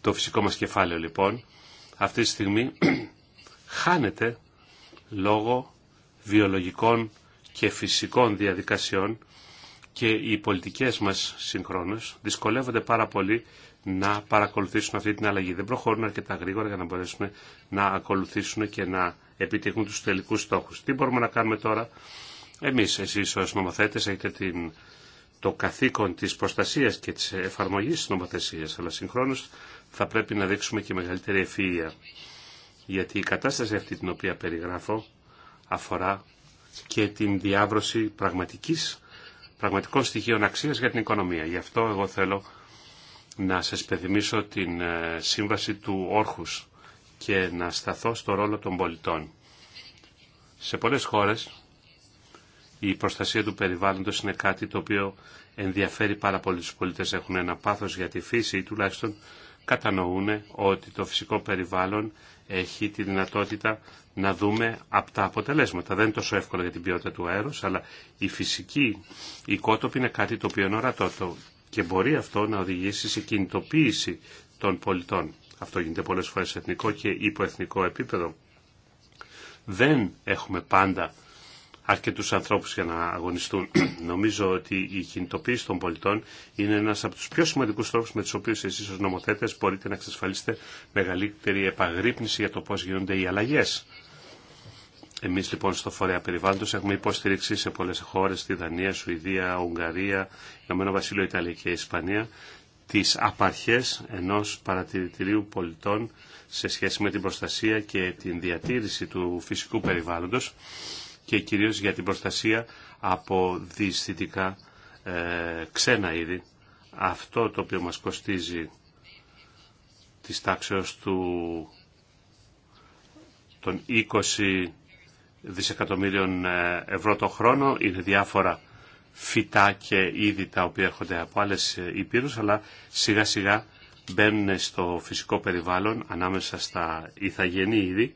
Το φυσικό μας κεφάλαιο λοιπόν αυτή τη στιγμή χάνεται λόγω βιολογικών και φυσικών διαδικασιών και οι πολιτικές μας συγχρόνως δυσκολεύονται πάρα πολύ να παρακολουθήσουν αυτή την αλλαγή. Δεν προχωρούν αρκετά γρήγορα για να μπορέσουν να ακολουθήσουν και να επιτύχουν τους τελικούς στόχους. Τι μπορούμε να κάνουμε τώρα. Εμείς, εσείς ως νομοθέτες, έχετε την, το καθήκον της προστασίας και της εφαρμογής της νομοθεσίας, αλλά συγχρόνως θα πρέπει να δείξουμε και μεγαλύτερη ευφυΐα. Γιατί η κατάσταση αυτή την οποία περιγράφω αφορά και την διάβρωση πραγματικής, πραγματικών στοιχείων αξίας για την οικονομία. Γι' αυτό εγώ θέλω να σας πενθυμίσω την ε, σύμβαση του Όρχους και να σταθώ στο ρόλο των πολιτών. Σε πολλές χώρες η προστασία του περιβάλλοντος είναι κάτι το οποίο ενδιαφέρει πάρα πολύ τους πολίτες. Έχουν ένα πάθος για τη φύση ή τουλάχιστον κατανοούν ότι το φυσικό περιβάλλον έχει τη δυνατότητα να δούμε από τα αποτελέσματα. Δεν είναι τόσο εύκολο για την ποιότητα του αέρος, αλλά η φυσική οικότοπη είναι κάτι το οποίο είναι ορατό. Και μπορεί αυτό να οδηγήσει σε κινητοποίηση των πολιτών. Αυτό γίνεται πολλές φορές σε εθνικό και υποεθνικό επίπεδο. Δεν έχουμε πάντα αρκετούς ανθρώπους για να αγωνιστούν. Νομίζω ότι η κινητοποίηση των πολιτών είναι ένας από τους πιο σημαντικούς τρόπους με τους οποίους εσείς ως νομοθέτες μπορείτε να εξασφαλίσετε μεγαλύτερη επαγρύπνηση για το πώς γίνονται οι αλλαγές εμείς λοιπόν στο φορέα περιβάλλοντος έχουμε υποστηρίξει σε πολλές χώρες, τη Δανία, Σουηδία, Ουγγαρία, Ηνωμένο Βασίλειο, Ιταλία και Ισπανία, τις απαρχές ενός παρατηρητηρίου πολιτών σε σχέση με την προστασία και την διατήρηση του φυσικού περιβάλλοντος και κυρίως για την προστασία από διαισθητικά ε, ξένα είδη. Αυτό το οποίο μας κοστίζει της τάξεως του των 20 δισεκατομμύριων ε, ευρώ το χρόνο. Είναι διάφορα φυτά και είδη τα οποία έρχονται από άλλες ε, υπήρους, αλλά σιγά σιγά μπαίνουν στο φυσικό περιβάλλον ανάμεσα στα ηθαγενή είδη.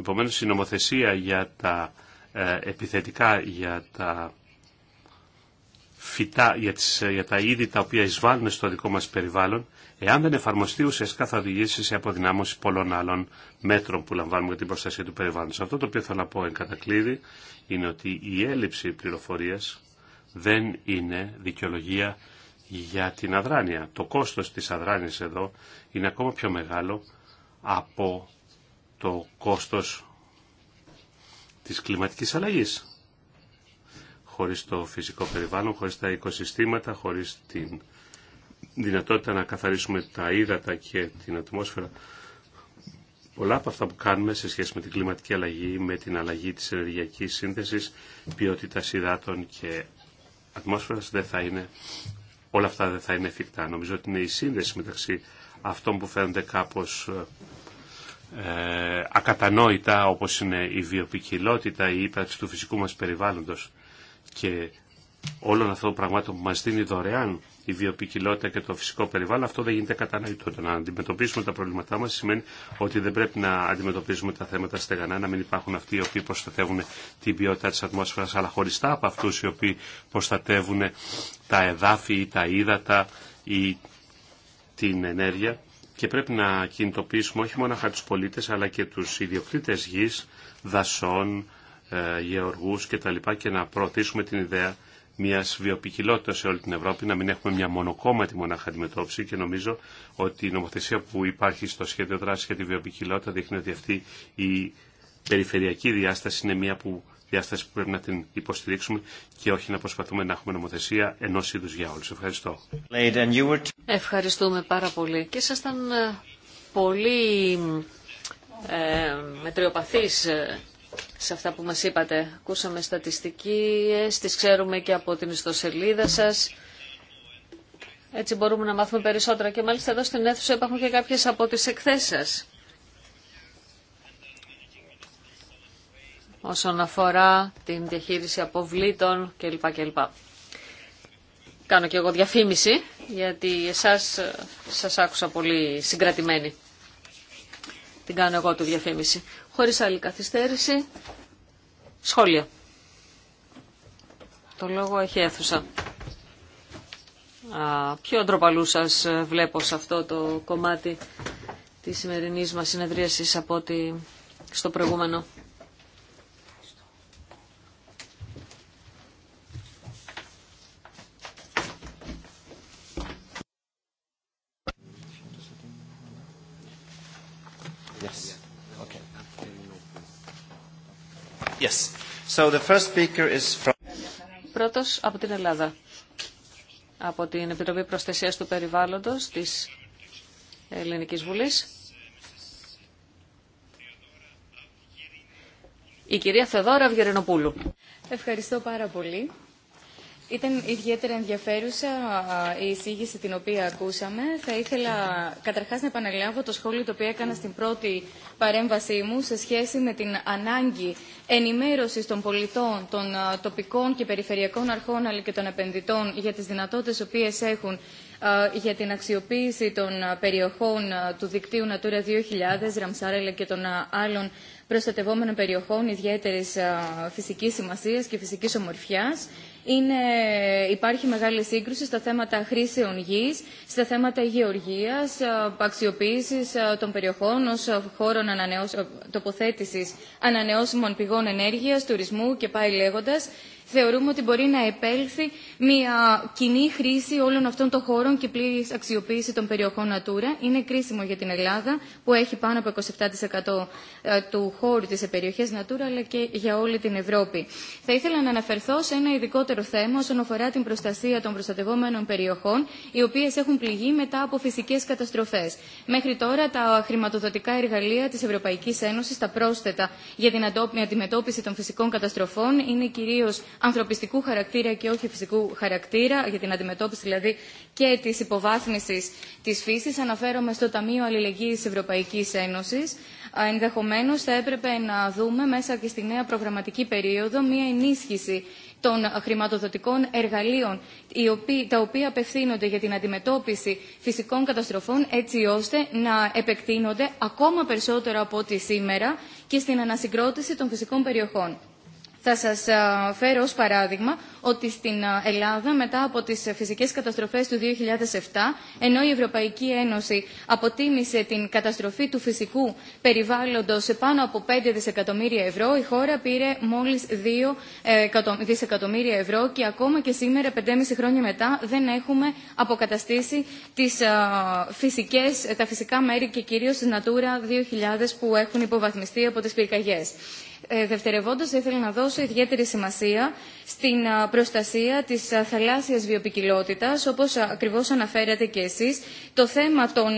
Επομένως η νομοθεσία για τα ε, επιθετικά, για τα φυτά, για, τα είδη τα οποία εισβάλλουν στο δικό μας περιβάλλον, εάν δεν εφαρμοστεί ουσιαστικά θα οδηγήσει σε αποδυνάμωση πολλών άλλων μέτρων που λαμβάνουμε για την προστασία του περιβάλλοντος. Αυτό το οποίο θέλω να πω εν κατακλείδη είναι ότι η έλλειψη πληροφορίας δεν είναι δικαιολογία για την αδράνεια. Το κόστος της αδράνειας εδώ είναι ακόμα πιο μεγάλο από το κόστος της κλιματικής αλλαγής χωρίς το φυσικό περιβάλλον, χωρίς τα οικοσυστήματα, χωρίς την δυνατότητα να καθαρίσουμε τα ύδατα και την ατμόσφαιρα. Πολλά από αυτά που κάνουμε σε σχέση με την κλιματική αλλαγή, με την αλλαγή της ενεργειακής σύνθεσης, ποιότητα υδάτων και ατμόσφαιρας δεν θα είναι, όλα αυτά δεν θα είναι εφικτά. Νομίζω ότι είναι η σύνδεση μεταξύ αυτών που φαίνονται κάπως ε, ε ακατανόητα όπως είναι η βιοπικιλότητα, η ύπαρξη του φυσικού μας περιβάλλοντος και όλων αυτών των πραγμάτων που μας δίνει δωρεάν η βιοπικιλότητα και το φυσικό περιβάλλον, αυτό δεν γίνεται κατανοητό. να αντιμετωπίσουμε τα προβλήματά μας σημαίνει ότι δεν πρέπει να αντιμετωπίσουμε τα θέματα στεγανά, να μην υπάρχουν αυτοί οι οποίοι προστατεύουν την ποιότητα της ατμόσφαιρας, αλλά χωριστά από αυτούς οι οποίοι προστατεύουν τα εδάφη ή τα ύδατα ή την ενέργεια. Και πρέπει να κινητοποιήσουμε όχι μόνο του πολίτες, αλλά και τους ιδιοκτήτες γης, δασών, ε, γεωργούς και τα λοιπά και να προωθήσουμε την ιδέα μιας βιοπικιλότητας σε όλη την Ευρώπη, να μην έχουμε μια μονοκόμματη μονάχα αντιμετώπιση και νομίζω ότι η νομοθεσία που υπάρχει στο σχέδιο δράσης για τη βιοπικιλότητα δείχνει ότι αυτή η περιφερειακή διάσταση είναι μια που διάσταση που πρέπει να την υποστηρίξουμε και όχι να προσπαθούμε να έχουμε νομοθεσία ενό είδου για όλου. Ευχαριστώ. Ευχαριστούμε πάρα πολύ. Και ήσασταν ε, πολύ ε, σε αυτά που μας είπατε. Ακούσαμε στατιστικές, τις ξέρουμε και από την ιστοσελίδα σας. Έτσι μπορούμε να μάθουμε περισσότερα και μάλιστα εδώ στην αίθουσα υπάρχουν και κάποιες από τις εκθέσεις σας. όσον αφορά την διαχείριση αποβλήτων κλπ. κλπ. Κάνω και εγώ διαφήμιση, γιατί εσάς σας άκουσα πολύ συγκρατημένη. Την κάνω εγώ του διαφήμιση. Χωρίς άλλη καθυστέρηση, σχόλια. Το λόγο έχει αίθουσα. Α, πιο ντροπαλού σας βλέπω σε αυτό το κομμάτι της σημερινής μας συνεδρίασης από ότι στο προηγούμενο. So Πρώτος από την Ελλάδα, από την Επιτροπή Προστασίας του Περιβάλλοντος της Ελληνικής Βουλής. Η κυρία Θεοδόρα Αυγερινοπούλου. Ευχαριστώ πάρα πολύ. Ήταν ιδιαίτερα ενδιαφέρουσα η εισήγηση την οποία ακούσαμε. Θα ήθελα καταρχάς να επαναλάβω το σχόλιο το οποίο έκανα στην πρώτη παρέμβασή μου σε σχέση με την ανάγκη ενημέρωσης των πολιτών, των τοπικών και περιφερειακών αρχών αλλά και των επενδυτών για τις δυνατότητες οποίες έχουν για την αξιοποίηση των περιοχών του δικτύου Natura 2000, Ραμσάρελα και των άλλων προστατευόμενων περιοχών ιδιαίτερης φυσικής σημασίας και φυσικής ομορφιάς είναι, υπάρχει μεγάλη σύγκρουση στα θέματα χρήσεων γης, στα θέματα γεωργίας, ε, αξιοποίησης ε, των περιοχών ως χώρων ανανεώσιμων ε, τοποθέτησης ανανεώσιμων πηγών ενέργειας, τουρισμού και πάει λέγοντας θεωρούμε ότι μπορεί να επέλθει μια κοινή χρήση όλων αυτών των χώρων και πλήρη αξιοποίηση των περιοχών Natura. Είναι κρίσιμο για την Ελλάδα, που έχει πάνω από 27% ε, του χώρου τη σε περιοχέ Natura, αλλά και για όλη την Ευρώπη. Θα ήθελα να αναφερθώ σε ένα ειδικότερο θέμα όσον αφορά την προστασία των προστατευόμενων περιοχών, οι οποίε έχουν πληγεί μετά από φυσικέ καταστροφέ. Μέχρι τώρα, τα χρηματοδοτικά εργαλεία τη Ευρωπαϊκή Ένωση, τα πρόσθετα για την αντιμετώπιση των φυσικών καταστροφών, είναι κυρίω ανθρωπιστικού χαρακτήρα και όχι φυσικού χαρακτήρα, για την αντιμετώπιση δηλαδή και τη υποβάθμιση τη φύση. Αναφέρομαι στο Ταμείο Αλληλεγγύη Ευρωπαϊκή Ένωση. Ενδεχομένω θα έπρεπε να δούμε μέσα και στη νέα προγραμματική περίοδο μία ενίσχυση των χρηματοδοτικών εργαλείων τα οποία απευθύνονται για την αντιμετώπιση φυσικών καταστροφών έτσι ώστε να επεκτείνονται ακόμα περισσότερο από ό,τι σήμερα και στην ανασυγκρότηση των φυσικών περιοχών. Θα σας ε, φέρω ως παράδειγμα ότι στην ε, Ελλάδα μετά από τις ε, φυσικές καταστροφές του 2007, ενώ η Ευρωπαϊκή Ένωση αποτίμησε την καταστροφή του φυσικού περιβάλλοντος σε πάνω από 5 δισεκατομμύρια ευρώ, η χώρα πήρε μόλις 2 δισεκατομμύρια ευρώ και ακόμα και σήμερα, 5,5 χρόνια μετά, δεν έχουμε αποκαταστήσει τις τα φυσικά μέρη και κυρίως τη Natura 2000 που έχουν υποβαθμιστεί από τις πυρκαγιές. Ε, δευτερευόντως, ήθελα να δώσω ιδιαίτερη σημασία στην προστασία της θαλάσσιας βιοπικιλότητας, όπως ακριβώς αναφέρατε και εσείς. Το θέμα των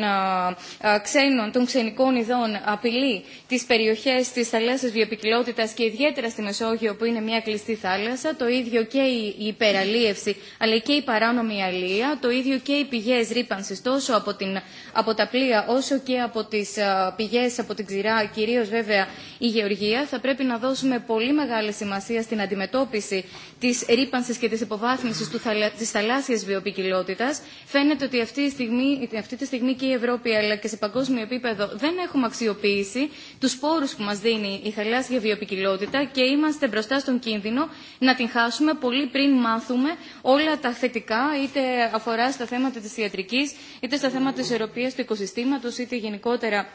ξένων, των ξενικών ειδών απειλεί τις περιοχές της θαλάσσιας βιοπικιλότητας και ιδιαίτερα στη Μεσόγειο που είναι μια κλειστή θάλασσα. Το ίδιο και η υπεραλίευση αλλά και η παράνομη αλία. Το ίδιο και οι πηγές ρήπανσης τόσο από, την, από τα πλοία όσο και από τις πηγές από την ξηρά, κυρίως βέβαια η γεωργία. Θα πρέπει να δώσουμε πολύ μεγάλη σημασία στην αντιμετώπιση Τη ρήπανση και τη υποβάθμιση τη θαλάσσια βιοπικιλότητας, φαίνεται ότι αυτή τη, στιγμή, αυτή τη στιγμή και η Ευρώπη αλλά και σε παγκόσμιο επίπεδο δεν έχουμε αξιοποιήσει τους πόρου που μας δίνει η θαλάσσια βιοπικιλότητα και είμαστε μπροστά στον κίνδυνο να την χάσουμε πολύ πριν μάθουμε όλα τα θετικά, είτε αφορά στα θέματα τη ιατρική, είτε στα θέματα τη ισορροπία του οικοσυστήματος, είτε γενικότερα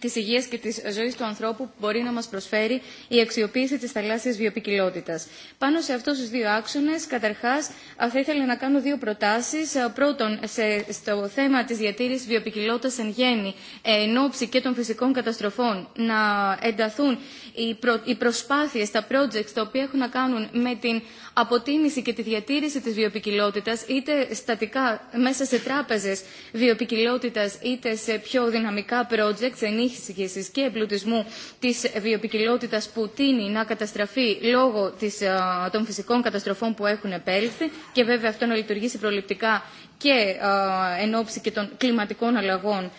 τη υγεία και τη ζωή του ανθρώπου που μπορεί να μα προσφέρει η αξιοποίηση τη θαλάσσια βιοπικιλότητα. Πάνω σε αυτού του δύο άξονε, καταρχά, θα ήθελα να κάνω δύο προτάσει. Πρώτον, σε, στο θέμα τη διατήρηση βιοπικιλότητα εν γέννη, ε, εν ώψη και των φυσικών καταστροφών, να ενταθούν οι, προ, οι προσπάθειε, τα projects τα οποία έχουν να κάνουν με την αποτίμηση και τη διατήρηση τη βιοπικιλότητα, είτε στατικά μέσα σε τράπεζε βιοπικιλότητα, είτε σε πιο δυναμικά projects, και εμπλουτισμού της βιοπικιλότητας που τίνει να καταστραφεί λόγω ε, των φυσικών καταστροφών που έχουν επέλθει και βέβαια αυτό να λειτουργήσει προληπτικά και ε, εν ώψη και των κλιματικών αλλαγών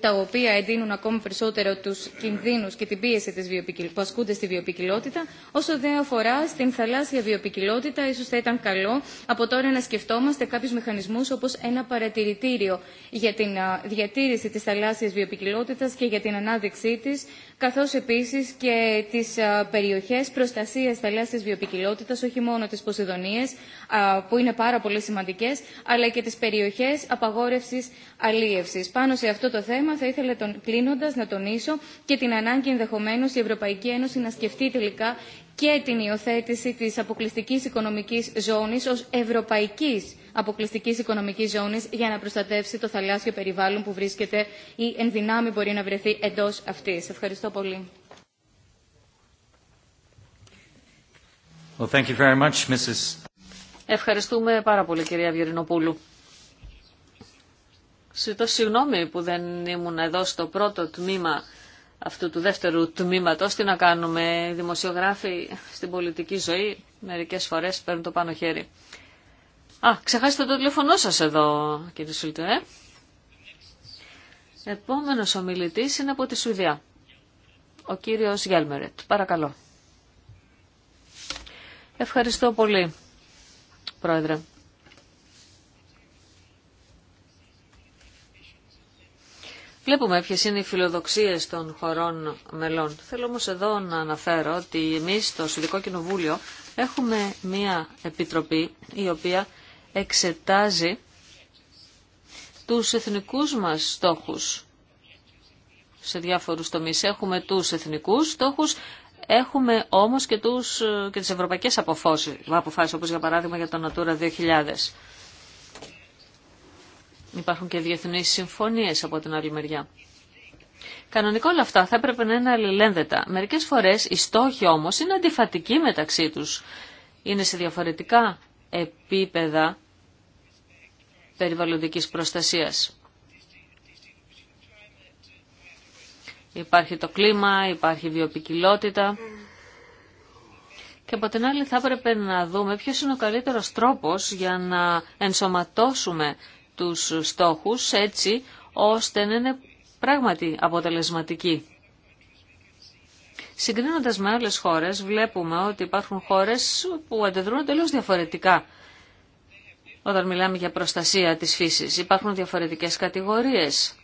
τα οποία εντείνουν ακόμη περισσότερο του κινδύνου και την πίεση της που ασκούνται στη βιοπικιλότητα. Όσο δεν αφορά στην θαλάσσια βιοπικιλότητα, ίσως θα ήταν καλό από τώρα να σκεφτόμαστε κάποιου μηχανισμούς όπως ένα παρατηρητήριο για την διατήρηση της θαλάσσιας βιοπικιλότητας και για την ανάδειξή της, καθώς επίσης και τις ε, περιοχές προστασίας θαλάσσιας βιοπικιλότητας, όχι μόνο τι Ποσειδονίες, που είναι πάρα πολύ σημαντικές, αλλά και τις περιοχές απαγόρευσης αλίευσης. Πάνω σε αυτό το θέμα θα ήθελα τον, κλείνοντας να τονίσω και την ανάγκη ενδεχομένως η Ευρωπαϊκή Ένωση να σκεφτεί τελικά και την υιοθέτηση της αποκλειστικής οικονομικής ζώνης ως ευρωπαϊκής αποκλειστικής οικονομικής ζώνης για να προστατεύσει το θαλάσσιο περιβάλλον που βρίσκεται ή εν δυνάμει μπορεί να βρεθεί εντός αυτής. Ευχαριστώ πολύ. Ευχαριστούμε πάρα πολύ κυρία Σε το συγγνώμη που δεν ήμουν εδώ στο πρώτο τμήμα αυτού του δεύτερου τμήματος, τι να κάνουμε, δημοσιογράφοι στην πολιτική ζωή μερικές φορές παίρνουν το πάνω χέρι. Α, ξεχάσετε το τηλέφωνό σας εδώ, κύριε Σουλτέ. Ε? Επόμενος ομιλητής είναι από τη Σουηδία. Ο κύριος Γέλμερετ. Παρακαλώ. Ευχαριστώ πολύ, Πρόεδρε. Βλέπουμε ποιε είναι οι φιλοδοξίε των χωρών μελών. Θέλω όμω εδώ να αναφέρω ότι εμεί στο Συνδικό Κοινοβούλιο έχουμε μία επιτροπή η οποία εξετάζει τους εθνικούς μας στόχους σε διάφορους τομείς. Έχουμε τους εθνικούς στόχους, έχουμε όμως και, τους, και τις ευρωπαϊκές αποφάσεις, αποφάσεις, όπως για παράδειγμα για το Natura 2000. Υπάρχουν και διεθνείς συμφωνίες από την άλλη μεριά. Κανονικά όλα αυτά θα έπρεπε να είναι αλληλένδετα. Μερικές φορές οι στόχοι όμως είναι αντιφατικοί μεταξύ τους. Είναι σε διαφορετικά επίπεδα περιβαλλοντικής προστασίας. Υπάρχει το κλίμα, υπάρχει η βιοπικιλότητα. Και από την άλλη θα έπρεπε να δούμε ποιος είναι ο καλύτερος τρόπος για να ενσωματώσουμε τους στόχους έτσι ώστε να είναι πράγματι αποτελεσματικοί. Συγκρίνοντας με άλλες χώρες βλέπουμε ότι υπάρχουν χώρες που αντιδρούν τελείως διαφορετικά όταν μιλάμε για προστασία της φύσης. Υπάρχουν διαφορετικές κατηγορίες.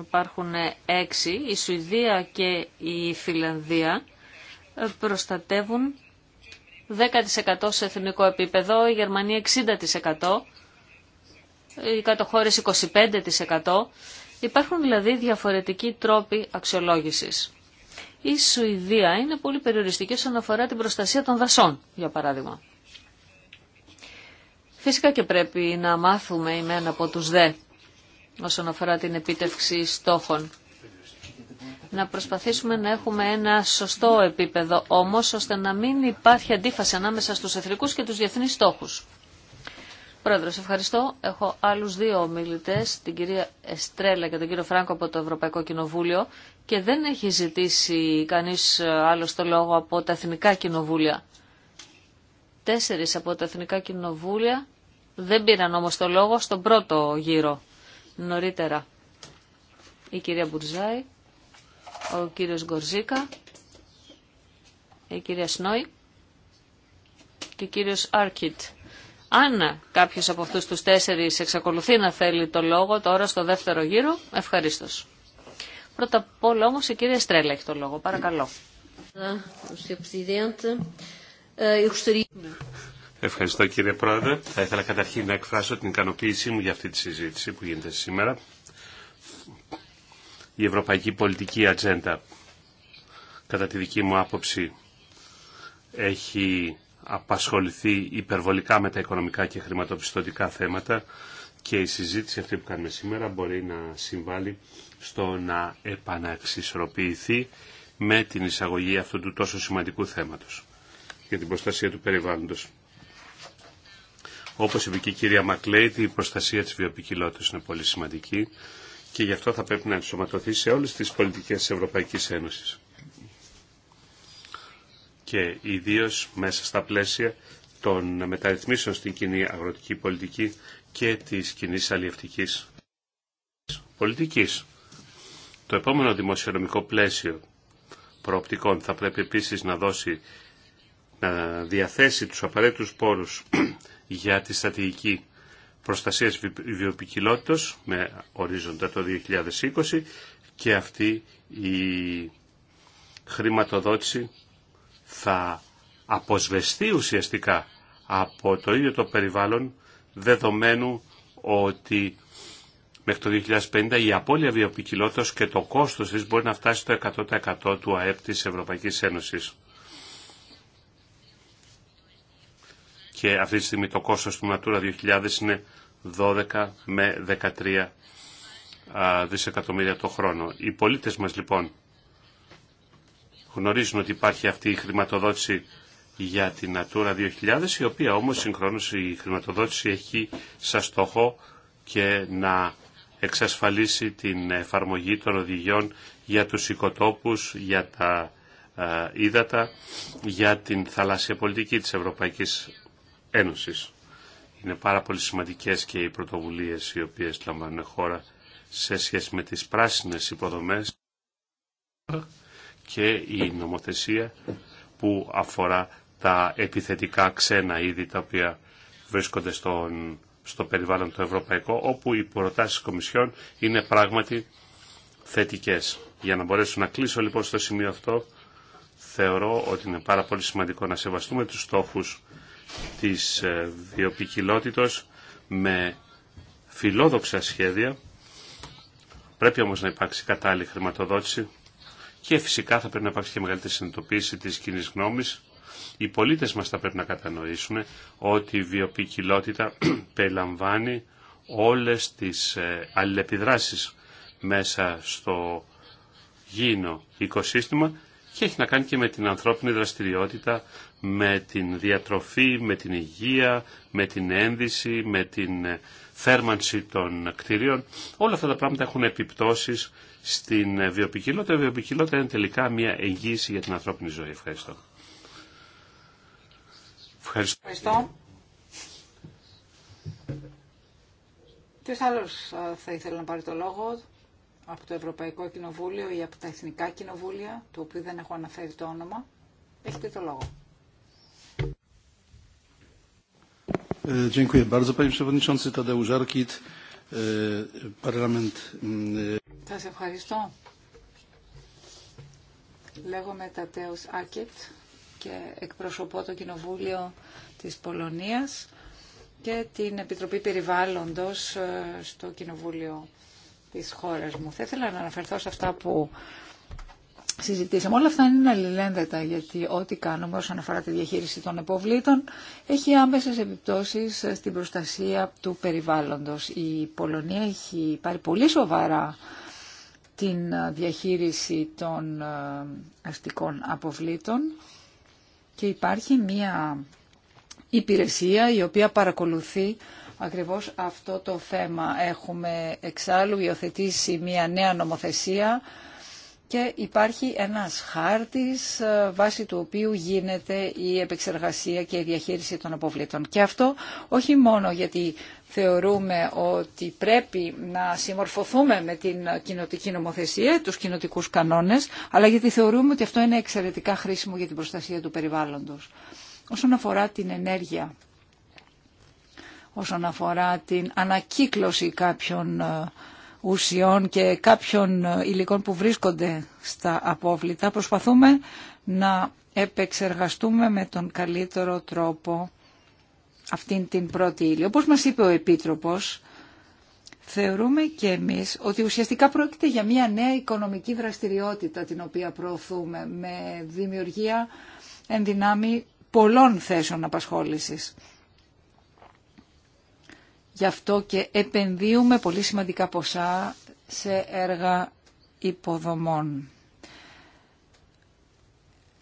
Υπάρχουν έξι, η Σουηδία και η Φιλανδία προστατεύουν 10% σε εθνικό επίπεδο, η Γερμανία 60% οι κατοχώρες 25%. Υπάρχουν δηλαδή διαφορετικοί τρόποι αξιολόγησης. Η Σουηδία είναι πολύ περιοριστική όσον αφορά την προστασία των δασών, για παράδειγμα. Φυσικά και πρέπει να μάθουμε ημένα από τους δε όσον αφορά την επίτευξη στόχων. Να προσπαθήσουμε να έχουμε ένα σωστό επίπεδο όμως, ώστε να μην υπάρχει αντίφαση ανάμεσα στους εθνικούς και τους διεθνείς στόχους. Πρόεδρος, ευχαριστώ. Έχω άλλους δύο ομιλητέ, την κυρία Εστρέλα και τον κύριο Φράγκο από το Ευρωπαϊκό Κοινοβούλιο και δεν έχει ζητήσει κανείς άλλο το λόγο από τα Εθνικά Κοινοβούλια. Τέσσερι από τα Εθνικά Κοινοβούλια δεν πήραν όμω το λόγο στον πρώτο γύρο νωρίτερα. Η κυρία Μπουρζάη, ο κύριος Γκορζίκα, η κυρία Σνόη και ο κύριος Άρκιτ. Αν κάποιο από αυτού του τέσσερι εξακολουθεί να θέλει το λόγο τώρα στο δεύτερο γύρο, ευχαριστώ. Πρώτα απ' όλα όμω, η κυρία Στρέλα έχει το λόγο. Παρακαλώ. Ευχαριστώ κύριε Πρόεδρε. Θα ήθελα καταρχήν να εκφράσω την ικανοποίησή μου για αυτή τη συζήτηση που γίνεται σήμερα. Η ευρωπαϊκή πολιτική ατζέντα, κατά τη δική μου άποψη, έχει απασχοληθεί υπερβολικά με τα οικονομικά και χρηματοπιστωτικά θέματα και η συζήτηση αυτή που κάνουμε σήμερα μπορεί να συμβάλλει στο να επαναξισορροπηθεί με την εισαγωγή αυτού του τόσο σημαντικού θέματος για την προστασία του περιβάλλοντος. Όπως είπε και η κυρία Μακλέιτ, η προστασία της βιοπικιλότητας είναι πολύ σημαντική και γι' αυτό θα πρέπει να ενσωματωθεί σε όλες τις πολιτικές της Ευρωπαϊκής Ένωσης και ιδίως μέσα στα πλαίσια των μεταρρυθμίσεων στην κοινή αγροτική πολιτική και της κοινή αλλιευτικής πολιτικής. Το επόμενο δημοσιονομικό πλαίσιο προοπτικών θα πρέπει επίσης να δώσει να διαθέσει τους απαραίτητους πόρους για τη στρατηγική προστασίας βιοποικιλότητας με ορίζοντα το 2020 και αυτή η χρηματοδότηση θα αποσβεστεί ουσιαστικά από το ίδιο το περιβάλλον δεδομένου ότι μέχρι το 2050 η απώλεια βιοποικιλότητας και το κόστος της μπορεί να φτάσει στο 100% του ΑΕΠ της Ευρωπαϊκής Ένωσης. Και αυτή τη στιγμή το κόστος του Natura 2000 είναι 12 με 13 δισεκατομμύρια το χρόνο. Οι πολίτες μας λοιπόν γνωρίζουν ότι υπάρχει αυτή η χρηματοδότηση για την Natura 2000, η οποία όμως συγχρόνως η χρηματοδότηση έχει σαν στόχο και να εξασφαλίσει την εφαρμογή των οδηγιών για τους οικοτόπους, για τα ε, ύδατα, για την θαλάσσια πολιτική της Ευρωπαϊκής Ένωσης. Είναι πάρα πολύ σημαντικές και οι πρωτοβουλίες οι οποίες λαμβάνουν χώρα σε σχέση με τις πράσινες υποδομές και η νομοθεσία που αφορά τα επιθετικά ξένα είδη τα οποία βρίσκονται στον, στο περιβάλλον το ευρωπαϊκό όπου οι προτάσεις Κομισιόν είναι πράγματι θετικές. Για να μπορέσω να κλείσω λοιπόν στο σημείο αυτό θεωρώ ότι είναι πάρα πολύ σημαντικό να σεβαστούμε τους στόχους της ε, βιοποικιλότητος με φιλόδοξα σχέδια. Πρέπει όμως να υπάρξει κατάλληλη χρηματοδότηση και φυσικά θα πρέπει να υπάρξει και μεγαλύτερη συνειδητοποίηση της κοινή γνώμη. Οι πολίτες μας θα πρέπει να κατανοήσουν ότι η βιοποικιλότητα περιλαμβάνει όλες τις ε, αλληλεπιδράσεις μέσα στο γήινο οικοσύστημα και έχει να κάνει και με την ανθρώπινη δραστηριότητα, με την διατροφή, με την υγεία, με την ένδυση, με την ε, θέρμανση των κτίριων. Όλα αυτά τα πράγματα έχουν επιπτώσεις στην ε, βιοπικιλότητα. Η βιοπικιλότητα είναι τελικά μια εγγύηση για την ανθρώπινη ζωή. Ευχαριστώ. Ευχαριστώ. Ευχαριστώ. Ποιος άλλος ε, θα ήθελε να πάρει το λόγο από το Ευρωπαϊκό Κοινοβούλιο ή από τα Εθνικά Κοινοβούλια, του οποίου δεν έχω αναφέρει το όνομα. Έχετε το λόγο. Ε, dziękuję bardzo, panie przewodniczący Tadeusz Arkit. Θα Σας ευχαριστώ. Λέγομαι Τατέος Άκετ και εκπροσωπώ το Κοινοβούλιο της Πολωνίας και την Επιτροπή Περιβάλλοντος ε, στο Κοινοβούλιο της χώρας μου. Θα ήθελα να αναφερθώ σε αυτά που συζητήσαμε. Όλα αυτά είναι αλληλένδετα γιατί ό,τι κάνουμε όσον αφορά τη διαχείριση των υποβλήτων έχει άμεσες επιπτώσεις στην προστασία του περιβάλλοντος. Η Πολωνία έχει πάρει πολύ σοβαρά την διαχείριση των ε, αστικών αποβλήτων και υπάρχει μία υπηρεσία η οποία παρακολουθεί ακριβώς αυτό το θέμα. Έχουμε εξάλλου υιοθετήσει μία νέα νομοθεσία και υπάρχει ένας χάρτης ε, βάσει του οποίου γίνεται η επεξεργασία και η διαχείριση των αποβλήτων. Και αυτό όχι μόνο γιατί θεωρούμε ότι πρέπει να συμμορφωθούμε με την κοινοτική νομοθεσία, τους κοινοτικούς κανόνες, αλλά γιατί θεωρούμε ότι αυτό είναι εξαιρετικά χρήσιμο για την προστασία του περιβάλλοντος. Όσον αφορά την ενέργεια, όσον αφορά την ανακύκλωση κάποιων ε, ουσιών και κάποιων ε, υλικών που βρίσκονται στα απόβλητα, προσπαθούμε να επεξεργαστούμε με τον καλύτερο τρόπο αυτήν την πρώτη ύλη. Όπως μας είπε ο Επίτροπος, θεωρούμε και εμείς ότι ουσιαστικά πρόκειται για μια νέα οικονομική δραστηριότητα την οποία προωθούμε με δημιουργία δυνάμει πολλών θέσεων απασχόλησης. Γι' αυτό και επενδύουμε πολύ σημαντικά ποσά σε έργα υποδομών.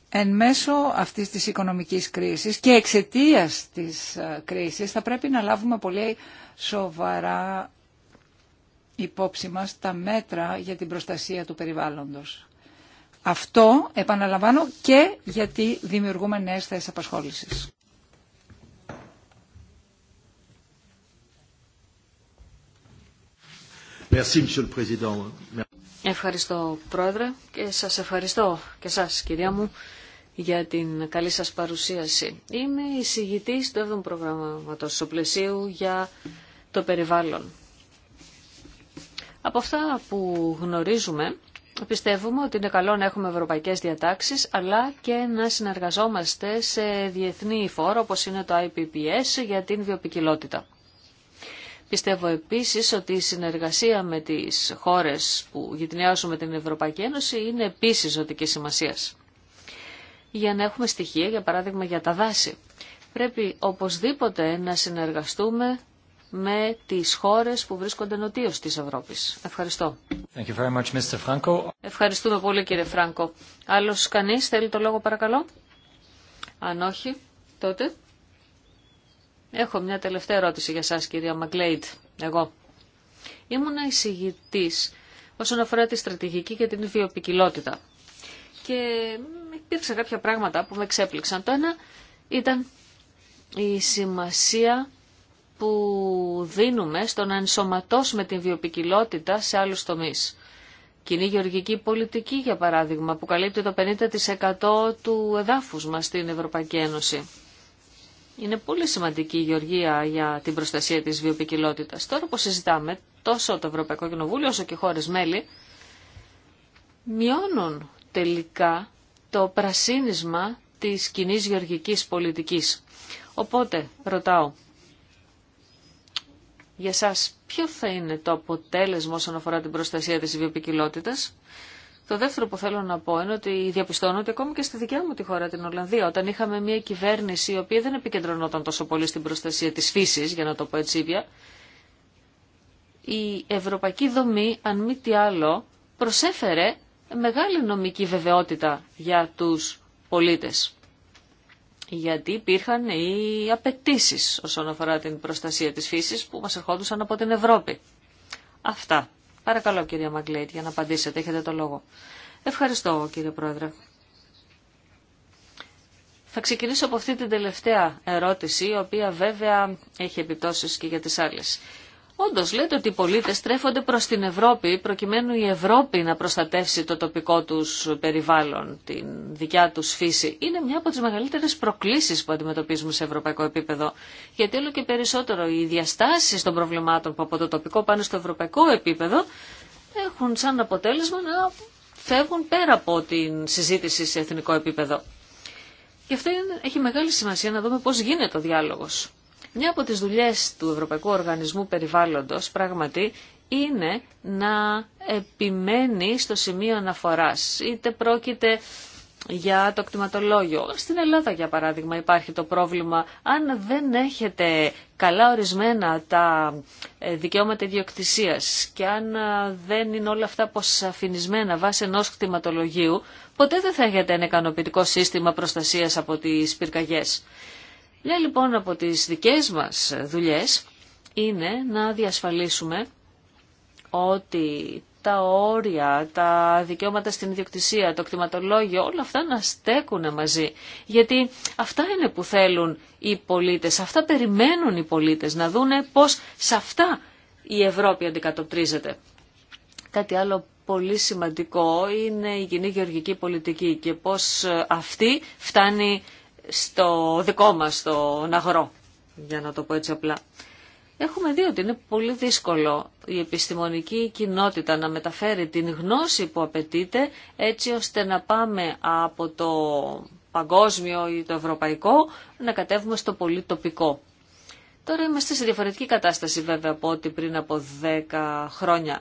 Εν μέσω αυτής της οικονομικής κρίσης και εξαιτίας της ε, κρίσης θα πρέπει να λάβουμε πολύ σοβαρά υπόψη μας τα μέτρα για την προστασία του περιβάλλοντος. Αυτό επαναλαμβάνω και γιατί δημιουργούμε νέες θέσεις απασχόλησης. Ευχαριστώ Πρόεδρε και σας ευχαριστώ και σας κυρία μου για την καλή σας παρουσίαση. Είμαι εισηγητής του 7ου προγράμματος πλαισίου για το περιβάλλον. Από αυτά που γνωρίζουμε, πιστεύουμε ότι είναι καλό να έχουμε ευρωπαϊκές διατάξεις, αλλά και να συνεργαζόμαστε σε διεθνή φόρο, όπως είναι το IPPS, για την βιοπικιλότητα. Πιστεύω επίσης ότι η συνεργασία με τις χώρες που γυτνιάζουν με την Ευρωπαϊκή Ένωση είναι επίσης ζωτική σημασίας. Για να έχουμε στοιχεία, για παράδειγμα για τα δάση, πρέπει οπωσδήποτε να συνεργαστούμε με τις χώρες που βρίσκονται νοτίως της Ευρώπης. Ευχαριστώ. Thank you very much, Mr. Franco. Ευχαριστούμε πολύ κύριε Φράνκο. Άλλος κανείς θέλει το λόγο παρακαλώ. Αν όχι, τότε Έχω μια τελευταία ερώτηση για σας κυρία Μαγκλέιτ, εγώ. Ήμουνα εισηγητής όσον αφορά τη στρατηγική και την βιοπικιλότητα. Και υπήρξαν κάποια πράγματα που με ξέπληξαν. Το ένα ήταν η σημασία που δίνουμε στο να ενσωματώσουμε την βιοπικιλότητα σε άλλους τομείς. Κοινή γεωργική πολιτική, για παράδειγμα, που καλύπτει το 50% του εδάφους μας στην Ευρωπαϊκή Ένωση. Είναι πολύ σημαντική η γεωργία για την προστασία της βιοπικιλότητας. Τώρα που συζητάμε, τόσο το Ευρωπαϊκό Κοινοβούλιο όσο και χώρες μέλη, μειώνουν τελικά το πρασίνισμα της κοινή γεωργικής πολιτικής. Οπότε, ρωτάω, για σας ποιο θα είναι το αποτέλεσμα όσον αφορά την προστασία της βιοπικιλότητας. Το δεύτερο που θέλω να πω είναι ότι διαπιστώνω ότι ακόμη και στη δικιά μου τη χώρα, την Ολλανδία, όταν είχαμε μια κυβέρνηση η οποία δεν επικεντρωνόταν τόσο πολύ στην προστασία της φύση για να το πω έτσι ίδια, η ευρωπαϊκή δομή, αν μη τι άλλο, προσέφερε μεγάλη νομική βεβαιότητα για τους πολίτες. Γιατί υπήρχαν οι απαιτήσει όσον αφορά την προστασία της φύσης που μας ερχόντουσαν από την Ευρώπη. Αυτά. Παρακαλώ κυρία Μαγκλέιτ για να απαντήσετε, έχετε το λόγο. Ευχαριστώ κύριε Πρόεδρε. Θα ξεκινήσω από αυτή την τελευταία ερώτηση, η οποία βέβαια έχει επιπτώσεις και για τις άλλες. Όντω λέτε ότι οι πολίτε στρέφονται προ την Ευρώπη προκειμένου η Ευρώπη να προστατεύσει το τοπικό του περιβάλλον, την δικιά του φύση. Είναι μια από τι μεγαλύτερε προκλήσει που αντιμετωπίζουμε σε ευρωπαϊκό επίπεδο. Γιατί όλο και περισσότερο οι διαστάσει των προβλημάτων που από το τοπικό πάνε στο ευρωπαϊκό επίπεδο έχουν σαν αποτέλεσμα να φεύγουν πέρα από την συζήτηση σε εθνικό επίπεδο. Γι' αυτό έχει μεγάλη σημασία να δούμε πώς γίνεται ο διάλογος. Μια από τις δουλειές του Ευρωπαϊκού Οργανισμού Περιβάλλοντος πράγματι είναι να επιμένει στο σημείο αναφοράς. Είτε πρόκειται για το κτηματολόγιο. Στην Ελλάδα, για παράδειγμα, υπάρχει το πρόβλημα αν δεν έχετε καλά ορισμένα τα ε, δικαιώματα ιδιοκτησίας και αν ε, δεν είναι όλα αυτά αποσαφηνισμένα βάσει ενός κτηματολογίου, ποτέ δεν θα έχετε ένα ικανοποιητικό σύστημα προστασίας από τις πυρκαγιές. Μια λοιπόν από τις δικές μας δουλειές είναι να διασφαλίσουμε ότι τα όρια, τα δικαιώματα στην ιδιοκτησία, το κτηματολόγιο, όλα αυτά να στέκουν μαζί. Γιατί αυτά είναι που θέλουν οι πολίτες, αυτά περιμένουν οι πολίτες, να δούνε πώς σε αυτά η Ευρώπη αντικατοπτρίζεται. Κάτι άλλο πολύ σημαντικό είναι η κοινή γεωργική πολιτική και πώς αυτή φτάνει στο δικό μας στον αγρό, για να το πω έτσι απλά. Έχουμε δει ότι είναι πολύ δύσκολο η επιστημονική κοινότητα να μεταφέρει την γνώση που απαιτείται έτσι ώστε να πάμε από το παγκόσμιο ή το ευρωπαϊκό να κατέβουμε στο πολύ τοπικό. Τώρα είμαστε σε διαφορετική κατάσταση βέβαια από ό,τι πριν από 10 χρόνια.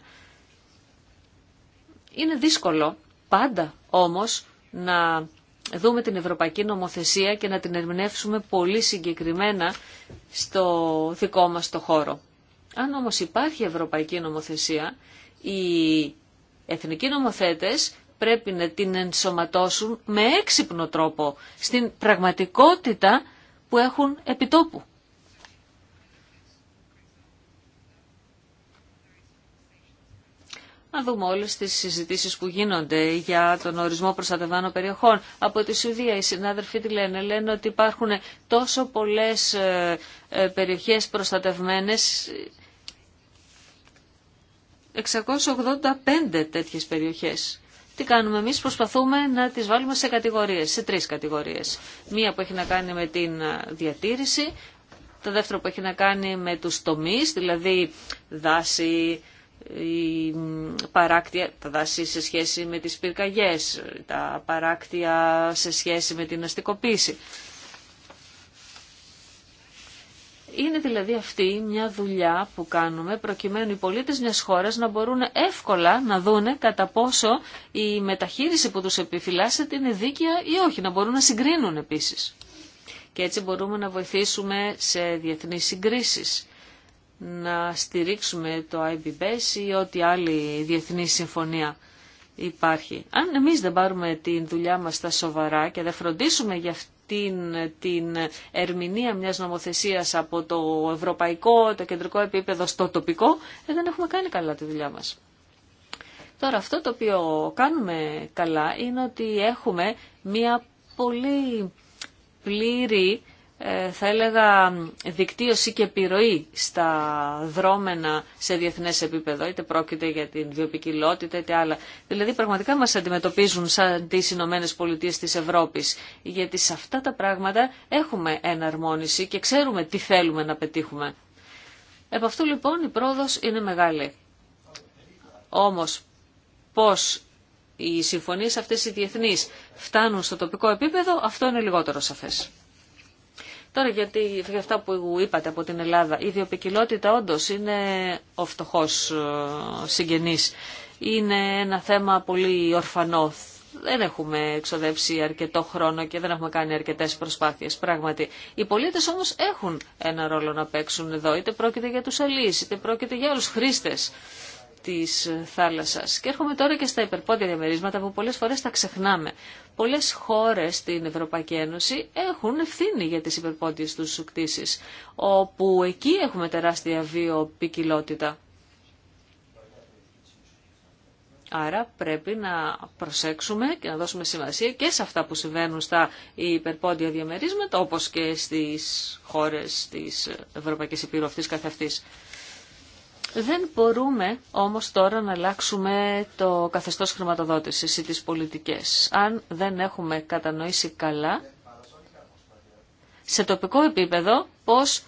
Είναι δύσκολο πάντα όμως να δούμε την ευρωπαϊκή νομοθεσία και να την ερμηνεύσουμε πολύ συγκεκριμένα στο δικό μας το χώρο. Αν όμως υπάρχει ευρωπαϊκή νομοθεσία, οι εθνικοί νομοθέτες πρέπει να την ενσωματώσουν με έξυπνο τρόπο στην πραγματικότητα που έχουν επιτόπου. αν δούμε όλες τις συζητήσεις που γίνονται για τον ορισμό προστατευμένων περιοχών. Από τη Σουηδία οι συνάδελφοί τι λένε, λένε ότι υπάρχουν τόσο πολλές ε, ε, περιοχές προστατευμένες, 685 τέτοιες περιοχές. Τι κάνουμε εμείς, προσπαθούμε να τις βάλουμε σε κατηγορίες, σε τρεις κατηγορίες. Μία που έχει να κάνει με την ε, διατήρηση, το δεύτερο που έχει να κάνει με τους τομείς, δηλαδή δάση, η παράκτια, τα δάση σε σχέση με τις πυρκαγιές, τα παράκτια σε σχέση με την αστικοποίηση. Είναι δηλαδή αυτή μια δουλειά που κάνουμε προκειμένου οι πολίτες μιας χώρας να μπορούν εύκολα να δούνε κατά πόσο η μεταχείριση που τους επιφυλάσσεται είναι δίκαια ή όχι, να μπορούν να συγκρίνουν επίσης. Και έτσι μπορούμε να βοηθήσουμε σε διεθνείς συγκρίσεις να στηρίξουμε το IBBS ή ό,τι άλλη διεθνή συμφωνία υπάρχει. Αν εμείς δεν πάρουμε την δουλειά μας στα σοβαρά και δεν φροντίσουμε για αυτήν την ερμηνεία μιας νομοθεσίας από το ευρωπαϊκό, το κεντρικό επίπεδο στο τοπικό, ε, δεν έχουμε κάνει καλά τη δουλειά μας. Τώρα αυτό το οποίο κάνουμε καλά είναι ότι έχουμε μια πολύ πλήρη ε, θα έλεγα δικτύωση και επιρροή στα δρόμενα σε διεθνές επίπεδο, είτε πρόκειται για την βιοπικιλότητα είτε άλλα. Δηλαδή πραγματικά μας αντιμετωπίζουν σαν τις Ηνωμένε Πολιτείε της Ευρώπης, γιατί σε αυτά τα πράγματα έχουμε εναρμόνιση και ξέρουμε τι θέλουμε να πετύχουμε. Επ' αυτού λοιπόν η πρόοδος είναι μεγάλη. Όμως πώς οι συμφωνίες αυτές οι διεθνείς φτάνουν στο τοπικό επίπεδο, αυτό είναι λιγότερο σαφές. Τώρα γιατί, για αυτά που είπατε από την Ελλάδα, η διοπικιλότητα όντω είναι ο φτωχό ε, συγγενής. Είναι ένα θέμα πολύ ορφανό. Δεν έχουμε εξοδέψει αρκετό χρόνο και δεν έχουμε κάνει αρκετές προσπάθειες, πράγματι. Οι πολίτες όμως έχουν ένα ρόλο να παίξουν εδώ, είτε πρόκειται για τους αλλοίς, είτε πρόκειται για άλλους χρήστες της θάλασσας. Και έρχομαι τώρα και στα υπερπόντια διαμερίσματα που πολλές φορές τα ξεχνάμε. Πολλές χώρες στην Ευρωπαϊκή Ένωση έχουν ευθύνη για τις υπερπόδιες τους κτήσεις, όπου εκεί έχουμε τεράστια βιοπικιλότητα. Άρα πρέπει να προσέξουμε και να δώσουμε σημασία και σε αυτά που συμβαίνουν στα υπερπόντια διαμερίσματα, όπως και στις χώρες της Ευρωπαϊκής Υπήρου αυτής δεν μπορούμε όμως τώρα να αλλάξουμε το καθεστώς χρηματοδότησης ή τις πολιτικές. Αν δεν έχουμε κατανοήσει καλά, σε τοπικό επίπεδο, πώς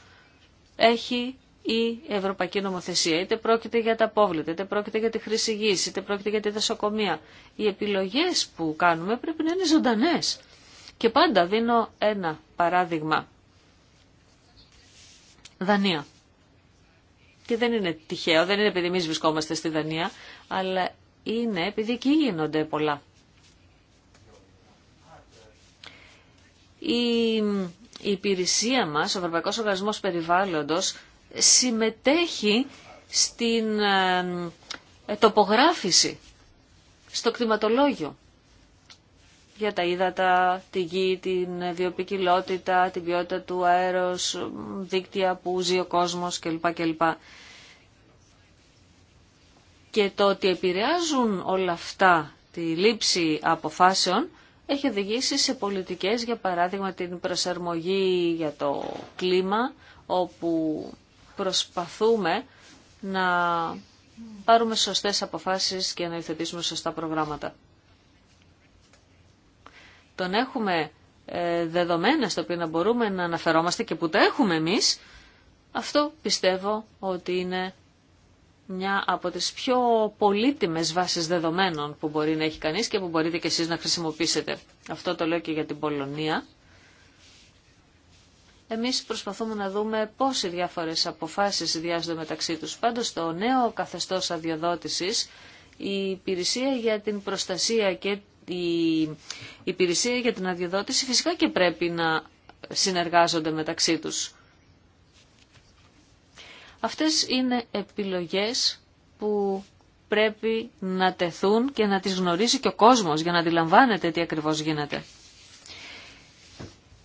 έχει η Ευρωπαϊκή Νομοθεσία. Είτε πρόκειται για τα απόβλητα, είτε πρόκειται για τη χρήση γης, είτε πρόκειται για τη δασοκομεία. Οι επιλογές που κάνουμε πρέπει να είναι ζωντανές. Και πάντα δίνω ένα παράδειγμα. Δανία. Και δεν είναι τυχαίο, δεν είναι επειδή εμεί βρισκόμαστε στη Δανία, αλλά είναι επειδή εκεί γίνονται πολλά. Η, η υπηρεσία μας, ο Ευρωπαϊκός Οργανισμός Περιβάλλοντος, συμμετέχει στην ε, ε τοπογράφηση, στο κτηματολόγιο για τα ύδατα, τη γη, την βιοπικιλότητα, την ποιότητα του αέρος, δίκτυα που ζει ο κόσμος κλπ. Και το ότι επηρεάζουν όλα αυτά τη λήψη αποφάσεων έχει οδηγήσει σε πολιτικές, για παράδειγμα την προσαρμογή για το κλίμα, όπου προσπαθούμε να πάρουμε σωστές αποφάσεις και να υιοθετήσουμε σωστά προγράμματα τον έχουμε ε, δεδομένα στο οποίο να μπορούμε να αναφερόμαστε και που τα έχουμε εμείς, αυτό πιστεύω ότι είναι μια από τις πιο πολύτιμες βάσεις δεδομένων που μπορεί να έχει κανείς και που μπορείτε και εσείς να χρησιμοποιήσετε. Αυτό το λέω και για την Πολωνία. Εμείς προσπαθούμε να δούμε πώς οι διάφορες αποφάσεις διάζονται μεταξύ τους. Πάντως το νέο καθεστώς αδειοδότησης, η υπηρεσία για την προστασία και η υπηρεσία για την αδειοδότηση φυσικά και πρέπει να συνεργάζονται μεταξύ τους. Αυτές είναι επιλογές που πρέπει να τεθούν και να τις γνωρίζει και ο κόσμος για να αντιλαμβάνεται τι ακριβώς γίνεται.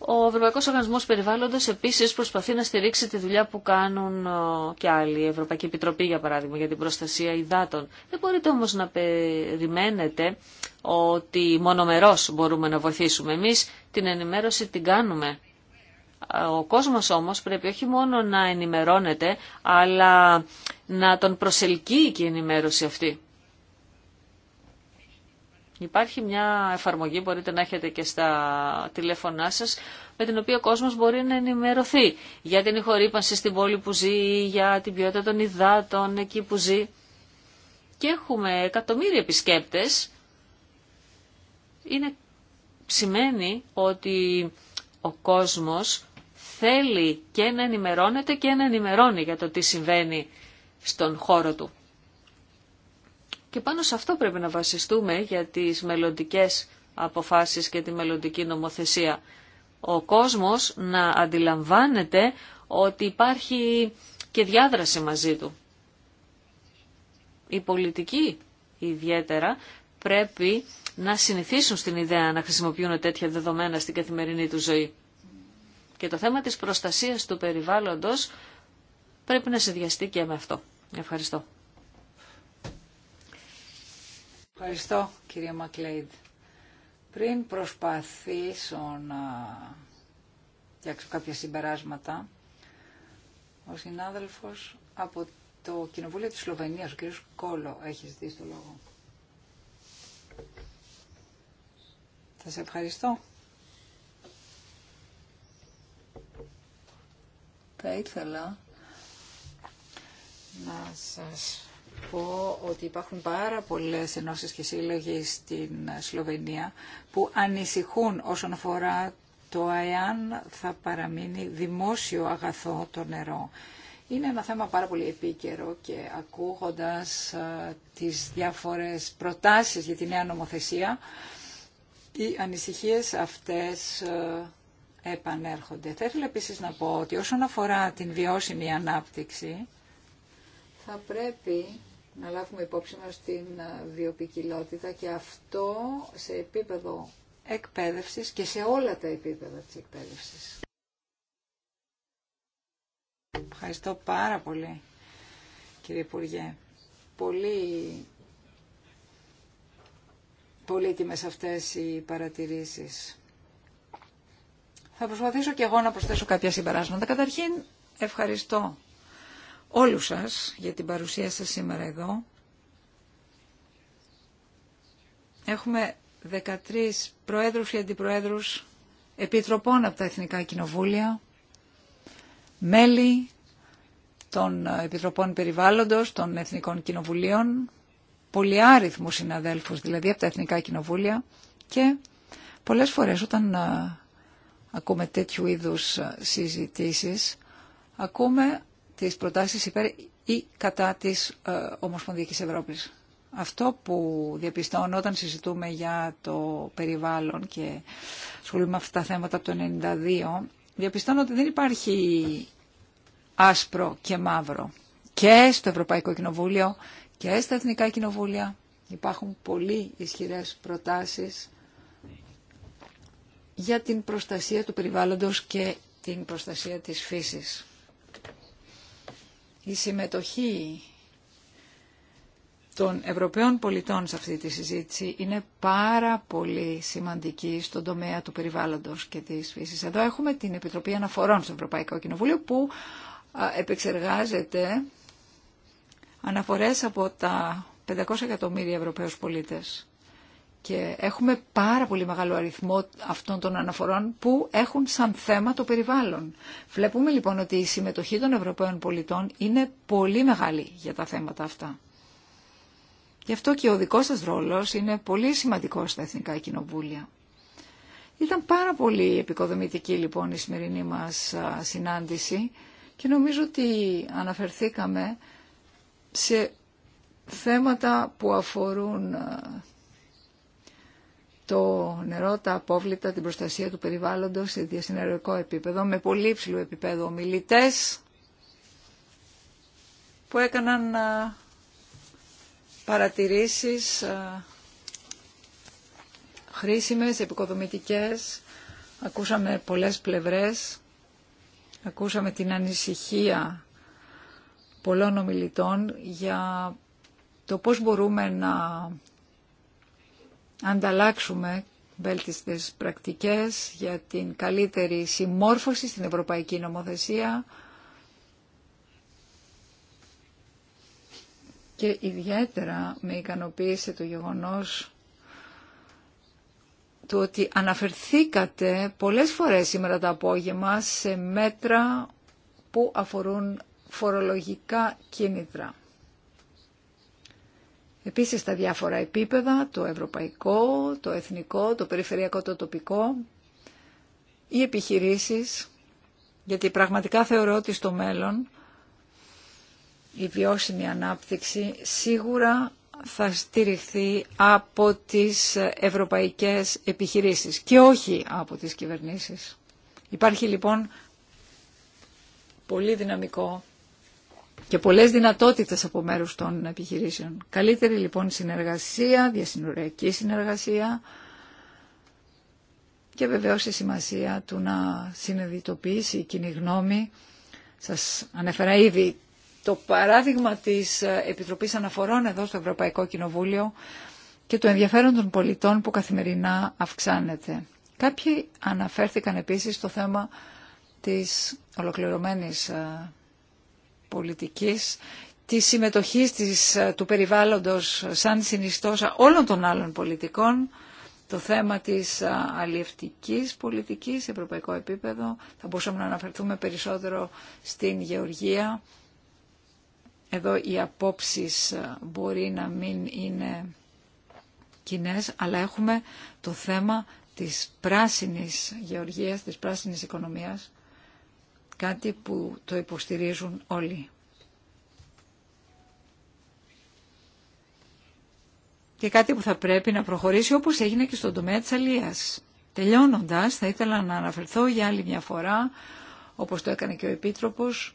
Ο Ευρωπαϊκό Οργανισμό Περιβάλλοντο επίση προσπαθεί να στηρίξει τη δουλειά που κάνουν ε, και άλλοι, η Ευρωπαϊκή Επιτροπή για παράδειγμα, για την προστασία υδάτων. Δεν μπορείτε όμω να περιμένετε ότι μονομερό μπορούμε να βοηθήσουμε. Εμεί την ενημέρωση την κάνουμε. Ο κόσμος όμως πρέπει όχι μόνο να ενημερώνεται, αλλά να τον προσελκύει και η ενημέρωση αυτή. Υπάρχει μια εφαρμογή, μπορείτε να έχετε και στα τηλέφωνά σας, με την οποία ο κόσμος μπορεί να ενημερωθεί για την ηχορύπανση στην πόλη που ζει, για την ποιότητα των υδάτων εκεί που ζει. Και έχουμε εκατομμύρια επισκέπτες. Είναι σημαίνει ότι ο κόσμος θέλει και να ενημερώνεται και να ενημερώνει για το τι συμβαίνει στον χώρο του. Και πάνω σε αυτό πρέπει να βασιστούμε για τις μελλοντικέ αποφάσεις και τη μελλοντική νομοθεσία. Ο κόσμος να αντιλαμβάνεται ότι υπάρχει και διάδραση μαζί του. Οι πολιτικοί ιδιαίτερα πρέπει να συνηθίσουν στην ιδέα να χρησιμοποιούν τέτοια δεδομένα στην καθημερινή του ζωή. Και το θέμα της προστασίας του περιβάλλοντος πρέπει να συνδυαστεί και με αυτό. Ευχαριστώ. Ευχαριστώ κυρία Μακλέιντ. Πριν προσπαθήσω να φτιάξω κάποια συμπεράσματα, ο συνάδελφος από το Κοινοβούλιο της Σλοβενίας, ο κύριο Κόλο, έχει ζητήσει το λόγο. Θα σε ευχαριστώ. Θα ήθελα να σας πω ότι υπάρχουν πάρα πολλές ενώσεις και σύλλογοι στην Σλοβενία που ανησυχούν όσον αφορά το εάν θα παραμείνει δημόσιο αγαθό το νερό. Είναι ένα θέμα πάρα πολύ επίκαιρο και ακούγοντας ε, τις διάφορες προτάσεις για τη νέα νομοθεσία, οι ανησυχίες αυτές ε, επανέρχονται. Θα ήθελα επίσης να πω ότι όσον αφορά την βιώσιμη ανάπτυξη, θα πρέπει να λάβουμε υπόψη μας την ε, βιοπικιλότητα και αυτό σε επίπεδο εκπαίδευσης και σε όλα τα επίπεδα της εκπαίδευσης. Ευχαριστώ πάρα πολύ, κύριε Υπουργέ. Πολύ πολύτιμες αυτές οι παρατηρήσεις. Θα προσπαθήσω και εγώ να προσθέσω κάποια συμπεράσματα. Καταρχήν, ευχαριστώ όλους σας για την παρουσία σας σήμερα εδώ. Έχουμε 13 προέδρους και αντιπροέδρους επιτροπών από τα Εθνικά Κοινοβούλια, μέλη των Επιτροπών Περιβάλλοντος, των Εθνικών Κοινοβουλίων, πολυάριθμους συναδέλφους δηλαδή από τα Εθνικά Κοινοβούλια και πολλές φορές όταν ε, ακούμε τέτοιου είδους συζητήσεις ακούμε τις προτάσεις υπέρ ή κατά της ε, Ομοσπονδιακής Ευρώπης. Αυτό που διαπιστώνω όταν συζητούμε για το περιβάλλον και ασχολούμαι αυτά τα θέματα από το 1992, διαπιστώνω ότι δεν υπάρχει άσπρο και μαύρο. Και στο Ευρωπαϊκό Κοινοβούλιο και στα Εθνικά Κοινοβούλια υπάρχουν πολύ ισχυρές προτάσεις για την προστασία του περιβάλλοντος και την προστασία της φύσης η συμμετοχή των Ευρωπαίων πολιτών σε αυτή τη συζήτηση είναι πάρα πολύ σημαντική στον τομέα του περιβάλλοντος και της φύσης. Εδώ έχουμε την Επιτροπή Αναφορών στο Ευρωπαϊκό Κοινοβούλιο που επεξεργάζεται αναφορές από τα 500 εκατομμύρια Ευρωπαίους πολίτες. Και έχουμε πάρα πολύ μεγάλο αριθμό αυτών των αναφορών που έχουν σαν θέμα το περιβάλλον. Βλέπουμε λοιπόν ότι η συμμετοχή των Ευρωπαίων πολιτών είναι πολύ μεγάλη για τα θέματα αυτά. Γι' αυτό και ο δικός σας ρόλος είναι πολύ σημαντικός στα Εθνικά Κοινοβούλια. Ήταν πάρα πολύ επικοδομητική λοιπόν η σημερινή μας συνάντηση και νομίζω ότι αναφερθήκαμε σε θέματα που αφορούν το νερό, τα απόβλητα, την προστασία του περιβάλλοντος σε διασυνεργικό επίπεδο, με πολύ υψηλό επίπεδο ομιλητές που έκαναν παρατηρήσεις χρήσιμες, επικοδομητικές. Ακούσαμε πολλές πλευρές, ακούσαμε την ανησυχία πολλών ομιλητών για το πώς μπορούμε να ανταλλάξουμε βέλτιστες πρακτικές για την καλύτερη συμμόρφωση στην Ευρωπαϊκή Νομοθεσία και ιδιαίτερα με ικανοποίησε το γεγονός του ότι αναφερθήκατε πολλές φορές σήμερα το απόγευμα σε μέτρα που αφορούν φορολογικά κίνητρα. Επίσης στα διάφορα επίπεδα, το ευρωπαϊκό, το εθνικό, το περιφερειακό, το τοπικό, οι επιχειρήσεις, γιατί πραγματικά θεωρώ ότι στο μέλλον η βιώσιμη ανάπτυξη σίγουρα θα στηριχθεί από τις ευρωπαϊκές επιχειρήσεις και όχι από τις κυβερνήσεις. Υπάρχει λοιπόν πολύ δυναμικό και πολλές δυνατότητες από μέρους των επιχειρήσεων. Καλύτερη λοιπόν συνεργασία, διασυνοριακή συνεργασία και βεβαίως η σημασία του να συνειδητοποιήσει η κοινή γνώμη. Σας ανέφερα ήδη το παράδειγμα της Επιτροπής Αναφορών εδώ στο Ευρωπαϊκό Κοινοβούλιο και το ενδιαφέρον των πολιτών που καθημερινά αυξάνεται. Κάποιοι αναφέρθηκαν επίσης στο θέμα της ολοκληρωμένης ε, πολιτικής τη συμμετοχή της, ε, του περιβάλλοντος σαν συνιστόσα όλων των άλλων πολιτικών, το θέμα της ε, αλλιευτικής πολιτικής σε ευρωπαϊκό επίπεδο, θα μπορούσαμε να αναφερθούμε περισσότερο στην γεωργία. Εδώ οι απόψεις ε, μπορεί να μην είναι κοινέ, αλλά έχουμε το θέμα της πράσινης γεωργίας, της πράσινης οικονομίας, κάτι που το υποστηρίζουν όλοι. Και κάτι που θα πρέπει να προχωρήσει όπως έγινε και στον τομέα της αλίας. Τελειώνοντας, θα ήθελα να αναφερθώ για άλλη μια φορά, όπως το έκανε και ο Επίτροπος,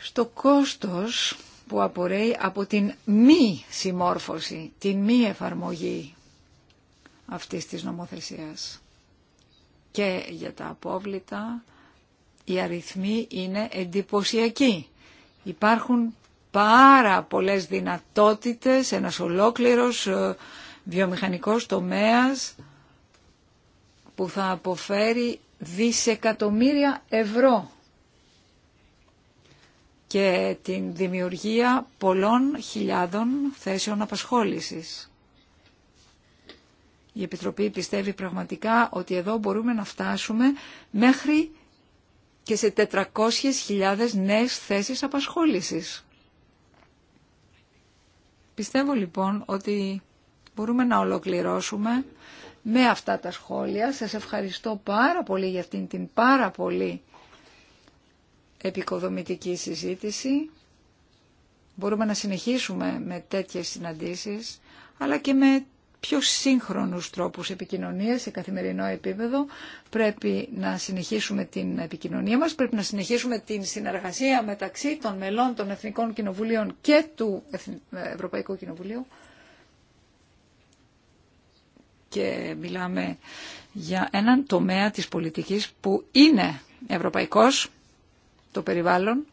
στο κόστος που απορρέει από την μη συμμόρφωση, την μη εφαρμογή αυτής της νομοθεσίας και για τα απόβλητα οι αριθμοί είναι εντυπωσιακοί. Υπάρχουν πάρα πολλές δυνατότητες, ένας ολόκληρος ε, βιομηχανικός τομέας που θα αποφέρει δισεκατομμύρια ευρώ και την δημιουργία πολλών χιλιάδων θέσεων απασχόλησης. Η Επιτροπή πιστεύει πραγματικά ότι εδώ μπορούμε να φτάσουμε μέχρι και σε 400.000 νέες θέσεις απασχόλησης. Πιστεύω λοιπόν ότι μπορούμε να ολοκληρώσουμε με αυτά τα σχόλια. Σας ευχαριστώ πάρα πολύ για αυτήν την πάρα πολύ επικοδομητική συζήτηση. Μπορούμε να συνεχίσουμε με τέτοιες συναντήσεις, αλλά και με πιο σύγχρονους τρόπους επικοινωνίας σε καθημερινό επίπεδο. Πρέπει να συνεχίσουμε την επικοινωνία μας, πρέπει να συνεχίσουμε την συνεργασία μεταξύ των μελών των Εθνικών Κοινοβουλίων και του ε, Ευρωπαϊκού Κοινοβουλίου. Και μιλάμε για έναν τομέα της πολιτικής που είναι ευρωπαϊκός, το περιβάλλον,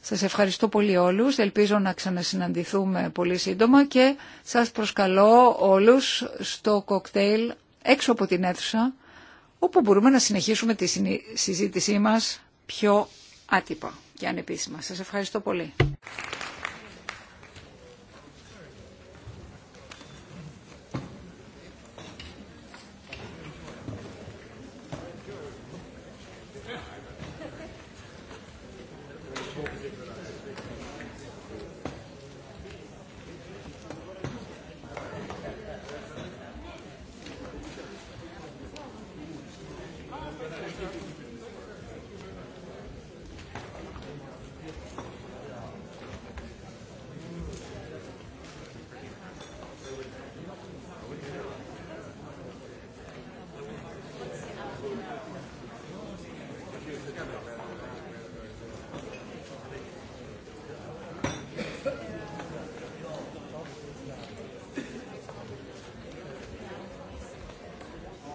σας ευχαριστώ πολύ όλους. Ελπίζω να ξανασυναντηθούμε πολύ σύντομα και σας προσκαλώ όλους στο κοκτέιλ έξω από την αίθουσα όπου μπορούμε να συνεχίσουμε τη συζήτησή μας πιο άτυπα και ανεπίσημα. Σας ευχαριστώ πολύ.